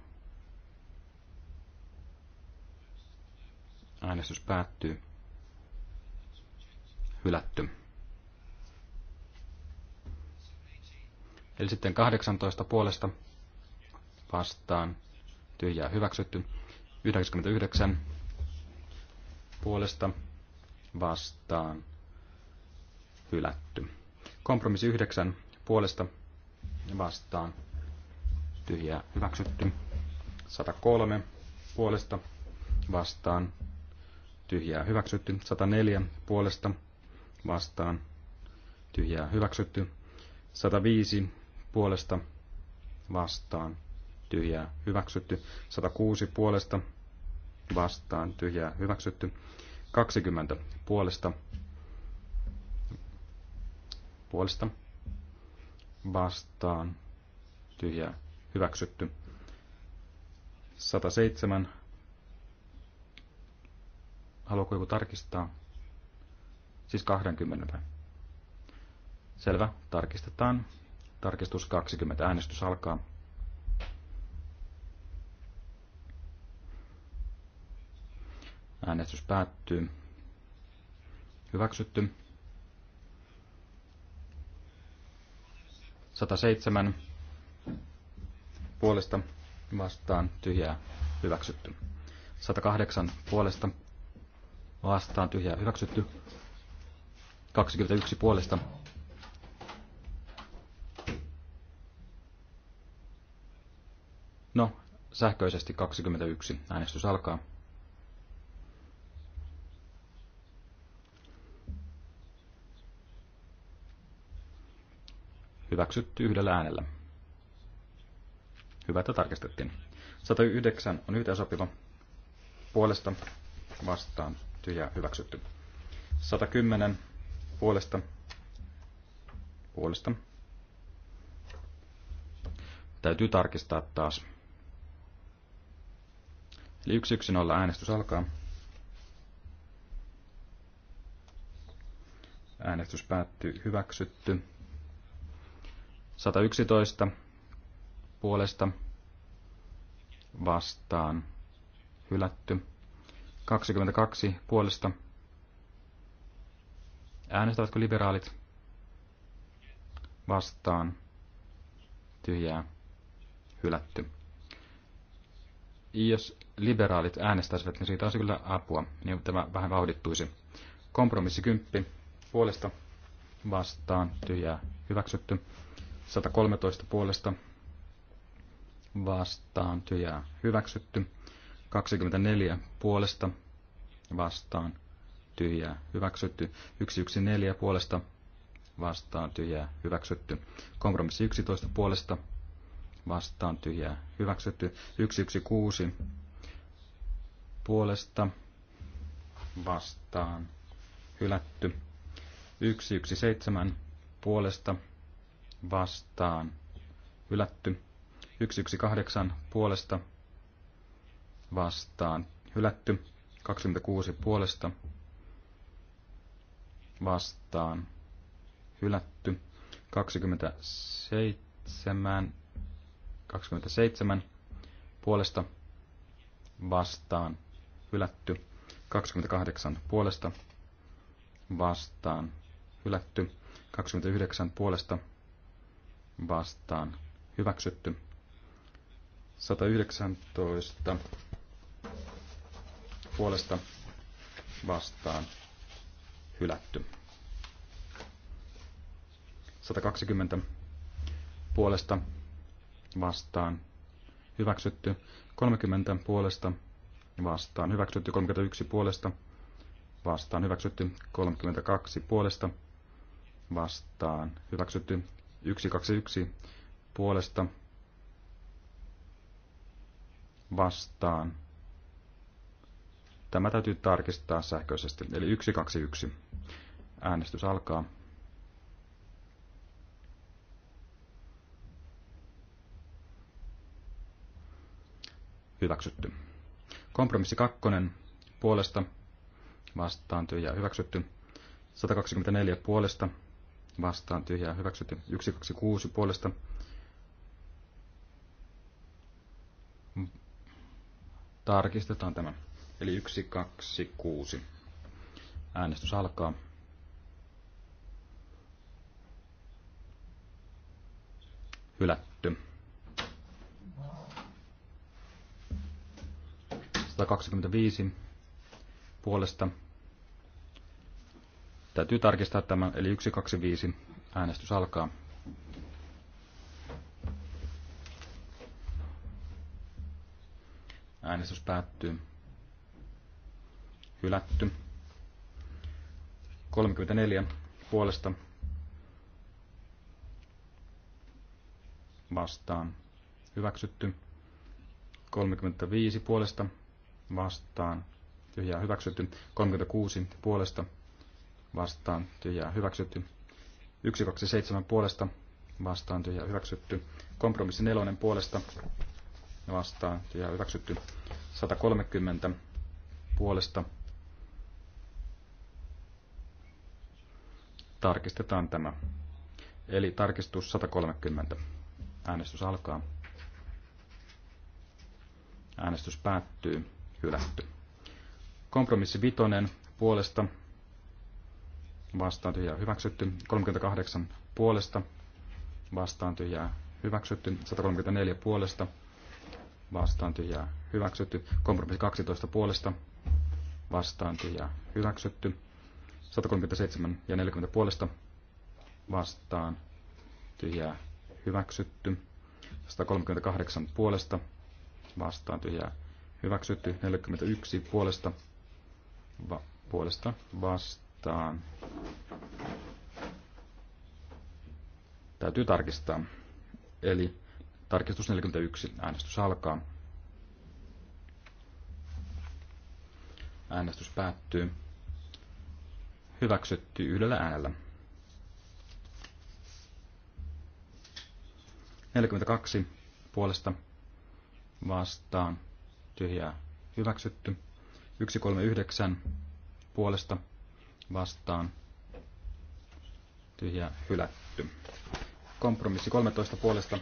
Äänestys päättyy. Hylätty. Eli sitten 18 puolesta vastaan tyhjää hyväksytty. 99 puolesta vastaan hylätty. Kompromissi 9 puolesta vastaan tyhjää hyväksytty. 103 puolesta vastaan tyhjää hyväksytty. 104 puolesta vastaan tyhjää hyväksytty. 105 puolesta vastaan tyhjää hyväksytty. 106 puolesta vastaan tyhjää hyväksytty. 20 puolesta puolesta vastaan tyhjää hyväksytty. 107. Haluatko joku tarkistaa? Siis 20 Selvä, tarkistetaan. Tarkistus 20. Äänestys alkaa. Äänestys päättyy. Hyväksytty. 107 puolesta vastaan tyhjää hyväksytty. 108 puolesta vastaan tyhjää hyväksytty. 21 puolesta No, sähköisesti 21. Äänestys alkaa. Hyväksytty yhdellä äänellä. Hyvä, että tarkistettiin. 109 on sopiva. Puolesta vastaan tyhjä hyväksytty. 110 puolesta puolesta. Täytyy tarkistaa taas. Eli 110 äänestys alkaa. Äänestys päättyy hyväksytty. 111 puolesta vastaan hylätty. 22 puolesta. Äänestävätkö liberaalit? Vastaan. Tyhjää. Hylätty. Jos liberaalit äänestäisivät, niin siitä olisi kyllä apua, niin tämä vähän vauhdittuisi. Kompromissi 10 puolesta vastaan tyhjää hyväksytty. 113 puolesta vastaan tyhjää hyväksytty. 24 puolesta vastaan tyhjää hyväksytty. 114 puolesta vastaan tyhjää hyväksytty. Kompromissi 11 puolesta vastaan tyhjää hyväksytty. 116 puolesta vastaan hylätty. 117 puolesta vastaan hylätty. 118 puolesta vastaan hylätty. 26 puolesta vastaan hylätty. 27, 27 puolesta vastaan hylätty. 28 puolesta vastaan hylätty. 29 puolesta vastaan vastaan hyväksytty. 119 puolesta vastaan hylätty. 120 puolesta vastaan hyväksytty. 30 puolesta vastaan hyväksytty. 31 puolesta vastaan hyväksytty. 32 puolesta vastaan hyväksytty. 121 puolesta vastaan. Tämä täytyy tarkistaa sähköisesti, eli 121. Äänestys alkaa. Hyväksytty. Kompromissi kakkonen puolesta vastaan tyhjää hyväksytty. 124 puolesta vastaan tyhjää hyväksytty. 126 puolesta tarkistetaan tämä. Eli 126. Äänestys alkaa. Hylätty. 125 puolesta Täytyy tarkistaa tämä, eli 125 äänestys alkaa. Äänestys päättyy. Hylätty. 34 puolesta vastaan. Hyväksytty. 35 puolesta vastaan. Tyhjää hyväksytty. 36 puolesta vastaan tyhjää hyväksytty. 127 puolesta vastaan tyhjää hyväksytty. Kompromissi nelonen puolesta vastaan tyhjää hyväksytty. 130 puolesta tarkistetaan tämä. Eli tarkistus 130. Äänestys alkaa. Äänestys päättyy. Hylätty. Kompromissi vitonen puolesta vastaan tyhjää hyväksytty, 38 puolesta vastaan tyhjää hyväksytty, 134 puolesta vastaan tyhjää hyväksytty, kompromissi 12 puolesta vastaan tyhjää hyväksytty, 137 ja 40 puolesta vastaan tyhjää hyväksytty, 138 puolesta vastaan tyhjää hyväksytty, 41 puolesta, va, puolesta vastaan vastaan. Täytyy tarkistaa. Eli tarkistus 41. Äänestys alkaa. Äänestys päättyy. Hyväksytty yhdellä äänellä. 42 puolesta vastaan tyhjää hyväksytty. 139 puolesta vastaan tyhjää hylätty. Kompromissi 13 puolesta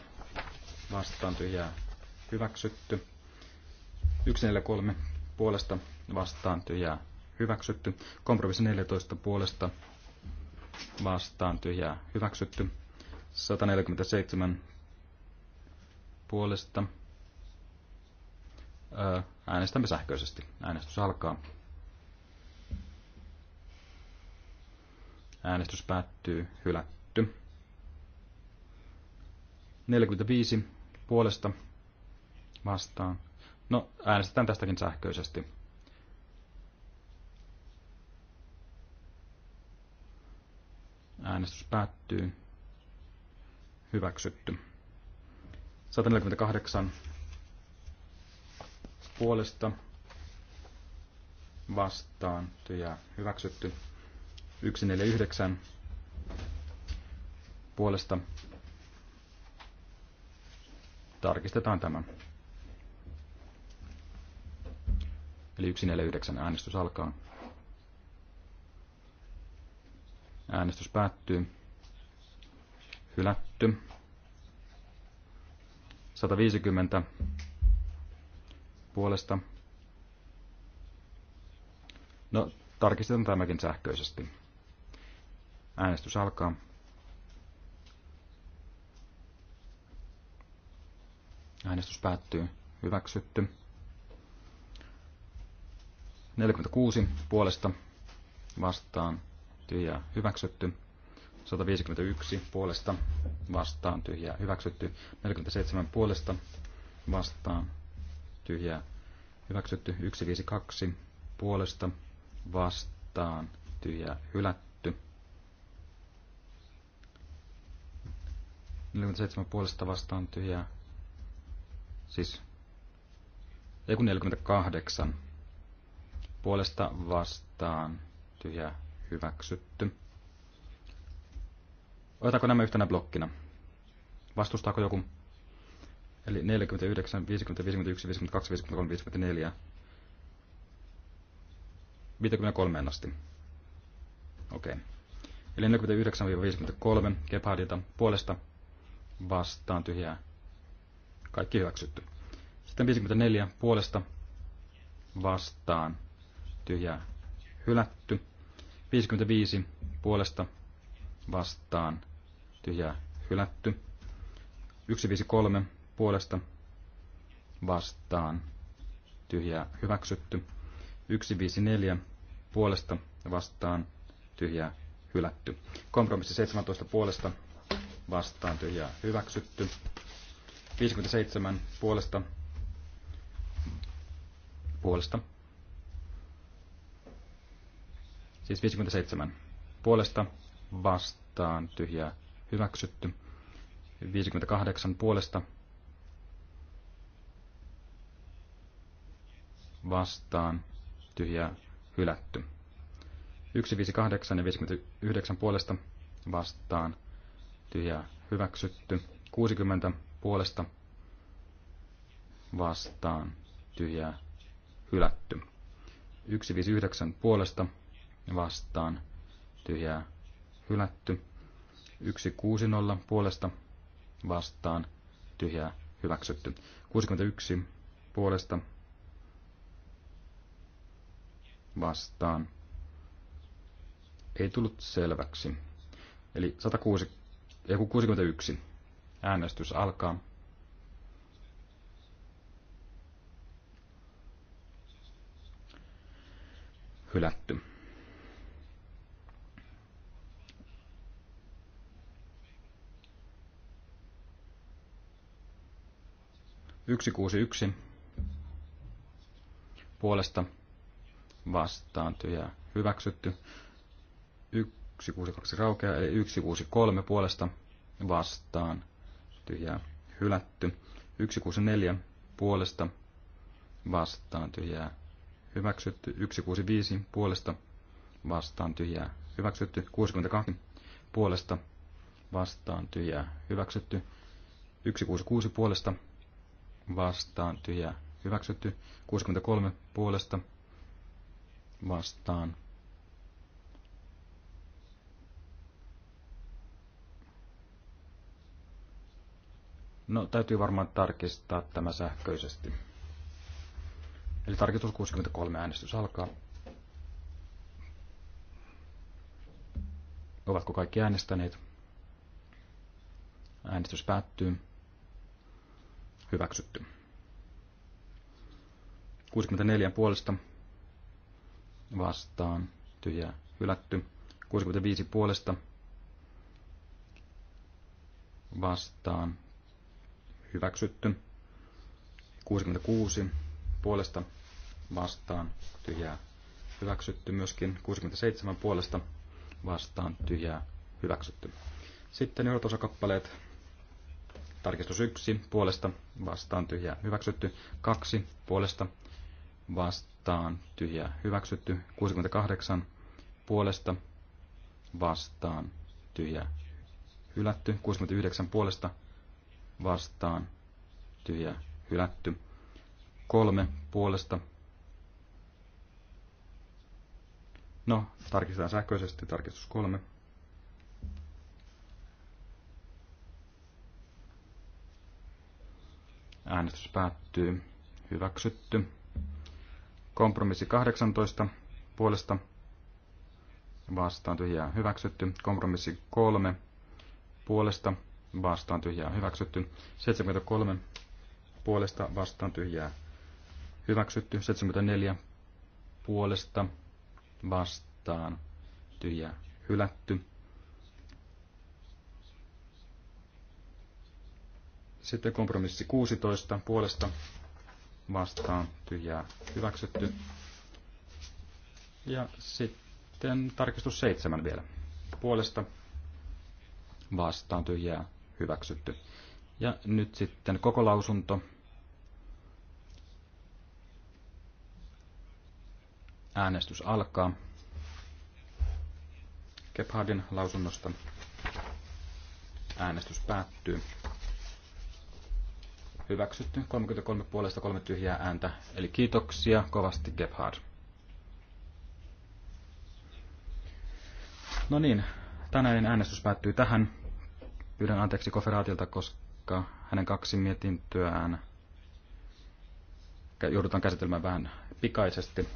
vastaan tyhjää hyväksytty. 143 puolesta vastaan tyhjää hyväksytty. Kompromissi 14 puolesta vastaan tyhjää hyväksytty. 147 puolesta äänestämme sähköisesti. Äänestys alkaa. Äänestys päättyy. Hylätty. 45 puolesta vastaan. No, äänestetään tästäkin sähköisesti. Äänestys päättyy. Hyväksytty. 148 puolesta vastaan ja hyväksytty. 149 puolesta. Tarkistetaan tämä. Eli 149 äänestys alkaa. Äänestys päättyy. Hylätty. 150 puolesta. No, tarkistetaan tämäkin sähköisesti. Äänestys alkaa. Äänestys päättyy. Hyväksytty. 46 puolesta vastaan tyhjää hyväksytty. 151 puolesta vastaan tyhjää hyväksytty. 47 puolesta vastaan tyhjää hyväksytty. 152 puolesta vastaan tyhjää hylätty. 47 puolesta vastaan tyhjää. Siis, ei kun 48 puolesta vastaan tyhjä hyväksytty. Otetaanko nämä yhtenä blokkina? Vastustaako joku? Eli 49, 50, 51, 52, 53, 54. 53 asti. Okei. Okay. Eli 49-53 Gebhardilta puolesta vastaan tyhjää. Kaikki hyväksytty. Sitten 54 puolesta vastaan tyhjää hylätty. 55 puolesta vastaan tyhjää hylätty. 153 puolesta vastaan tyhjää hyväksytty. 154 puolesta vastaan tyhjää hylätty. Kompromissi 17 puolesta vastaan tyhjää hyväksytty. 57 puolesta puolesta. Siis 57 puolesta vastaan tyhjää hyväksytty. 58 puolesta vastaan tyhjää hylätty. 158 ja 59 puolesta vastaan tyhjää hyväksytty. 60 puolesta vastaan tyhjää hylätty. 159 puolesta vastaan tyhjää hylätty. 160 puolesta vastaan tyhjää hyväksytty. 61 puolesta vastaan ei tullut selväksi. Eli 160 joku 61. Äänestys alkaa. Hylätty. Yksi kuusi yksi puolesta vastaan tyhjää hyväksytty. 162 raukeaa, eli 163 puolesta vastaan tyhjää hylätty. 164 puolesta vastaan tyhjää hyväksytty. 165 puolesta vastaan tyhjää hyväksytty. 62 puolesta vastaan tyhjää hyväksytty. 166 puolesta vastaan tyhjää hyväksytty. 63 puolesta vastaan No, täytyy varmaan tarkistaa tämä sähköisesti. Eli tarkistus 63 äänestys alkaa. Ovatko kaikki äänestäneet? Äänestys päättyy. Hyväksytty. 64 puolesta vastaan tyhjä hylätty. 65 puolesta vastaan hyväksytty. 66 puolesta vastaan tyhjää hyväksytty myöskin. 67 puolesta vastaan tyhjää hyväksytty. Sitten johdatusosakappaleet. Tarkistus 1 puolesta vastaan tyhjää hyväksytty. 2 puolesta vastaan tyhjää hyväksytty. 68 puolesta vastaan tyhjää hylätty. 69 puolesta vastaan tyhjä hylätty. Kolme puolesta. No, tarkistetaan sähköisesti, tarkistus kolme. Äänestys päättyy. Hyväksytty. Kompromissi 18 puolesta vastaan tyhjää hyväksytty. Kompromissi 3 puolesta vastaan tyhjää hyväksytty. 73 puolesta vastaan tyhjää hyväksytty. 74 puolesta vastaan tyhjää hylätty. Sitten kompromissi 16 puolesta vastaan tyhjää hyväksytty. Ja sitten tarkistus 7 vielä. Puolesta vastaan tyhjää hyväksytty. Ja nyt sitten koko lausunto. Äänestys alkaa. Gebhardin lausunnosta äänestys päättyy. Hyväksytty 33 puolesta kolme tyhjää ääntä. Eli kiitoksia kovasti Gebhard. No niin, tänään äänestys päättyy tähän. Pyydän anteeksi koferaatilta, koska hänen kaksi mietintöään joudutaan käsitelmään vähän pikaisesti.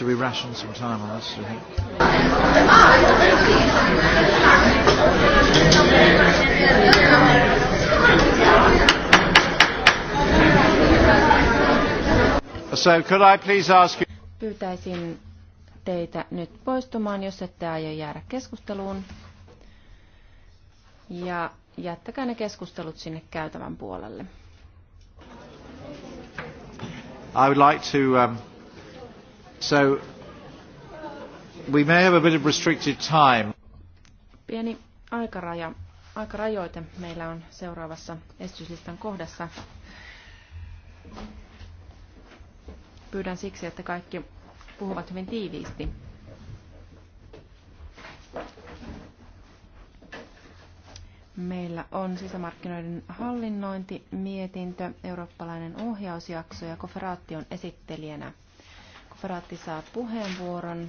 Do we ration some time on this, So could I please ask you... Pyytäisin teitä nyt poistumaan, jos ette aio jäädä keskusteluun. Ja jättäkää ne keskustelut sinne käytävän puolelle. I would like to... Um, so we may have a bit of restricted time. Pieni aikaraja, aikarajoite meillä on seuraavassa esityslistan kohdassa. Pyydän siksi, että kaikki puhuvat hyvin tiiviisti. Meillä on sisämarkkinoiden hallinnointi, mietintö, eurooppalainen ohjausjakso ja koferaation esittelijänä. Koferaatti saa puheenvuoron,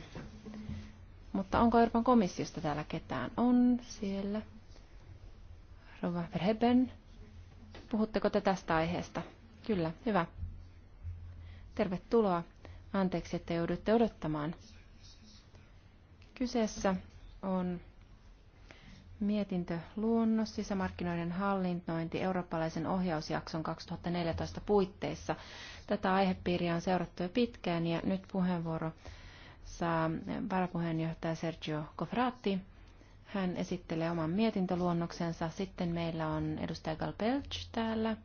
mutta onko Euroopan komissiosta täällä ketään? On siellä. Rova Verheben, puhutteko te tästä aiheesta? Kyllä, hyvä. Tervetuloa. Anteeksi, että joudutte odottamaan. Kyseessä on mietintö sisämarkkinoiden hallinnointi eurooppalaisen ohjausjakson 2014 puitteissa. Tätä aihepiiriä on seurattu jo pitkään ja nyt puheenvuoro saa varapuheenjohtaja Sergio Cofratti. Hän esittelee oman mietintöluonnoksensa. Sitten meillä on edustaja Galpelch täällä.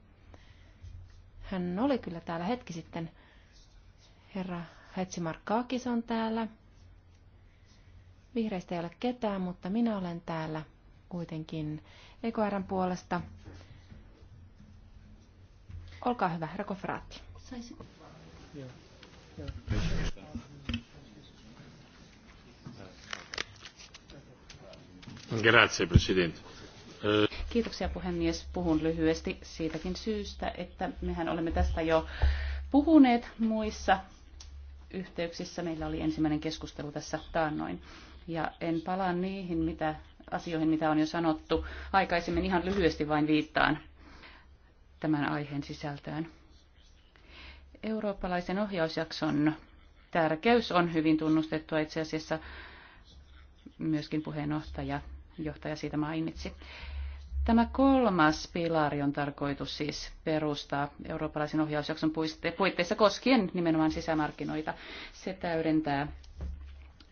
Hän oli kyllä täällä hetki sitten – Herra Kaakis on täällä. Vihreistä ei ole ketään, mutta minä olen täällä kuitenkin EKRn puolesta. Olkaa hyvä, herra Kofraatti. Grazie, Presidente. Kiitoksia puhemies. Puhun lyhyesti siitäkin syystä, että mehän olemme tästä jo puhuneet muissa yhteyksissä. Meillä oli ensimmäinen keskustelu tässä taannoin. Ja en palaa niihin mitä, asioihin, mitä on jo sanottu. Aikaisemmin ihan lyhyesti vain viittaan tämän aiheen sisältöön. Eurooppalaisen ohjausjakson tärkeys on hyvin tunnustettua itse asiassa myöskin puheenjohtaja johtaja siitä mainitsi. Tämä kolmas pilari on tarkoitus siis perustaa eurooppalaisen ohjausjakson puitteissa koskien nimenomaan sisämarkkinoita. Se täydentää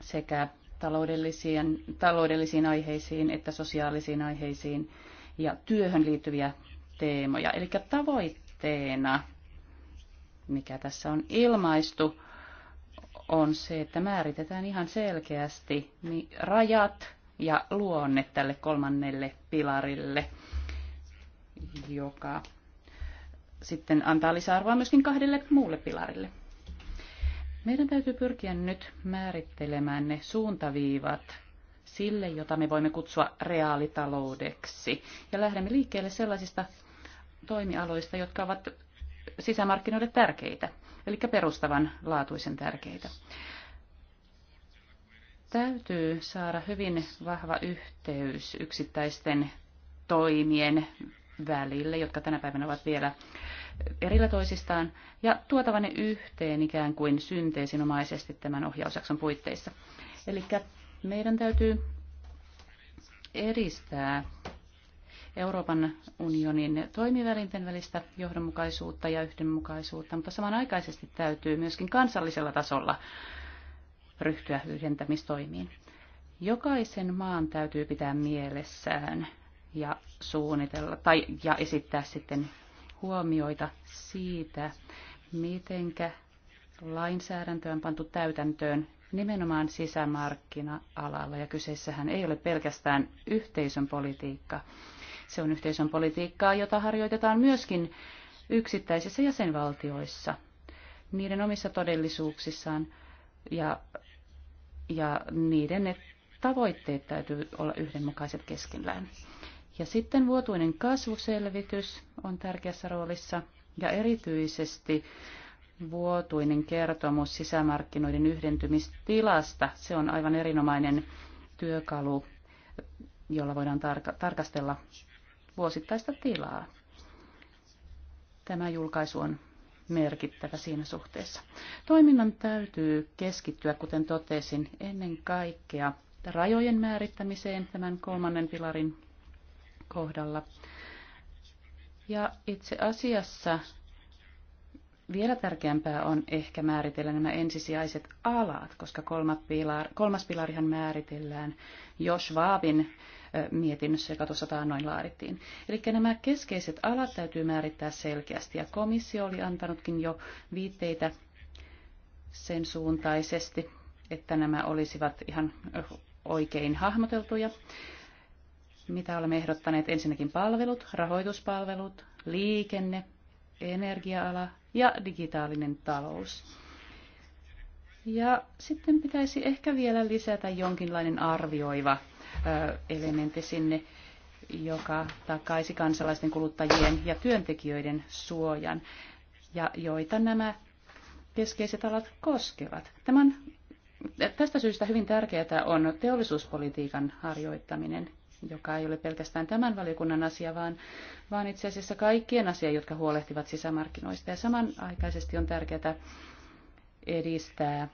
sekä taloudellisiin, taloudellisiin aiheisiin että sosiaalisiin aiheisiin ja työhön liittyviä teemoja. Eli tavoitteena, mikä tässä on ilmaistu, on se, että määritetään ihan selkeästi rajat ja luonne tälle kolmannelle pilarille, joka sitten antaa lisäarvoa myöskin kahdelle muulle pilarille. Meidän täytyy pyrkiä nyt määrittelemään ne suuntaviivat sille, jota me voimme kutsua reaalitaloudeksi. Ja lähdemme liikkeelle sellaisista toimialoista, jotka ovat sisämarkkinoille tärkeitä, eli perustavan laatuisen tärkeitä täytyy saada hyvin vahva yhteys yksittäisten toimien välille, jotka tänä päivänä ovat vielä erillä toisistaan, ja tuotava ne yhteen ikään kuin synteesinomaisesti tämän ohjausjakson puitteissa. Eli meidän täytyy edistää Euroopan unionin toimivälinten välistä johdonmukaisuutta ja yhdenmukaisuutta, mutta samanaikaisesti täytyy myöskin kansallisella tasolla ryhtyä yhdentämistoimiin. Jokaisen maan täytyy pitää mielessään ja suunnitella tai, ja esittää sitten huomioita siitä, miten lainsäädäntö on pantu täytäntöön nimenomaan sisämarkkina-alalla. Ja kyseessähän ei ole pelkästään yhteisön politiikka. Se on yhteisön politiikkaa, jota harjoitetaan myöskin yksittäisissä jäsenvaltioissa, niiden omissa todellisuuksissaan ja ja niiden ne tavoitteet täytyy olla yhdenmukaiset keskenään. Ja sitten vuotuinen kasvuselvitys on tärkeässä roolissa ja erityisesti vuotuinen kertomus sisämarkkinoiden yhdentymistilasta. Se on aivan erinomainen työkalu, jolla voidaan tarka- tarkastella vuosittaista tilaa. Tämä julkaisu on merkittävä siinä suhteessa. Toiminnan täytyy keskittyä, kuten totesin, ennen kaikkea rajojen määrittämiseen tämän kolmannen pilarin kohdalla. Ja itse asiassa vielä tärkeämpää on ehkä määritellä nämä ensisijaiset alat, koska kolmas, pilar, kolmas pilarihan määritellään jos vaavin mietinnössä, joka tuossa noin laadittiin. Eli nämä keskeiset alat täytyy määrittää selkeästi, ja komissio oli antanutkin jo viitteitä sen suuntaisesti, että nämä olisivat ihan oikein hahmoteltuja. Mitä olemme ehdottaneet? Ensinnäkin palvelut, rahoituspalvelut, liikenne, energia-ala ja digitaalinen talous. Ja sitten pitäisi ehkä vielä lisätä jonkinlainen arvioiva elementti sinne, joka takaisi kansalaisten kuluttajien ja työntekijöiden suojan, ja joita nämä keskeiset alat koskevat. Tämän, tästä syystä hyvin tärkeää on teollisuuspolitiikan harjoittaminen, joka ei ole pelkästään tämän valiokunnan asia, vaan, vaan itse asiassa kaikkien asia, jotka huolehtivat sisämarkkinoista. Ja samanaikaisesti on tärkeää edistää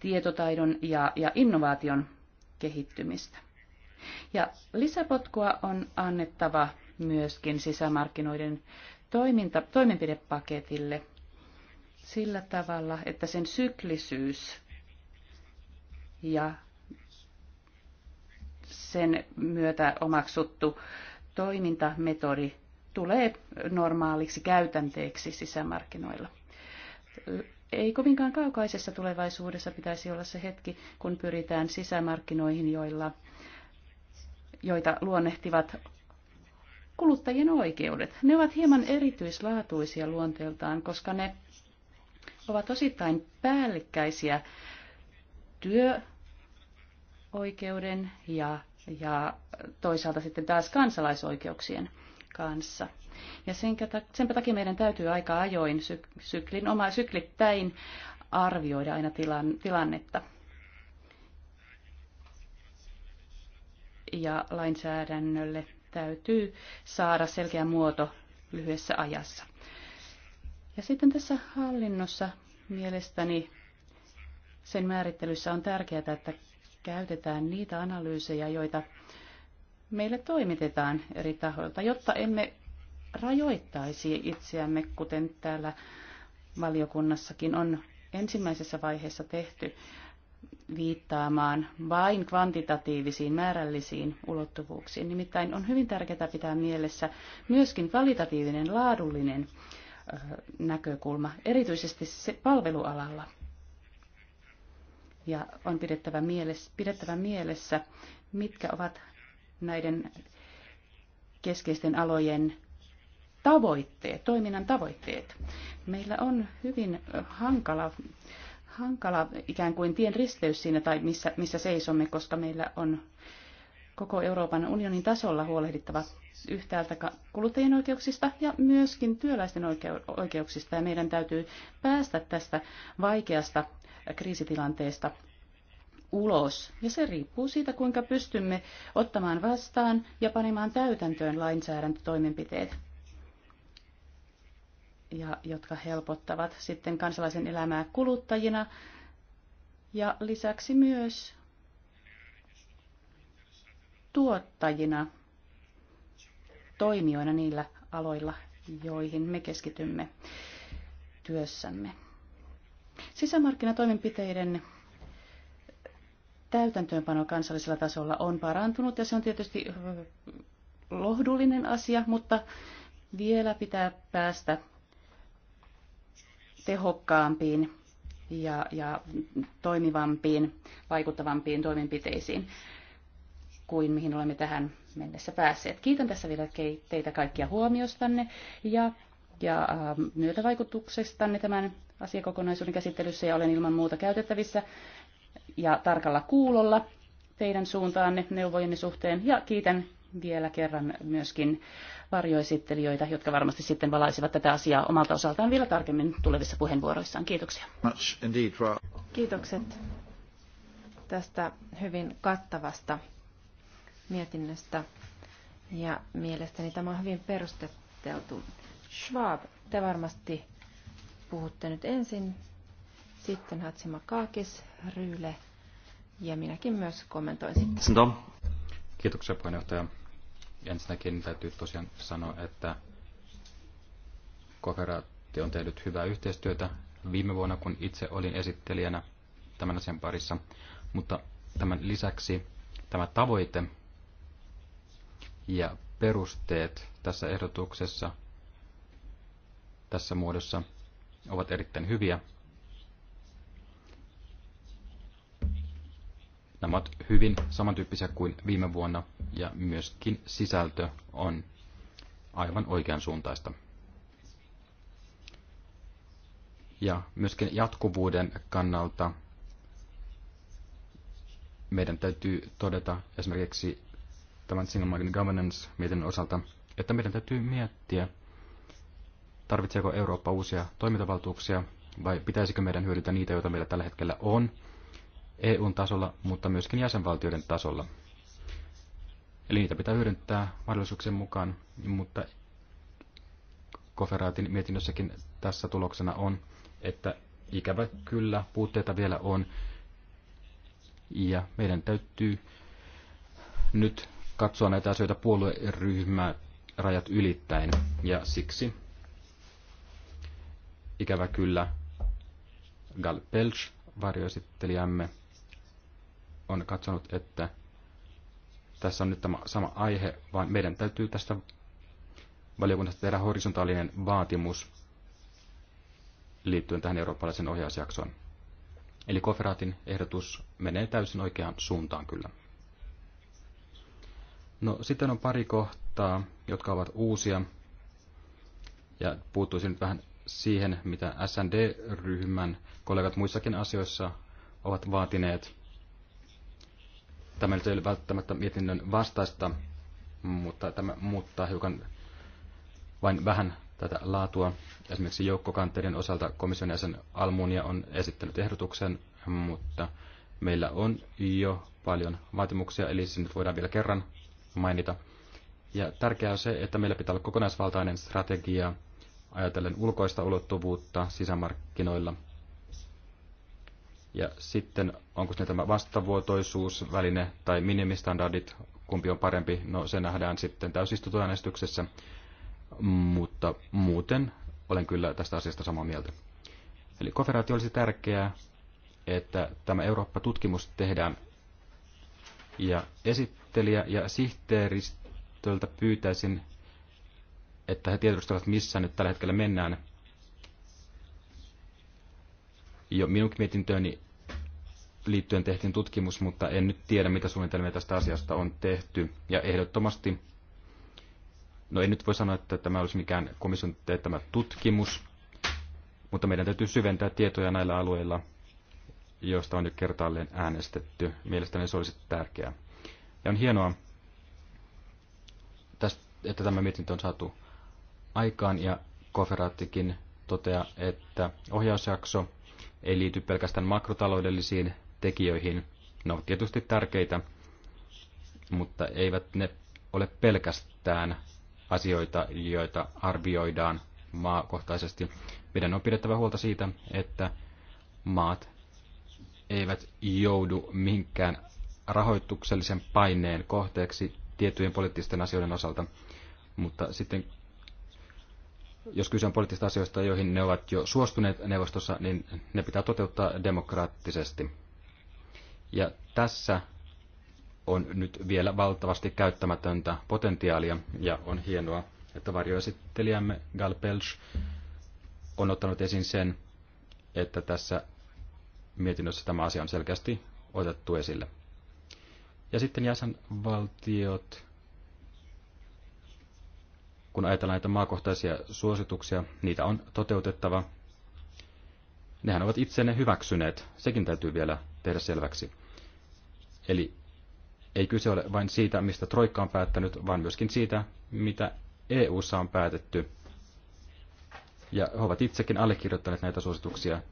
tietotaidon ja, ja innovaation kehittymistä. Ja lisäpotkua on annettava myöskin sisämarkkinoiden toiminta, toimenpidepaketille sillä tavalla, että sen syklisyys ja sen myötä omaksuttu toimintametodi tulee normaaliksi käytänteeksi sisämarkkinoilla ei kovinkaan kaukaisessa tulevaisuudessa pitäisi olla se hetki, kun pyritään sisämarkkinoihin, joilla, joita luonnehtivat kuluttajien oikeudet. Ne ovat hieman erityislaatuisia luonteeltaan, koska ne ovat osittain päällekkäisiä työoikeuden ja, ja toisaalta sitten taas kansalaisoikeuksien kanssa. Ja senkä, senpä takia meidän täytyy aika ajoin syk, syklin, oma syklittäin arvioida aina tilan, tilannetta. Ja lainsäädännölle täytyy saada selkeä muoto lyhyessä ajassa. Ja sitten tässä hallinnossa mielestäni sen määrittelyssä on tärkeää, että käytetään niitä analyysejä, joita meille toimitetaan eri tahoilta, jotta emme rajoittaisi itseämme, kuten täällä valiokunnassakin on ensimmäisessä vaiheessa tehty, viittaamaan vain kvantitatiivisiin, määrällisiin ulottuvuuksiin. Nimittäin on hyvin tärkeää pitää mielessä myöskin kvalitatiivinen, laadullinen näkökulma, erityisesti se palvelualalla. Ja on pidettävä mielessä, pidettävä mielessä, mitkä ovat näiden keskeisten alojen tavoitteet, toiminnan tavoitteet. Meillä on hyvin hankala, hankala ikään kuin tien risteys siinä tai missä, missä seisomme, koska meillä on koko Euroopan unionin tasolla huolehdittava yhtäältä kuluttajien oikeuksista ja myöskin työläisten oikeuksista. Ja meidän täytyy päästä tästä vaikeasta kriisitilanteesta ulos. Ja se riippuu siitä, kuinka pystymme ottamaan vastaan ja panemaan täytäntöön lainsäädäntötoimenpiteet, ja jotka helpottavat sitten kansalaisen elämää kuluttajina ja lisäksi myös tuottajina, toimijoina niillä aloilla, joihin me keskitymme työssämme. Sisämarkkinatoimenpiteiden täytäntöönpano kansallisella tasolla on parantunut ja se on tietysti lohdullinen asia, mutta vielä pitää päästä tehokkaampiin ja, ja toimivampiin, vaikuttavampiin toimenpiteisiin kuin mihin olemme tähän mennessä päässeet. Kiitän tässä vielä teitä kaikkia huomiostanne ja, ja myötävaikutuksestanne tämän asiakokonaisuuden käsittelyssä ja olen ilman muuta käytettävissä ja tarkalla kuulolla teidän suuntaanne neuvojenne suhteen. Ja kiitän vielä kerran myöskin varjoesittelijöitä, jotka varmasti sitten valaisivat tätä asiaa omalta osaltaan vielä tarkemmin tulevissa puheenvuoroissaan. Kiitoksia. Kiitokset tästä hyvin kattavasta mietinnöstä ja mielestäni tämä on hyvin perusteltu. Schwab, te varmasti puhutte nyt ensin sitten Hatsimakakis, Ryyle ja minäkin myös kommentoin sitten. No, kiitoksia puheenjohtaja. Ensinnäkin täytyy tosiaan sanoa, että kooperaatio on tehnyt hyvää yhteistyötä viime vuonna, kun itse olin esittelijänä tämän asian parissa. Mutta tämän lisäksi tämä tavoite ja perusteet tässä ehdotuksessa, tässä muodossa, ovat erittäin hyviä. Nämä ovat hyvin samantyyppisiä kuin viime vuonna ja myöskin sisältö on aivan oikean suuntaista. Ja myöskin jatkuvuuden kannalta meidän täytyy todeta esimerkiksi tämän Single Market Governance-mietinnön osalta, että meidän täytyy miettiä, tarvitseeko Eurooppa uusia toimintavaltuuksia vai pitäisikö meidän hyödyntää niitä, joita meillä tällä hetkellä on – EUn tasolla, mutta myöskin jäsenvaltioiden tasolla. Eli niitä pitää hyödyntää mahdollisuuksien mukaan, mutta Koferaatin mietinnössäkin tässä tuloksena on, että ikävä kyllä puutteita vielä on, ja meidän täytyy nyt katsoa näitä asioita puolueryhmää rajat ylittäen. Ja siksi ikävä kyllä Gal Pelch, varjoesittelijämme, on katsonut, että tässä on nyt tämä sama aihe, vaan meidän täytyy tästä valiokunnasta tehdä horisontaalinen vaatimus liittyen tähän eurooppalaisen ohjausjaksoon. Eli Koferaatin ehdotus menee täysin oikeaan suuntaan kyllä. No sitten on pari kohtaa, jotka ovat uusia. Ja puuttuisin nyt vähän siihen, mitä SND-ryhmän kollegat muissakin asioissa ovat vaatineet. Tämä nyt ei ole välttämättä mietinnön vastaista, mutta tämä muuttaa hiukan vain vähän tätä laatua. Esimerkiksi joukkokanteiden osalta komission jäsen Almunia on esittänyt ehdotuksen, mutta meillä on jo paljon vaatimuksia, eli se nyt voidaan vielä kerran mainita. Ja tärkeää on se, että meillä pitää olla kokonaisvaltainen strategia ajatellen ulkoista ulottuvuutta sisämarkkinoilla – ja sitten onko ne tämä vastavuotoisuusväline tai minimistandardit, kumpi on parempi, no se nähdään sitten täysistuntoäänestyksessä. Mutta muuten olen kyllä tästä asiasta samaa mieltä. Eli konferaatio olisi tärkeää, että tämä Eurooppa-tutkimus tehdään ja esittelijä ja sihteeristöltä pyytäisin, että he tiedustelevat, missä nyt tällä hetkellä mennään – jo minunkin mietintööni liittyen tehtiin tutkimus, mutta en nyt tiedä, mitä suunnitelmia tästä asiasta on tehty. Ja ehdottomasti, no en nyt voi sanoa, että tämä olisi mikään komission teettämä tutkimus, mutta meidän täytyy syventää tietoja näillä alueilla, joista on jo kertaalleen äänestetty. Mielestäni se olisi tärkeää. Ja on hienoa, että tämä mietintö on saatu aikaan ja koferaattikin toteaa, että ohjausjakso ei liity pelkästään makrotaloudellisiin tekijöihin. No tietysti tärkeitä, mutta eivät ne ole pelkästään asioita, joita arvioidaan maakohtaisesti. Meidän on pidettävä huolta siitä, että maat eivät joudu minkään rahoituksellisen paineen kohteeksi tiettyjen poliittisten asioiden osalta. Mutta sitten jos kyse on poliittisista asioista, joihin ne ovat jo suostuneet neuvostossa, niin ne pitää toteuttaa demokraattisesti. Ja tässä on nyt vielä valtavasti käyttämätöntä potentiaalia, ja on hienoa, että varjoesittelijämme Gal Pelch on ottanut esiin sen, että tässä mietinnössä tämä asia on selkeästi otettu esille. Ja sitten jäsenvaltiot kun ajatellaan näitä maakohtaisia suosituksia, niitä on toteutettava. Nehän ovat itsenne hyväksyneet, sekin täytyy vielä tehdä selväksi. Eli ei kyse ole vain siitä, mistä Troikka on päättänyt, vaan myöskin siitä, mitä EU:ssa on päätetty. Ja he ovat itsekin allekirjoittaneet näitä suosituksia.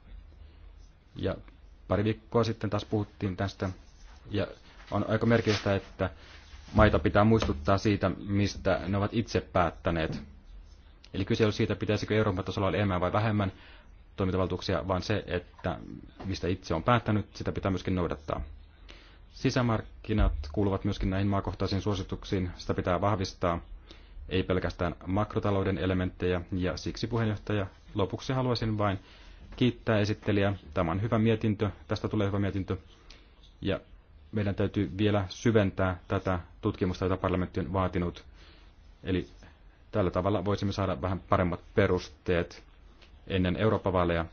Ja pari viikkoa sitten taas puhuttiin tästä. Ja on aika merkistä, että maita pitää muistuttaa siitä, mistä ne ovat itse päättäneet. Eli kyse ei ole siitä, pitäisikö Euroopan tasolla olla enemmän vai vähemmän toimintavaltuuksia, vaan se, että mistä itse on päättänyt, sitä pitää myöskin noudattaa. Sisämarkkinat kuuluvat myöskin näihin maakohtaisiin suosituksiin, sitä pitää vahvistaa, ei pelkästään makrotalouden elementtejä, ja siksi puheenjohtaja, lopuksi haluaisin vain kiittää esittelijää. Tämä on hyvä mietintö, tästä tulee hyvä mietintö, ja meidän täytyy vielä syventää tätä tutkimusta, jota parlamentti on vaatinut. Eli tällä tavalla voisimme saada vähän paremmat perusteet ennen Eurooppa-vaaleja,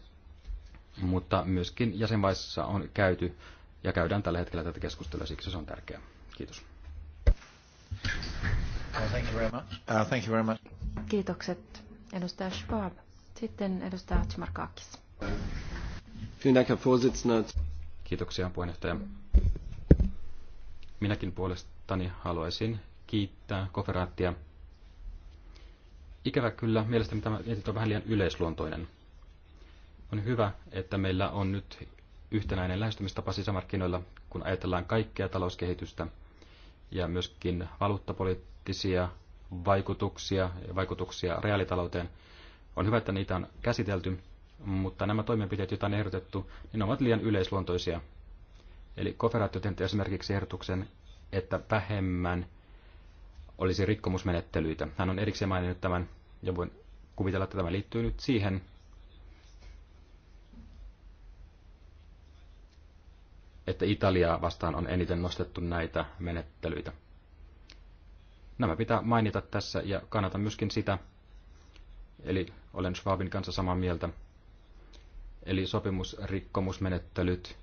mutta myöskin jäsenvaiheessa on käyty ja käydään tällä hetkellä tätä keskustelua, siksi se on tärkeää. Kiitos. thank you very much. Uh, thank you very much. Kiitokset, edustaja Schwab. Sitten edustaja Hatsimarkakis. Kiitoksia, puheenjohtaja. Minäkin puolestani haluaisin kiittää koferaattia. Ikävä kyllä, mielestäni tämä mietintö on vähän liian yleisluontoinen. On hyvä, että meillä on nyt yhtenäinen lähestymistapa sisämarkkinoilla, kun ajatellaan kaikkea talouskehitystä ja myöskin valuuttapoliittisia vaikutuksia ja vaikutuksia reaalitalouteen. On hyvä, että niitä on käsitelty, mutta nämä toimenpiteet, joita on ehdotettu, niin ovat liian yleisluontoisia. Eli konferaatio tehnyt esimerkiksi ehdotuksen, että vähemmän olisi rikkomusmenettelyitä. Hän on erikseen maininnut tämän, ja voin kuvitella, että tämä liittyy nyt siihen, että Italiaa vastaan on eniten nostettu näitä menettelyitä. Nämä pitää mainita tässä ja kannatan myöskin sitä, eli olen Schwabin kanssa samaa mieltä, eli sopimusrikkomusmenettelyt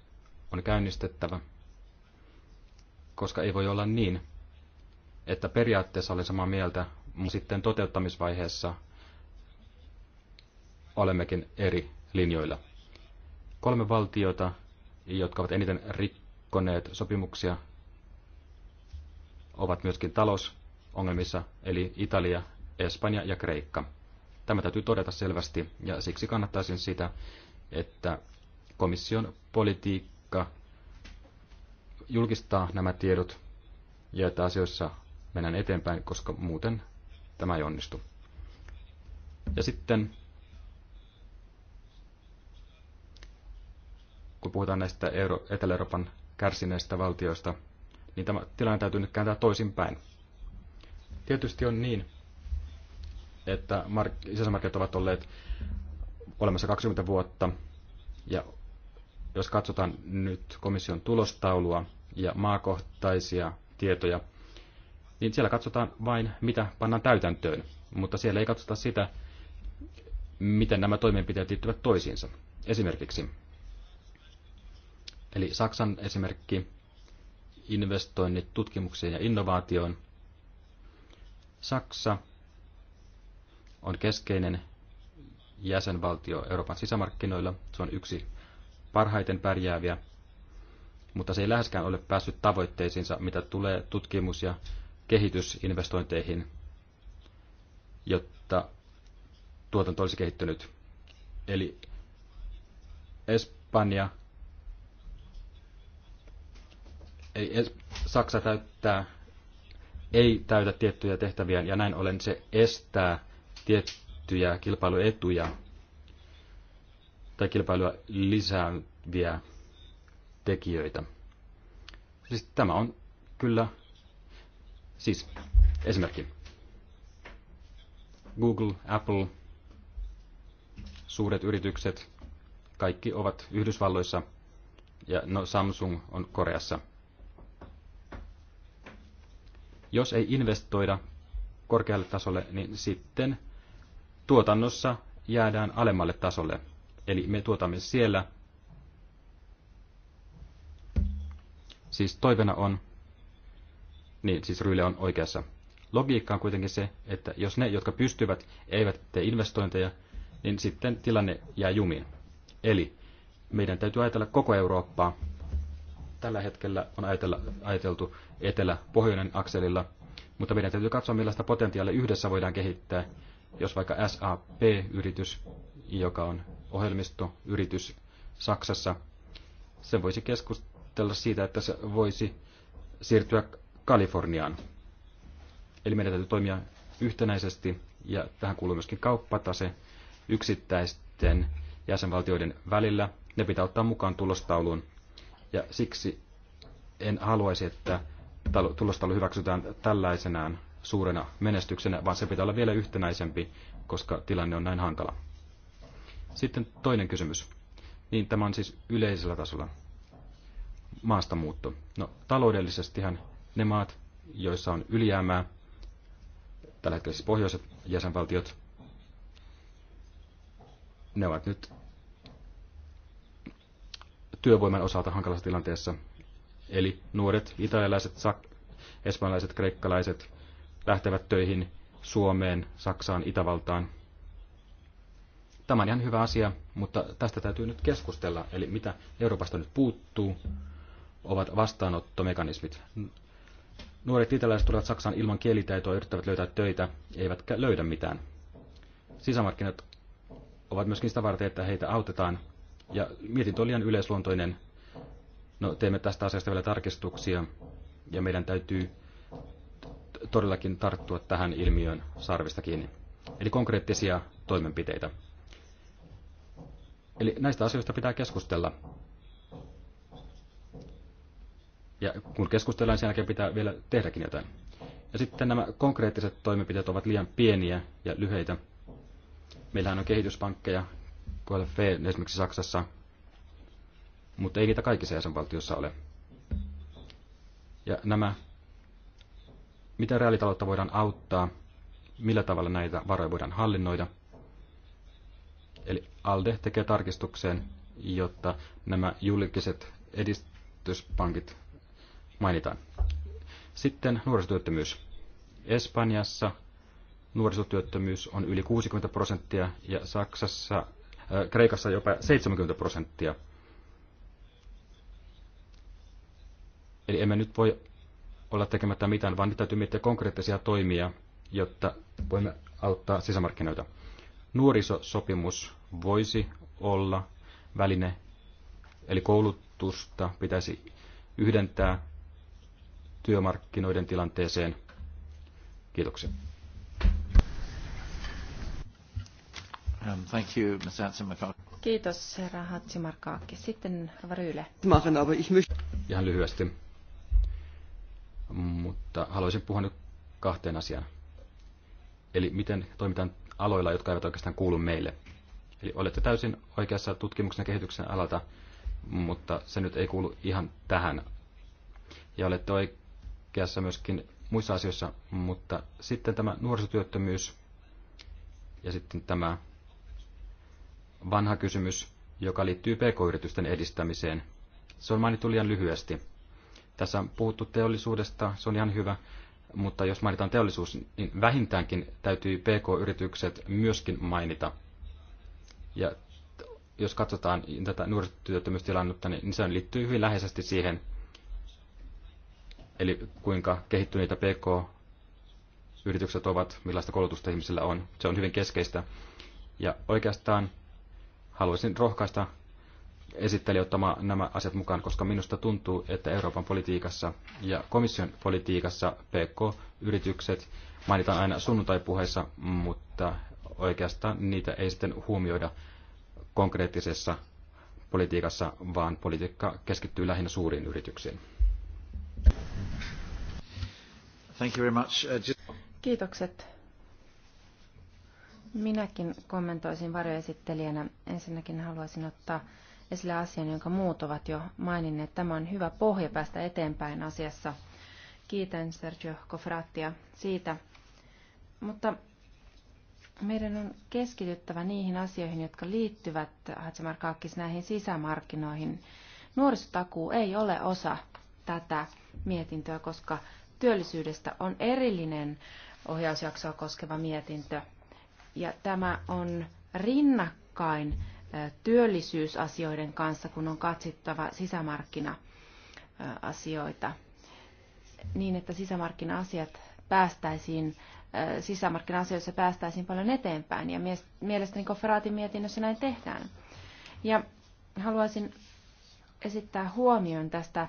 on käynnistettävä, koska ei voi olla niin, että periaatteessa olen samaa mieltä, mutta sitten toteuttamisvaiheessa olemmekin eri linjoilla. Kolme valtiota, jotka ovat eniten rikkoneet sopimuksia, ovat myöskin talousongelmissa, eli Italia, Espanja ja Kreikka. Tämä täytyy todeta selvästi, ja siksi kannattaisin sitä, että komission politiikka vaikka julkistaa nämä tiedot ja että asioissa mennään eteenpäin, koska muuten tämä ei onnistu. Ja sitten, kun puhutaan näistä Euro- Etelä-Euroopan kärsineistä valtioista, niin tämä tilanne täytyy nyt kääntää toisinpäin. Tietysti on niin, että mark- sisämarkkinat ovat olleet olemassa 20 vuotta ja jos katsotaan nyt komission tulostaulua ja maakohtaisia tietoja, niin siellä katsotaan vain, mitä pannaan täytäntöön, mutta siellä ei katsota sitä, miten nämä toimenpiteet liittyvät toisiinsa. Esimerkiksi, eli Saksan esimerkki, investoinnit tutkimukseen ja innovaatioon. Saksa on keskeinen jäsenvaltio Euroopan sisämarkkinoilla. Se on yksi parhaiten pärjääviä, mutta se ei läheskään ole päässyt tavoitteisiinsa, mitä tulee tutkimus- ja kehitysinvestointeihin, jotta tuotanto olisi kehittynyt. Eli Espanja, ei, Saksa täyttää, ei täytä tiettyjä tehtäviä ja näin ollen se estää tiettyjä kilpailuetuja tai kilpailua lisääviä tekijöitä. Siis tämä on kyllä, siis esimerkki. Google, Apple, suuret yritykset, kaikki ovat Yhdysvalloissa ja no, Samsung on Koreassa. Jos ei investoida korkealle tasolle, niin sitten tuotannossa jäädään alemmalle tasolle – Eli me tuotamme siellä. Siis toivena on, niin siis Ryle on oikeassa. Logiikka on kuitenkin se, että jos ne, jotka pystyvät, eivät tee investointeja, niin sitten tilanne jää jumiin. Eli meidän täytyy ajatella koko Eurooppaa. Tällä hetkellä on ajatella, ajateltu etelä-pohjoinen akselilla, mutta meidän täytyy katsoa, millaista potentiaalia yhdessä voidaan kehittää, jos vaikka SAP-yritys, joka on ohjelmistoyritys Saksassa. Se voisi keskustella siitä, että se voisi siirtyä Kaliforniaan. Eli meidän täytyy toimia yhtenäisesti, ja tähän kuuluu myöskin kauppatase yksittäisten jäsenvaltioiden välillä. Ne pitää ottaa mukaan tulostauluun, ja siksi en haluaisi, että tulostaulu hyväksytään tällaisenaan suurena menestyksenä, vaan se pitää olla vielä yhtenäisempi, koska tilanne on näin hankala. Sitten toinen kysymys. Niin tämä on siis yleisellä tasolla maastamuutto. No taloudellisestihan ne maat, joissa on ylijäämää, tällä hetkellä siis pohjoiset jäsenvaltiot, ne ovat nyt työvoiman osalta hankalassa tilanteessa. Eli nuoret italialaiset, sak- espanjalaiset, kreikkalaiset lähtevät töihin Suomeen, Saksaan, Itävaltaan – Tämä on ihan hyvä asia, mutta tästä täytyy nyt keskustella. Eli mitä Euroopasta nyt puuttuu, ovat vastaanottomekanismit. Nuoret italialaiset tulevat Saksaan ilman kielitaitoa, yrittävät löytää töitä, eivätkä löydä mitään. Sisämarkkinat ovat myöskin sitä varten, että heitä autetaan. Ja mietintö on liian yleisluontoinen. No, teemme tästä asiasta vielä tarkistuksia, ja meidän täytyy todellakin tarttua tähän ilmiön sarvista kiinni. Eli konkreettisia toimenpiteitä. Eli näistä asioista pitää keskustella. Ja kun keskustellaan, sen jälkeen pitää vielä tehdäkin jotain. Ja sitten nämä konkreettiset toimenpiteet ovat liian pieniä ja lyhyitä. Meillähän on kehityspankkeja, KLF esimerkiksi Saksassa, mutta ei niitä kaikissa jäsenvaltiossa ole. Ja nämä, miten reaalitaloutta voidaan auttaa, millä tavalla näitä varoja voidaan hallinnoida – Eli ALDE tekee tarkistukseen, jotta nämä julkiset edistyspankit mainitaan. Sitten nuorisotyöttömyys. Espanjassa nuorisotyöttömyys on yli 60 prosenttia ja Saksassa, äh, Kreikassa jopa 70 prosenttia. Eli emme nyt voi olla tekemättä mitään, vaan nyt täytyy miettiä konkreettisia toimia, jotta voimme auttaa sisämarkkinoita nuorisosopimus voisi olla väline, eli koulutusta pitäisi yhdentää työmarkkinoiden tilanteeseen. Kiitoksia. Um, thank you, Kiitos, herra Hatsimarkaakki. Sitten Rava Ryyle. Ihan lyhyesti, mutta haluaisin puhua nyt kahteen asiaan. Eli miten toimitaan aloilla, jotka eivät oikeastaan kuulu meille. Eli olette täysin oikeassa tutkimuksen ja kehityksen alalta, mutta se nyt ei kuulu ihan tähän. Ja olette oikeassa myöskin muissa asioissa, mutta sitten tämä nuorisotyöttömyys ja sitten tämä vanha kysymys, joka liittyy pk-yritysten edistämiseen. Se on mainittu liian lyhyesti. Tässä on puhuttu teollisuudesta, se on ihan hyvä, mutta jos mainitaan teollisuus, niin vähintäänkin täytyy PK-yritykset myöskin mainita. Ja jos katsotaan tätä nuorisotyöttömyystilannetta, niin se liittyy hyvin läheisesti siihen, eli kuinka kehittyneitä PK-yritykset ovat, millaista koulutusta ihmisillä on. Se on hyvin keskeistä. Ja oikeastaan haluaisin rohkaista esitteli ottamaan nämä asiat mukaan, koska minusta tuntuu, että Euroopan politiikassa ja komission politiikassa PK-yritykset mainitaan aina sunnuntaipuheissa, mutta oikeastaan niitä ei sitten huomioida konkreettisessa politiikassa, vaan politiikka keskittyy lähinnä suuriin yrityksiin. Thank you very much. Uh, Kiitokset. Minäkin kommentoisin varjoesittelijänä. Ensinnäkin haluaisin ottaa esille asian, jonka muut ovat jo maininneet. Tämä on hyvä pohja päästä eteenpäin asiassa. Kiitän Sergio Kofrattia siitä. Mutta meidän on keskityttävä niihin asioihin, jotka liittyvät Hatsamarkaakkis näihin sisämarkkinoihin. Nuorisotakuu ei ole osa tätä mietintöä, koska työllisyydestä on erillinen ohjausjaksoa koskeva mietintö. Ja tämä on rinnakkain työllisyysasioiden kanssa, kun on katsittava sisämarkkina-asioita, niin että sisämarkkina-asiat päästäisiin sisämarkkina-asioissa päästäisiin paljon eteenpäin, ja mielestäni konferaatin mietinnössä näin tehdään. Ja haluaisin esittää huomion tästä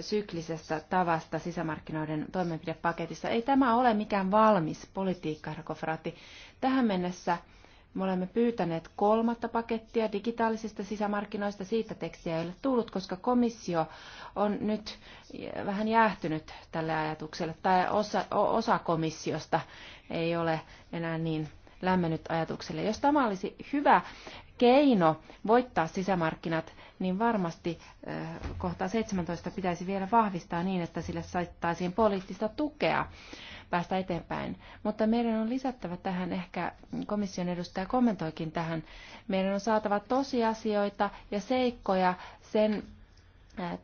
syklisestä tavasta sisämarkkinoiden toimenpidepaketissa. Ei tämä ole mikään valmis politiikka, herra Tähän mennessä me olemme pyytäneet kolmatta pakettia digitaalisista sisämarkkinoista. Siitä tekstiä ei ole tullut, koska komissio on nyt vähän jäähtynyt tälle ajatukselle, tai osa, osa komissiosta ei ole enää niin lämmennyt ajatukselle. Jos tämä olisi hyvä keino voittaa sisämarkkinat, niin varmasti kohtaa 17 pitäisi vielä vahvistaa niin, että sille saittaisiin poliittista tukea päästä eteenpäin. Mutta meidän on lisättävä tähän, ehkä komission edustaja kommentoikin tähän, meidän on saatava tosiasioita ja seikkoja sen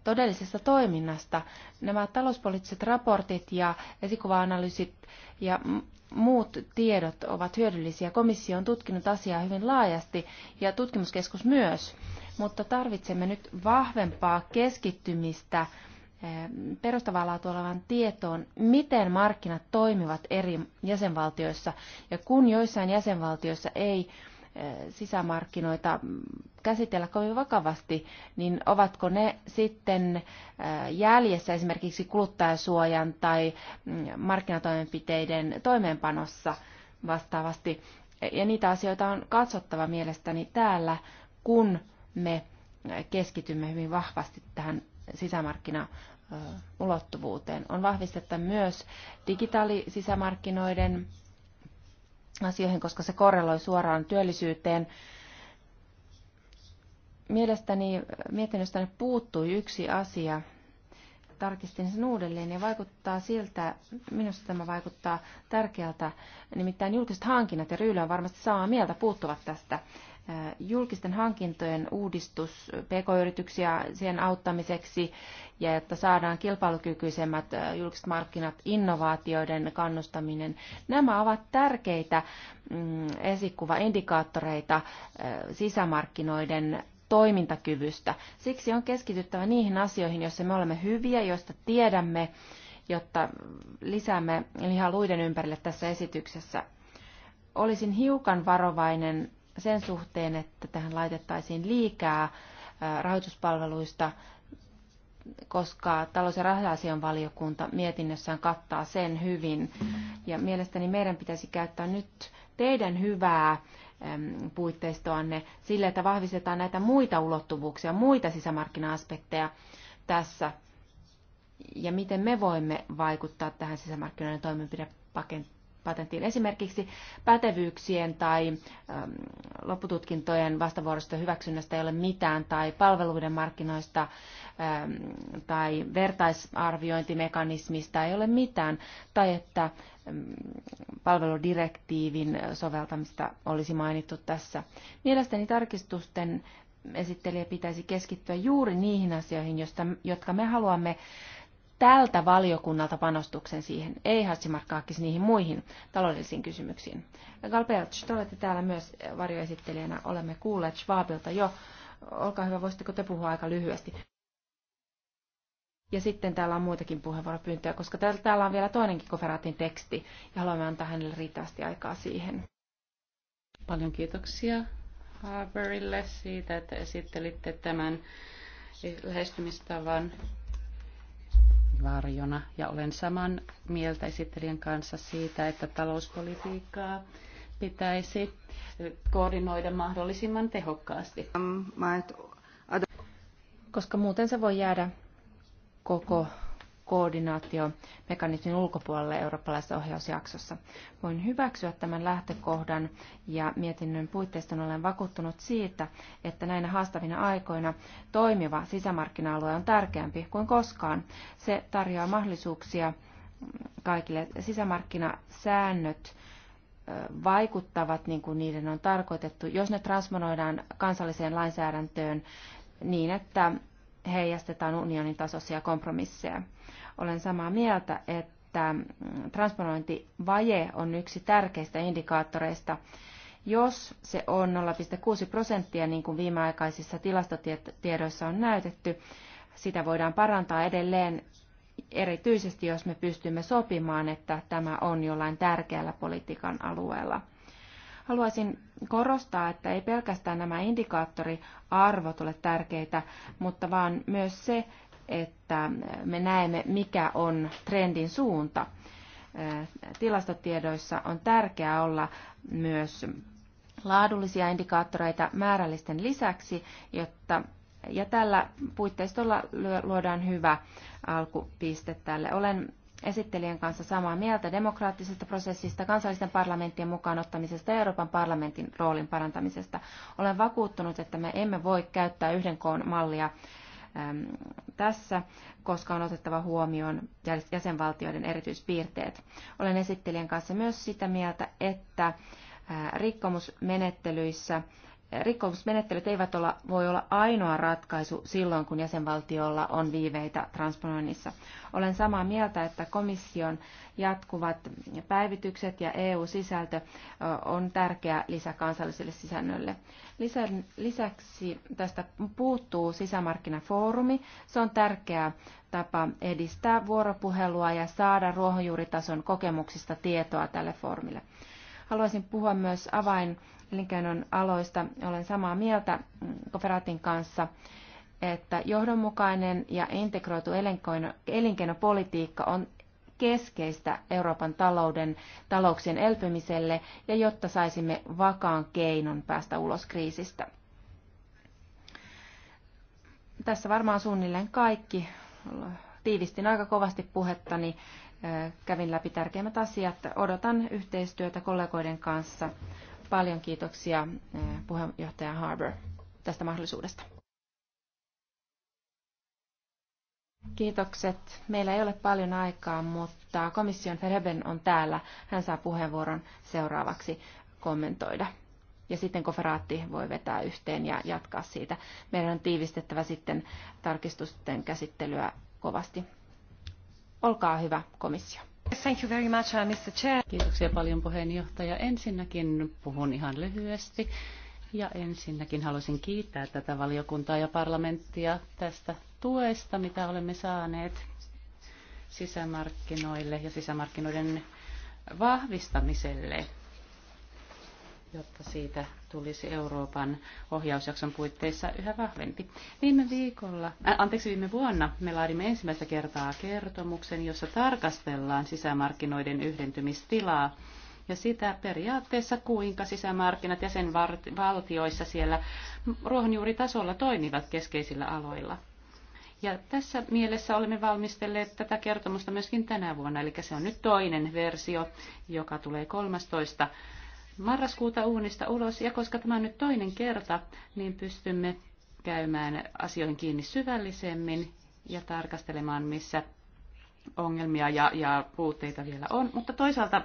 todellisesta toiminnasta. Nämä talouspoliittiset raportit ja esikuva-analyysit ja muut tiedot ovat hyödyllisiä. Komissio on tutkinut asiaa hyvin laajasti ja tutkimuskeskus myös, mutta tarvitsemme nyt vahvempaa keskittymistä perustavaa laatua olevan tietoon, miten markkinat toimivat eri jäsenvaltioissa. Ja kun joissain jäsenvaltioissa ei sisämarkkinoita käsitellä kovin vakavasti, niin ovatko ne sitten jäljessä esimerkiksi kuluttajasuojan tai mm, markkinatoimenpiteiden toimeenpanossa vastaavasti? Ja niitä asioita on katsottava mielestäni täällä, kun me keskitymme hyvin vahvasti tähän sisämarkkina ulottuvuuteen. On vahvistettava myös digitaalisisämarkkinoiden asioihin, koska se korreloi suoraan työllisyyteen. Mielestäni mietinnöstäni puuttui yksi asia. Tarkistin sen uudelleen ja vaikuttaa siltä, minusta tämä vaikuttaa tärkeältä, nimittäin julkiset hankinnat ja Ryylä on varmasti samaa mieltä, puuttuvat tästä julkisten hankintojen uudistus pk-yrityksiä sen auttamiseksi ja että saadaan kilpailukykyisemmät julkiset markkinat, innovaatioiden kannustaminen. Nämä ovat tärkeitä mm, esikuvaindikaattoreita sisämarkkinoiden toimintakyvystä. Siksi on keskityttävä niihin asioihin, joissa me olemme hyviä, joista tiedämme, jotta lisäämme lihaluiden ympärille tässä esityksessä. Olisin hiukan varovainen sen suhteen, että tähän laitettaisiin liikaa rahoituspalveluista, koska talous- ja rahoitusasian valiokunta mietinnössään kattaa sen hyvin. Ja mielestäni meidän pitäisi käyttää nyt teidän hyvää puitteistoanne sille, että vahvistetaan näitä muita ulottuvuuksia, muita sisämarkkina-aspekteja tässä ja miten me voimme vaikuttaa tähän sisämarkkinoiden toimenpidepaketin patenttiin. Esimerkiksi pätevyyksien tai loppututkintojen vastavuorosta hyväksynnästä ei ole mitään, tai palveluiden markkinoista tai vertaisarviointimekanismista ei ole mitään, tai että palveludirektiivin soveltamista olisi mainittu tässä. Mielestäni tarkistusten esittelijä pitäisi keskittyä juuri niihin asioihin, jotka me haluamme tältä valiokunnalta panostuksen siihen, ei Hatsimarkkaakis niihin muihin taloudellisiin kysymyksiin. Galperts, te olette täällä myös varjoesittelijänä, olemme kuulleet Schwabilta jo. Olkaa hyvä, voisitteko te puhua aika lyhyesti? Ja sitten täällä on muitakin puheenvuoropyyntöjä, koska täällä on vielä toinenkin koferaatin teksti, ja haluamme antaa hänelle riittävästi aikaa siihen. Paljon kiitoksia Harberille siitä, että esittelitte tämän lähestymistavan varjona. Ja olen saman mieltä esittelijän kanssa siitä, että talouspolitiikkaa pitäisi eh, koordinoida mahdollisimman tehokkaasti. Um, Koska muuten se voi jäädä koko koordinaatiomekanismin ulkopuolelle eurooppalaisessa ohjausjaksossa. Voin hyväksyä tämän lähtökohdan ja mietinnön puitteista olen vakuuttunut siitä, että näinä haastavina aikoina toimiva sisämarkkina-alue on tärkeämpi kuin koskaan. Se tarjoaa mahdollisuuksia kaikille sisämarkkinasäännöt vaikuttavat niin kuin niiden on tarkoitettu, jos ne transmonoidaan kansalliseen lainsäädäntöön niin, että heijastetaan unionin tasoisia kompromisseja. Olen samaa mieltä, että transponointivaje on yksi tärkeistä indikaattoreista. Jos se on 0,6 prosenttia, niin kuin viimeaikaisissa tilastotiedoissa on näytetty, sitä voidaan parantaa edelleen erityisesti jos me pystymme sopimaan, että tämä on jollain tärkeällä politiikan alueella – Haluaisin korostaa, että ei pelkästään nämä indikaattoriarvot ole tärkeitä, mutta vaan myös se, että me näemme, mikä on trendin suunta. Tilastotiedoissa on tärkeää olla myös laadullisia indikaattoreita määrällisten lisäksi, jotta ja tällä puitteistolla luodaan hyvä alkupiste tälle. Olen esittelijän kanssa samaa mieltä demokraattisesta prosessista, kansallisten parlamenttien mukaan ottamisesta ja Euroopan parlamentin roolin parantamisesta. Olen vakuuttunut, että me emme voi käyttää yhden koon mallia tässä, koska on otettava huomioon jäsenvaltioiden erityispiirteet. Olen esittelijän kanssa myös sitä mieltä, että rikkomusmenettelyissä Rikkomusmenettelyt eivät olla, voi olla ainoa ratkaisu silloin, kun jäsenvaltiolla on viiveitä transponoinnissa. Olen samaa mieltä, että komission jatkuvat päivitykset ja EU-sisältö on tärkeä lisä kansalliselle sisännölle. Lisäksi tästä puuttuu sisämarkkinafoorumi. Se on tärkeä tapa edistää vuoropuhelua ja saada ruohonjuuritason kokemuksista tietoa tälle foorumille. Haluaisin puhua myös avain elinkeinon aloista olen samaa mieltä mm, Koferatin kanssa, että johdonmukainen ja integroitu elinkeino elinkeinopolitiikka on keskeistä Euroopan talouden talouksien elpymiselle ja jotta saisimme vakaan keinon päästä ulos kriisistä. Tässä varmaan suunnilleen kaikki. Tiivistin aika kovasti puhettani, kävin läpi tärkeimmät asiat. Odotan yhteistyötä kollegoiden kanssa Paljon kiitoksia eh, puheenjohtaja Harbour tästä mahdollisuudesta. Kiitokset. Meillä ei ole paljon aikaa, mutta komission Verheben on täällä. Hän saa puheenvuoron seuraavaksi kommentoida. Ja sitten koferaatti voi vetää yhteen ja jatkaa siitä. Meidän on tiivistettävä sitten tarkistusten käsittelyä kovasti. Olkaa hyvä, komissio. Thank you uh, Kiitoksia paljon puheenjohtaja. Ensinnäkin puhun ihan lyhyesti. Ja ensinnäkin haluaisin kiittää tätä valiokuntaa ja parlamenttia tästä tuesta, mitä olemme saaneet sisämarkkinoille ja sisämarkkinoiden vahvistamiselle jotta siitä tulisi Euroopan ohjausjakson puitteissa yhä vahvempi. Viime viikolla, äh, anteeksi viime vuonna me laadimme ensimmäistä kertaa kertomuksen, jossa tarkastellaan sisämarkkinoiden yhdentymistilaa ja sitä periaatteessa kuinka sisämarkkinat jäsenvaltioissa siellä ruohonjuuritasolla toimivat keskeisillä aloilla. Ja tässä mielessä olemme valmistelleet tätä kertomusta myöskin tänä vuonna, eli se on nyt toinen versio, joka tulee 13 marraskuuta uunista ulos. Ja koska tämä on nyt toinen kerta, niin pystymme käymään asioihin kiinni syvällisemmin ja tarkastelemaan, missä ongelmia ja, ja puutteita vielä on. Mutta toisaalta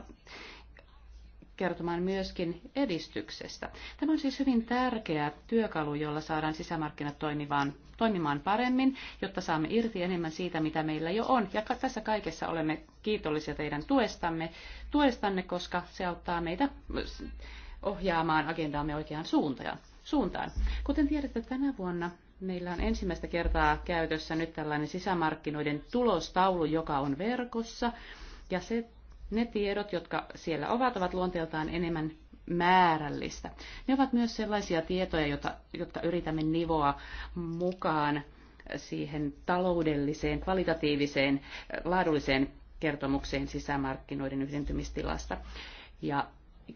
kertomaan myöskin edistyksestä. Tämä on siis hyvin tärkeä työkalu, jolla saadaan sisämarkkinat toimivaan toimimaan paremmin, jotta saamme irti enemmän siitä, mitä meillä jo on. Ja tässä kaikessa olemme kiitollisia teidän tuestamme, tuestanne, koska se auttaa meitä ohjaamaan agendaamme oikeaan suuntaan. Kuten tiedätte, tänä vuonna meillä on ensimmäistä kertaa käytössä nyt tällainen sisämarkkinoiden tulostaulu, joka on verkossa. Ja se, ne tiedot, jotka siellä ovat, ovat luonteeltaan enemmän määrällistä. Ne ovat myös sellaisia tietoja, joita, jotka yritämme nivoa mukaan siihen taloudelliseen, kvalitatiiviseen, laadulliseen kertomukseen sisämarkkinoiden yhdentymistilasta. Ja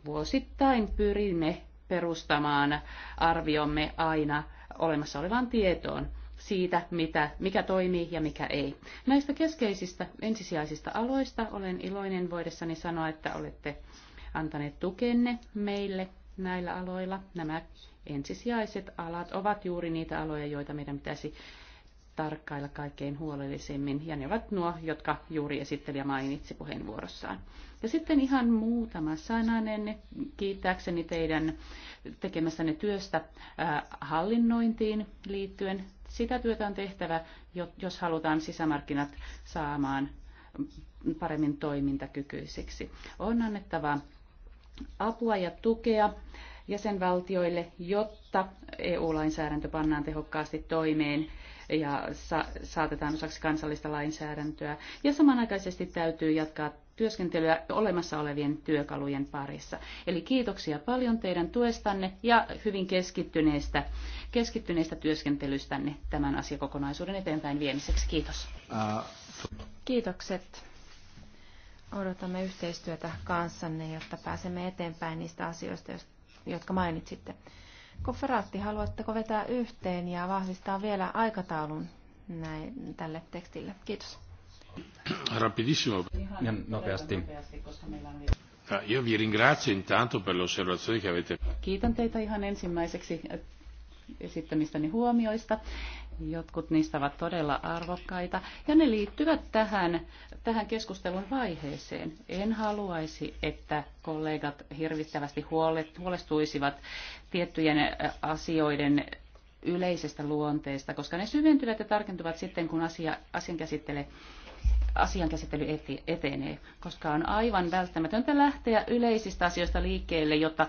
vuosittain pyrimme perustamaan arviomme aina olemassa olevaan tietoon siitä, mitä, mikä toimii ja mikä ei. Näistä keskeisistä ensisijaisista aloista olen iloinen voidessani sanoa, että olette antaneet tukenne meille näillä aloilla. Nämä ensisijaiset alat ovat juuri niitä aloja, joita meidän pitäisi tarkkailla kaikkein huolellisemmin ja ne ovat nuo, jotka juuri esittelijä mainitsi puheenvuorossaan. Ja sitten ihan muutama sananen kiittääkseni teidän tekemässänne työstä hallinnointiin liittyen. Sitä työtä on tehtävä, jos halutaan sisämarkkinat saamaan paremmin toimintakykyisiksi. On annettava apua ja tukea jäsenvaltioille, jotta EU-lainsäädäntö pannaan tehokkaasti toimeen ja sa- saatetaan osaksi kansallista lainsäädäntöä. Ja samanaikaisesti täytyy jatkaa työskentelyä olemassa olevien työkalujen parissa. Eli kiitoksia paljon teidän tuestanne ja hyvin keskittyneestä, keskittyneestä työskentelystänne tämän asiakokonaisuuden eteenpäin viemiseksi. Kiitos. Kiitokset Odotamme yhteistyötä kanssanne, jotta pääsemme eteenpäin niistä asioista, jotka mainitsitte. Kofferaatti, haluatteko vetää yhteen ja vahvistaa vielä aikataulun näin, tälle tekstille? Kiitos. Rapidissimo. Ja nopeasti. Ah, io vi ringrazio intanto per l'osservazione che avete. Kiitän teitä ihan ensimmäiseksi eh, esittämistäni huomioista. Jotkut niistä ovat todella arvokkaita ja ne liittyvät tähän, tähän keskustelun vaiheeseen. En haluaisi, että kollegat hirvittävästi huolestuisivat tiettyjen asioiden yleisestä luonteesta, koska ne syventyvät ja tarkentuvat sitten, kun asia, asian käsittelee asian käsittely etenee, koska on aivan välttämätöntä lähteä yleisistä asioista liikkeelle, jotta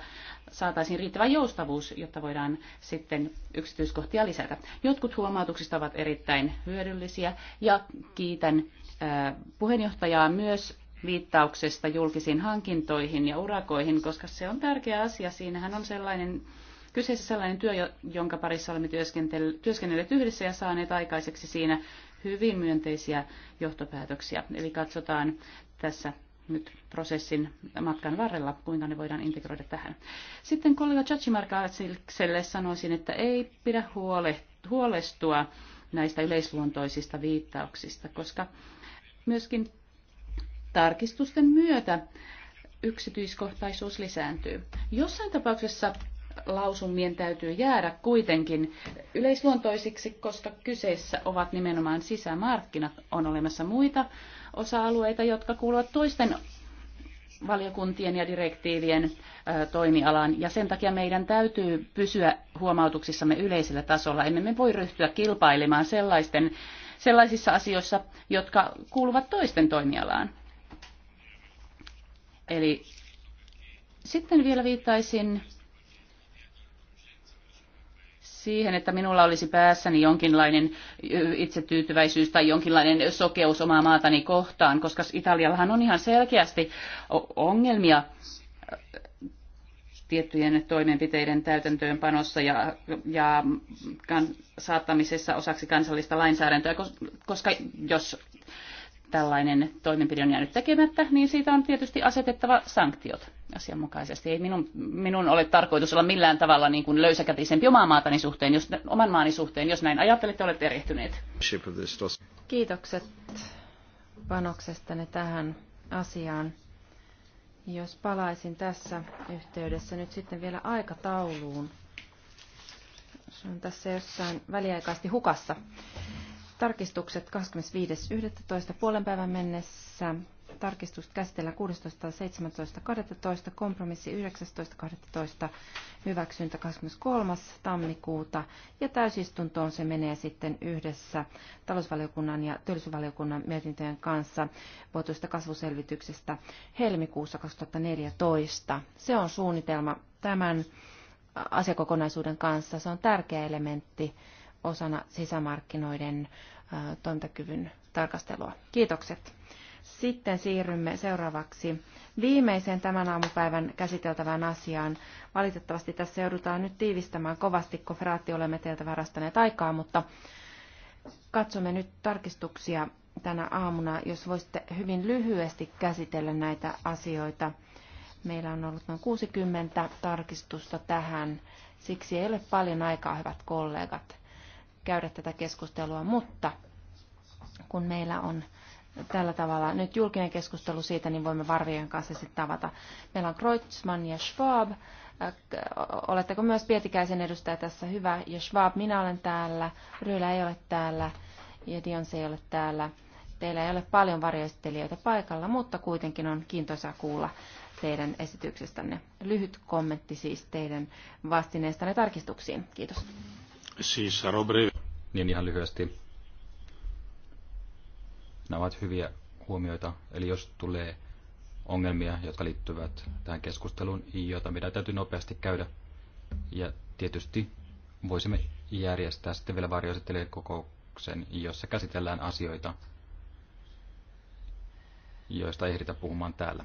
saataisiin riittävä joustavuus, jotta voidaan sitten yksityiskohtia lisätä. Jotkut huomautuksista ovat erittäin hyödyllisiä ja kiitän puheenjohtajaa myös viittauksesta julkisiin hankintoihin ja urakoihin, koska se on tärkeä asia. Siinähän on sellainen kyseessä sellainen työ, jonka parissa olemme työskennelleet yhdessä ja saaneet aikaiseksi siinä hyvin myönteisiä johtopäätöksiä. Eli katsotaan tässä nyt prosessin matkan varrella, kuinka ne voidaan integroida tähän. Sitten kollega Chachimarkaatsikselle sanoisin, että ei pidä huole, huolestua näistä yleisluontoisista viittauksista, koska myöskin tarkistusten myötä yksityiskohtaisuus lisääntyy. Jossain tapauksessa lausumien täytyy jäädä kuitenkin yleisluontoisiksi, koska kyseessä ovat nimenomaan sisämarkkinat. On olemassa muita osa-alueita, jotka kuuluvat toisten valiokuntien ja direktiivien toimialaan, ja sen takia meidän täytyy pysyä huomautuksissamme yleisellä tasolla. Emme me voi ryhtyä kilpailemaan sellaisten, sellaisissa asioissa, jotka kuuluvat toisten toimialaan. Eli sitten vielä viittaisin siihen, että minulla olisi päässäni jonkinlainen itsetyytyväisyys tai jonkinlainen sokeus omaa maatani kohtaan, koska Italiallahan on ihan selkeästi ongelmia tiettyjen toimenpiteiden täytäntöönpanossa ja, ja kan, saattamisessa osaksi kansallista lainsäädäntöä, koska jos tällainen toimenpide on jäänyt tekemättä, niin siitä on tietysti asetettava sanktiot asianmukaisesti. Ei minun, minun ole tarkoitus olla millään tavalla niin kuin löysäkätisempi omaa maatani suhteen, jos, oman maani suhteen, jos näin ajattelette, olette erehtyneet. Kiitokset panoksestanne tähän asiaan. Jos palaisin tässä yhteydessä nyt sitten vielä aikatauluun. Se on tässä jossain väliaikaisesti hukassa. Tarkistukset 25.11. puolen päivän mennessä tarkistus käsitellä 16.17.12, kompromissi 19.12, hyväksyntä 23. tammikuuta ja täysistuntoon se menee sitten yhdessä talousvaliokunnan ja työllisyysvaliokunnan mietintöjen kanssa vuotuista kasvuselvityksestä helmikuussa 2014. Se on suunnitelma tämän asiakokonaisuuden kanssa. Se on tärkeä elementti osana sisämarkkinoiden toimintakyvyn tarkastelua. Kiitokset. Sitten siirrymme seuraavaksi viimeiseen tämän aamupäivän käsiteltävään asiaan. Valitettavasti tässä joudutaan nyt tiivistämään kovasti, kun fraatti olemme teiltä varastaneet aikaa, mutta katsomme nyt tarkistuksia tänä aamuna, jos voisitte hyvin lyhyesti käsitellä näitä asioita. Meillä on ollut noin 60 tarkistusta tähän, siksi ei ole paljon aikaa, hyvät kollegat, käydä tätä keskustelua, mutta kun meillä on tällä tavalla nyt julkinen keskustelu siitä, niin voimme Varvien kanssa sitten tavata. Meillä on Kreutzmann ja Schwab. Oletteko myös Pietikäisen edustaja tässä? Hyvä. Ja Schwab, minä olen täällä. Ryylä ei ole täällä. Ja Dion ei ole täällä. Teillä ei ole paljon varjoistelijoita paikalla, mutta kuitenkin on kiintoisaa kuulla teidän esityksestänne. Lyhyt kommentti siis teidän vastineestanne tarkistuksiin. Kiitos. Siis Robri. Niin ihan lyhyesti. Nämä ovat hyviä huomioita, eli jos tulee ongelmia, jotka liittyvät tähän keskusteluun, jota meidän täytyy nopeasti käydä. Ja tietysti voisimme järjestää sitten vielä varjoisettelijan kokouksen, jossa käsitellään asioita, joista ehditä puhumaan täällä.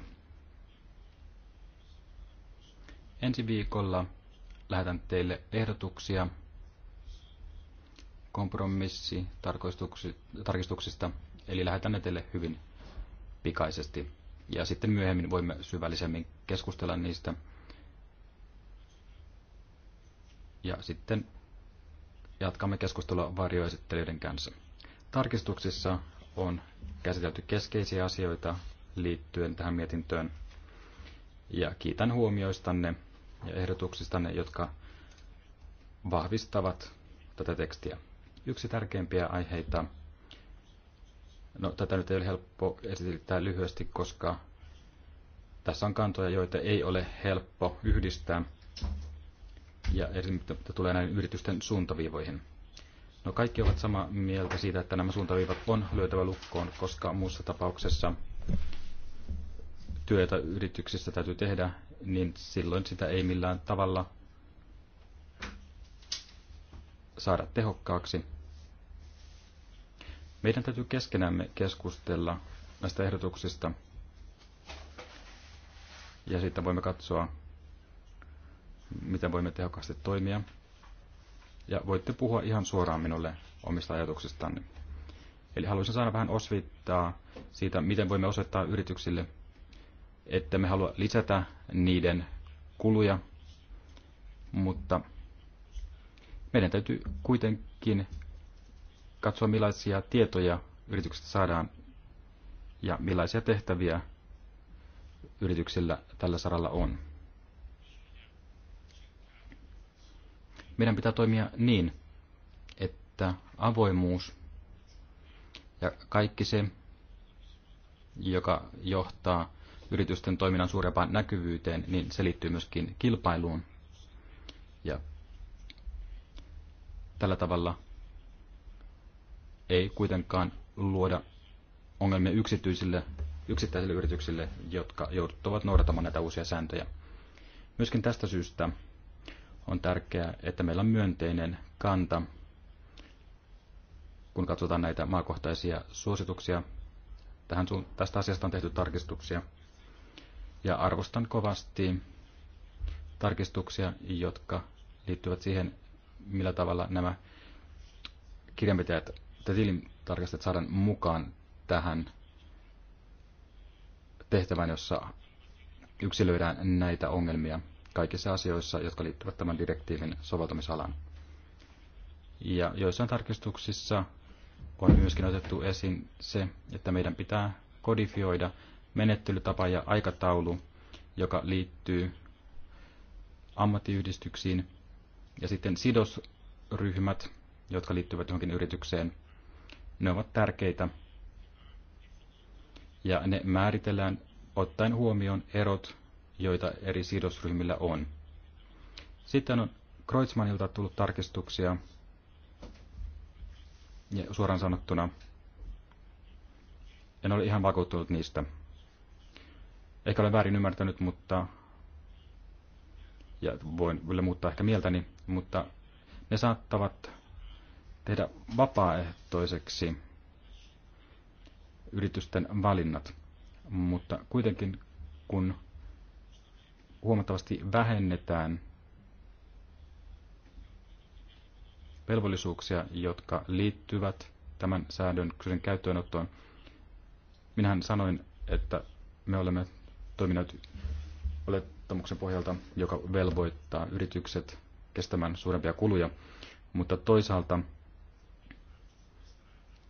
Ensi viikolla lähetän teille ehdotuksia kompromissi-tarkistuksista. Eli lähetän ne teille hyvin pikaisesti. Ja sitten myöhemmin voimme syvällisemmin keskustella niistä. Ja sitten jatkamme keskustelua varjoesittelijöiden kanssa. Tarkistuksissa on käsitelty keskeisiä asioita liittyen tähän mietintöön. Ja kiitän huomioistanne ja ehdotuksistanne, jotka vahvistavat tätä tekstiä. Yksi tärkeimpiä aiheita No, tätä nyt ei ole helppo esittää lyhyesti, koska tässä on kantoja, joita ei ole helppo yhdistää. Ja esimerkiksi tulee näin yritysten suuntaviivoihin. No kaikki ovat samaa mieltä siitä, että nämä suuntaviivat on löytävä lukkoon, koska muussa tapauksessa työtä yrityksissä täytyy tehdä, niin silloin sitä ei millään tavalla saada tehokkaaksi. Meidän täytyy keskenämme keskustella näistä ehdotuksista. Ja sitten voimme katsoa, miten voimme tehokkaasti toimia. Ja voitte puhua ihan suoraan minulle omista ajatuksistanne. Eli haluaisin saada vähän osvittaa siitä, miten voimme osoittaa yrityksille, että me halua lisätä niiden kuluja, mutta meidän täytyy kuitenkin katsoa, millaisia tietoja yrityksestä saadaan ja millaisia tehtäviä yrityksillä tällä saralla on. Meidän pitää toimia niin, että avoimuus ja kaikki se, joka johtaa yritysten toiminnan suurempaan näkyvyyteen, niin se liittyy myöskin kilpailuun. Ja tällä tavalla ei kuitenkaan luoda ongelmia yksityisille, yksittäisille yrityksille, jotka joutuvat noudattamaan näitä uusia sääntöjä. Myöskin tästä syystä on tärkeää, että meillä on myönteinen kanta, kun katsotaan näitä maakohtaisia suosituksia. Tähän, tästä asiasta on tehty tarkistuksia. Ja arvostan kovasti tarkistuksia, jotka liittyvät siihen, millä tavalla nämä kirjanpitäjät että tilintarkastajat saadaan mukaan tähän tehtävään, jossa yksilöidään näitä ongelmia kaikissa asioissa, jotka liittyvät tämän direktiivin soveltamisalaan. Ja joissain tarkistuksissa on myöskin otettu esiin se, että meidän pitää kodifioida menettelytapa ja aikataulu, joka liittyy ammattiyhdistyksiin ja sitten sidosryhmät, jotka liittyvät johonkin yritykseen. Ne ovat tärkeitä ja ne määritellään ottaen huomioon erot, joita eri sidosryhmillä on. Sitten on Kreutzmannilta tullut tarkistuksia, ja suoraan sanottuna en ole ihan vakuuttunut niistä. Ehkä olen väärin ymmärtänyt, mutta ja voin kyllä muuttaa ehkä mieltäni, mutta ne saattavat tehdä vapaaehtoiseksi yritysten valinnat, mutta kuitenkin kun huomattavasti vähennetään velvollisuuksia, jotka liittyvät tämän säädön käyttöönottoon. Minähän sanoin, että me olemme toimineet olettamuksen pohjalta, joka velvoittaa yritykset kestämään suurempia kuluja, mutta toisaalta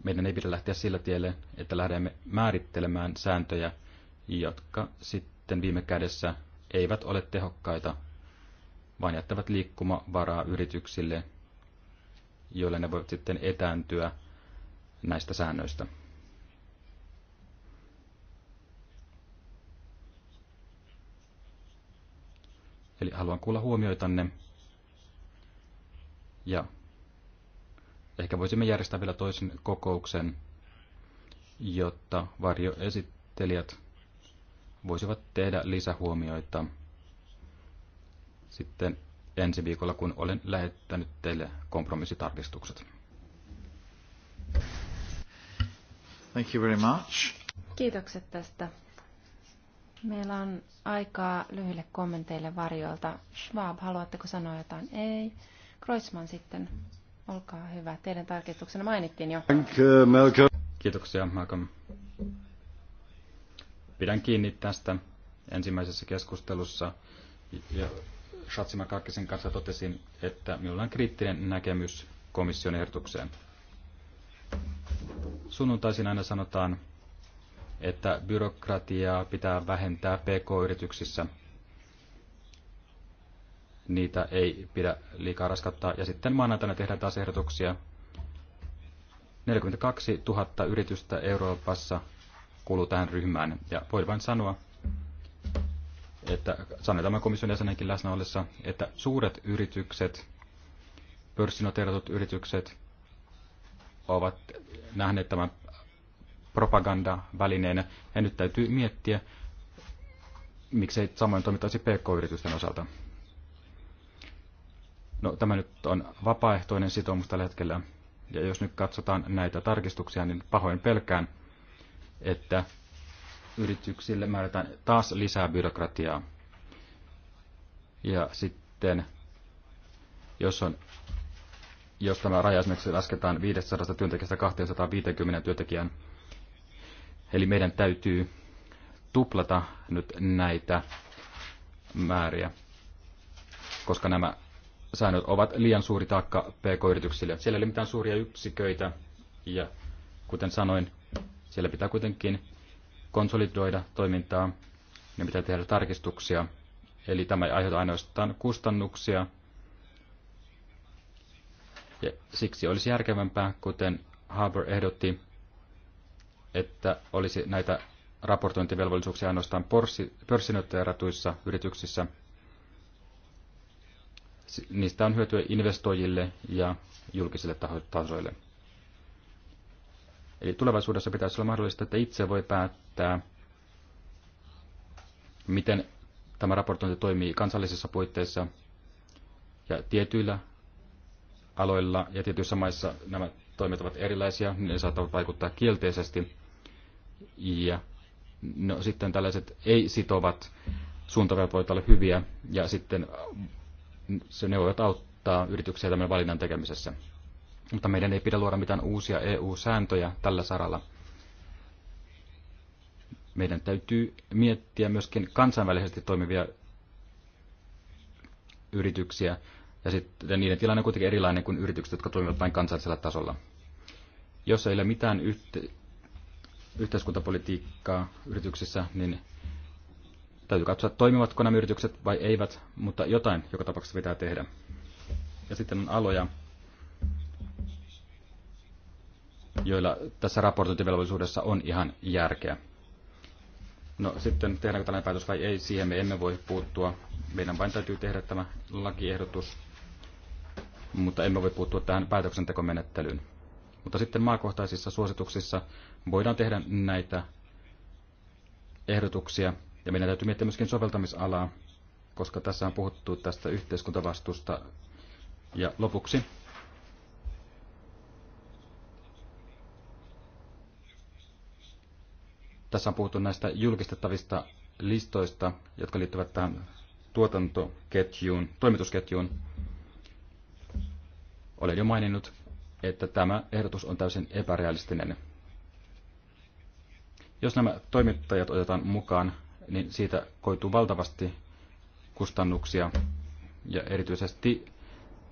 meidän ei pidä lähteä sillä tielle, että lähdemme määrittelemään sääntöjä, jotka sitten viime kädessä eivät ole tehokkaita, vaan jättävät liikkumavaraa yrityksille, joille ne voivat sitten etääntyä näistä säännöistä. Eli haluan kuulla huomioitanne ja Ehkä voisimme järjestää vielä toisen kokouksen, jotta varjoesittelijät voisivat tehdä lisähuomioita sitten ensi viikolla, kun olen lähettänyt teille kompromissitarkistukset. Thank you very much. Kiitokset tästä. Meillä on aikaa lyhyille kommenteille varjoilta. Schwab, haluatteko sanoa jotain? Ei. Kreuzmann sitten. Olkaa hyvä. Teidän tarkistuksena mainittiin jo. Kiitoksia, Malcolm. Pidän kiinni tästä ensimmäisessä keskustelussa. Ja Shatsima Kakkisen kanssa totesin, että minulla on kriittinen näkemys komission ehdotukseen. Sunnuntaisin aina sanotaan, että byrokratiaa pitää vähentää pk-yrityksissä – niitä ei pidä liikaa raskattaa. Ja sitten maanantaina tehdään taas ehdotuksia. 42 000 yritystä Euroopassa kuuluu tähän ryhmään. Ja voi vain sanoa, että sanoin tämän komission jäsenenkin läsnä ollessa, että suuret yritykset, pörssinoteeratut yritykset, ovat nähneet tämän propagandavälineenä. Ja nyt täytyy miettiä, miksei samoin toimittaisi pk-yritysten osalta. No, tämä nyt on vapaaehtoinen sitoumus tällä hetkellä. Ja jos nyt katsotaan näitä tarkistuksia, niin pahoin pelkään, että yrityksille määrätään taas lisää byrokratiaa. Ja sitten, jos, on, jos tämä raja esimerkiksi lasketaan 500 työntekijästä 250 työntekijään, eli meidän täytyy tuplata nyt näitä määriä, koska nämä säännöt ovat liian suuri taakka pk-yrityksille. Siellä ei ole mitään suuria yksiköitä ja kuten sanoin, siellä pitää kuitenkin konsolidoida toimintaa, ne pitää tehdä tarkistuksia. Eli tämä ei aiheuta ainoastaan kustannuksia. Ja siksi olisi järkevämpää, kuten Harbour ehdotti, että olisi näitä raportointivelvollisuuksia ainoastaan pörssinotteeratuissa yrityksissä – Niistä on hyötyä investoijille ja julkisille tasoille. Eli tulevaisuudessa pitäisi olla mahdollista, että itse voi päättää, miten tämä raportointi toimii kansallisissa puitteissa ja tietyillä aloilla ja tietyissä maissa nämä toimet ovat erilaisia, ne saattavat vaikuttaa kielteisesti. Ja no, sitten tällaiset ei-sitovat suuntaverot voivat olla hyviä ja sitten se ne voivat auttaa yrityksiä tämän valinnan tekemisessä. Mutta meidän ei pidä luoda mitään uusia EU-sääntöjä tällä saralla. Meidän täytyy miettiä myöskin kansainvälisesti toimivia yrityksiä, ja sitten niiden tilanne on kuitenkin erilainen kuin yritykset, jotka toimivat vain kansallisella tasolla. Jos ei ole mitään yhte- yhteiskuntapolitiikkaa yrityksissä, niin Täytyy katsoa, toimivatko nämä yritykset vai eivät, mutta jotain joka tapauksessa pitää tehdä. Ja sitten on aloja, joilla tässä raportointivelvollisuudessa on ihan järkeä. No sitten tehdäänkö tällainen päätös vai ei, siihen me emme voi puuttua. Meidän vain täytyy tehdä tämä lakiehdotus, mutta emme voi puuttua tähän päätöksentekomenettelyyn. Mutta sitten maakohtaisissa suosituksissa voidaan tehdä näitä ehdotuksia, ja meidän täytyy miettiä myöskin soveltamisalaa, koska tässä on puhuttu tästä yhteiskuntavastusta. Ja lopuksi tässä on puhuttu näistä julkistettavista listoista, jotka liittyvät tähän tuotantoketjuun, toimitusketjuun. Olen jo maininnut, että tämä ehdotus on täysin epärealistinen. Jos nämä toimittajat otetaan mukaan, niin siitä koituu valtavasti kustannuksia. Ja erityisesti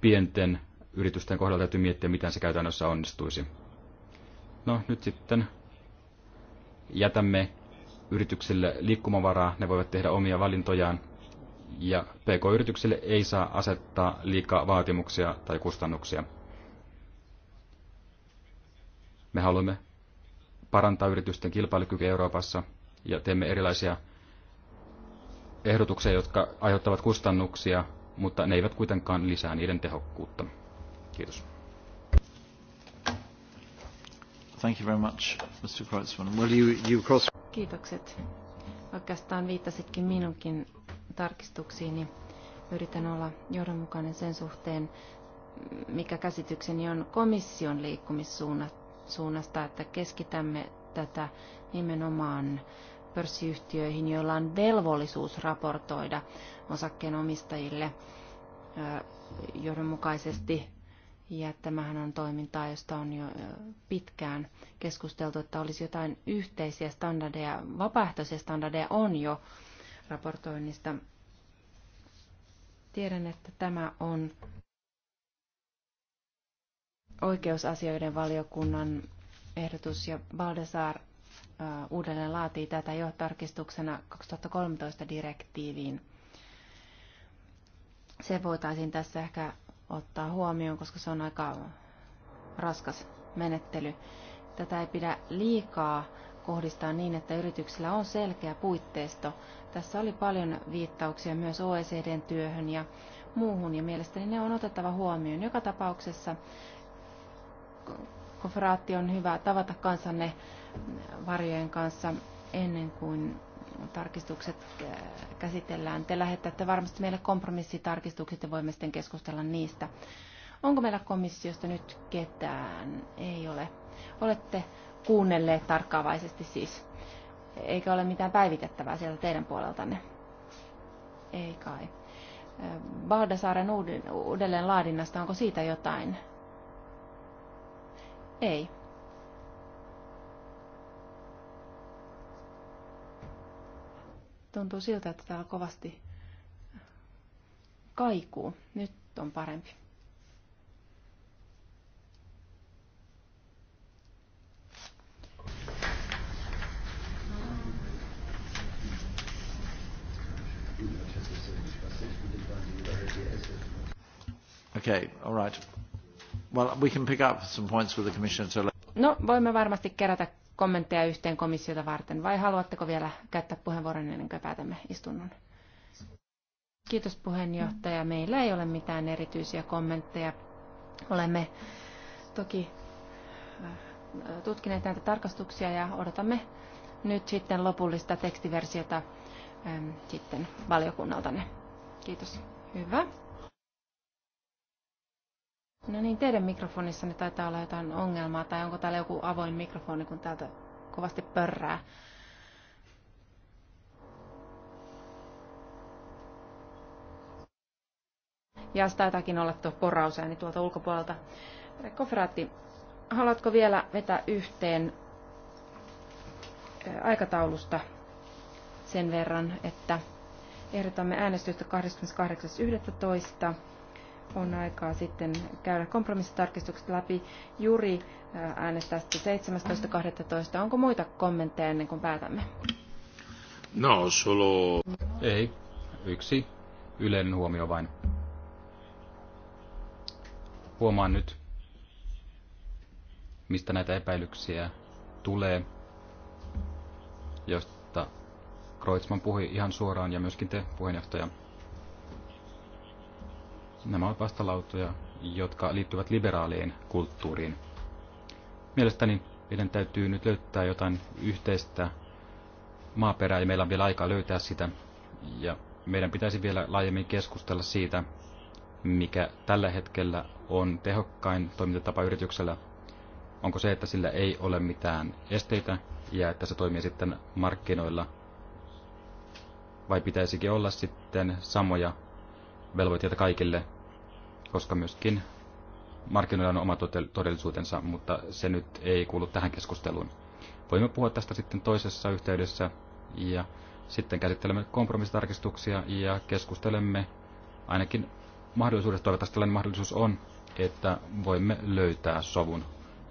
pienten yritysten kohdalla täytyy miettiä, miten se käytännössä onnistuisi. No nyt sitten jätämme yrityksille liikkumavaraa, ne voivat tehdä omia valintojaan, ja PK-yrityksille ei saa asettaa liikaa vaatimuksia tai kustannuksia. Me haluamme parantaa yritysten kilpailukykyä Euroopassa ja teemme erilaisia ehdotuksia, jotka aiheuttavat kustannuksia, mutta ne eivät kuitenkaan lisää niiden tehokkuutta. Kiitos. Thank you very much, Mr. Kreutzmann. Well, you, you cross... Kiitokset. Oikeastaan viittasitkin minunkin tarkistuksiini. Yritän olla johdonmukainen sen suhteen, mikä käsitykseni on komission liikkumissuunnasta, että keskitämme tätä nimenomaan pörssiyhtiöihin, joilla on velvollisuus raportoida osakkeenomistajille johdonmukaisesti. Ja tämähän on toimintaa, josta on jo pitkään keskusteltu, että olisi jotain yhteisiä standardeja, vapaaehtoisia standardeja on jo raportoinnista. Tiedän, että tämä on oikeusasioiden valiokunnan ehdotus ja Baldessar Äh, uudelleen laatii tätä jo tarkistuksena 2013 direktiiviin. Se voitaisiin tässä ehkä ottaa huomioon, koska se on aika raskas menettely. Tätä ei pidä liikaa kohdistaa niin, että yrityksillä on selkeä puitteisto. Tässä oli paljon viittauksia myös OECDn työhön ja muuhun, ja mielestäni ne on otettava huomioon. Joka tapauksessa konferaatti on hyvä tavata kansanne varjojen kanssa ennen kuin tarkistukset äh, käsitellään. Te lähetätte varmasti meille kompromissitarkistukset ja voimme sitten keskustella niistä. Onko meillä komissiosta nyt ketään? Ei ole. Olette kuunnelleet tarkkaavaisesti siis. Eikä ole mitään päivitettävää sieltä teidän puoleltanne. Ei kai. Äh, Baldasaaren uudelleen laadinnasta, onko siitä jotain? Ei. Tuntuu siltä, että täällä kovasti kaikuu. Nyt on parempi. Okay, all right. Well, we can pick up some points with the No, voimme varmasti kerätä kommentteja yhteen komissiota varten, vai haluatteko vielä käyttää puheenvuoron ennen kuin päätämme istunnon? Kiitos puheenjohtaja. Meillä ei ole mitään erityisiä kommentteja. Olemme toki äh, tutkineet näitä tarkastuksia ja odotamme nyt sitten lopullista tekstiversiota ähm, sitten valiokunnaltanne. Kiitos. Hyvä. No niin, teidän mikrofonissanne taitaa olla jotain ongelmaa, tai onko täällä joku avoin mikrofoni, kun täältä kovasti pörrää. Ja taitaakin olla tuo porausääni tuolta ulkopuolelta. Koferaatti, haluatko vielä vetää yhteen aikataulusta sen verran, että ehdotamme äänestystä 28.11 on aikaa sitten käydä kompromissitarkistukset läpi. Juri äh, äänestää sitten 17.12. Onko muita kommentteja ennen kuin päätämme? No, solo... Ei. Yksi. ylen huomio vain. Huomaan nyt, mistä näitä epäilyksiä tulee, josta Kreutzmann puhui ihan suoraan ja myöskin te puheenjohtaja Nämä ovat vastalautoja, jotka liittyvät liberaaliin kulttuuriin. Mielestäni meidän täytyy nyt löytää jotain yhteistä maaperää ja meillä on vielä aikaa löytää sitä. Ja meidän pitäisi vielä laajemmin keskustella siitä, mikä tällä hetkellä on tehokkain toimintatapa yrityksellä. Onko se, että sillä ei ole mitään esteitä ja että se toimii sitten markkinoilla? Vai pitäisikin olla sitten samoja velvoitteita kaikille koska myöskin markkinoilla on oma todellisuutensa, mutta se nyt ei kuulu tähän keskusteluun. Voimme puhua tästä sitten toisessa yhteydessä ja sitten käsittelemme kompromissitarkistuksia ja keskustelemme ainakin mahdollisuudesta, toivottavasti tällainen mahdollisuus on, että voimme löytää sovun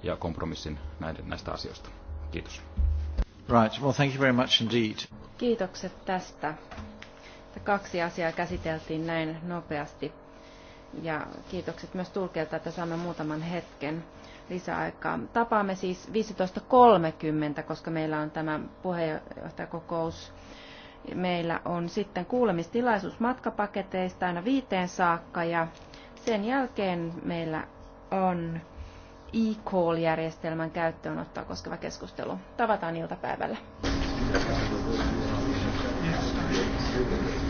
ja kompromissin näiden, näistä asioista. Kiitos. Right. Well, thank you very much indeed. Kiitokset tästä. Kaksi asiaa käsiteltiin näin nopeasti ja kiitokset myös tulkeilta, että saamme muutaman hetken lisäaikaa. Tapaamme siis 15.30, koska meillä on tämä puheenjohtajakokous. Meillä on sitten kuulemistilaisuus matkapaketeista aina viiteen saakka ja sen jälkeen meillä on e-call-järjestelmän käyttöönottoa koskeva keskustelu. Tavataan iltapäivällä. Yes.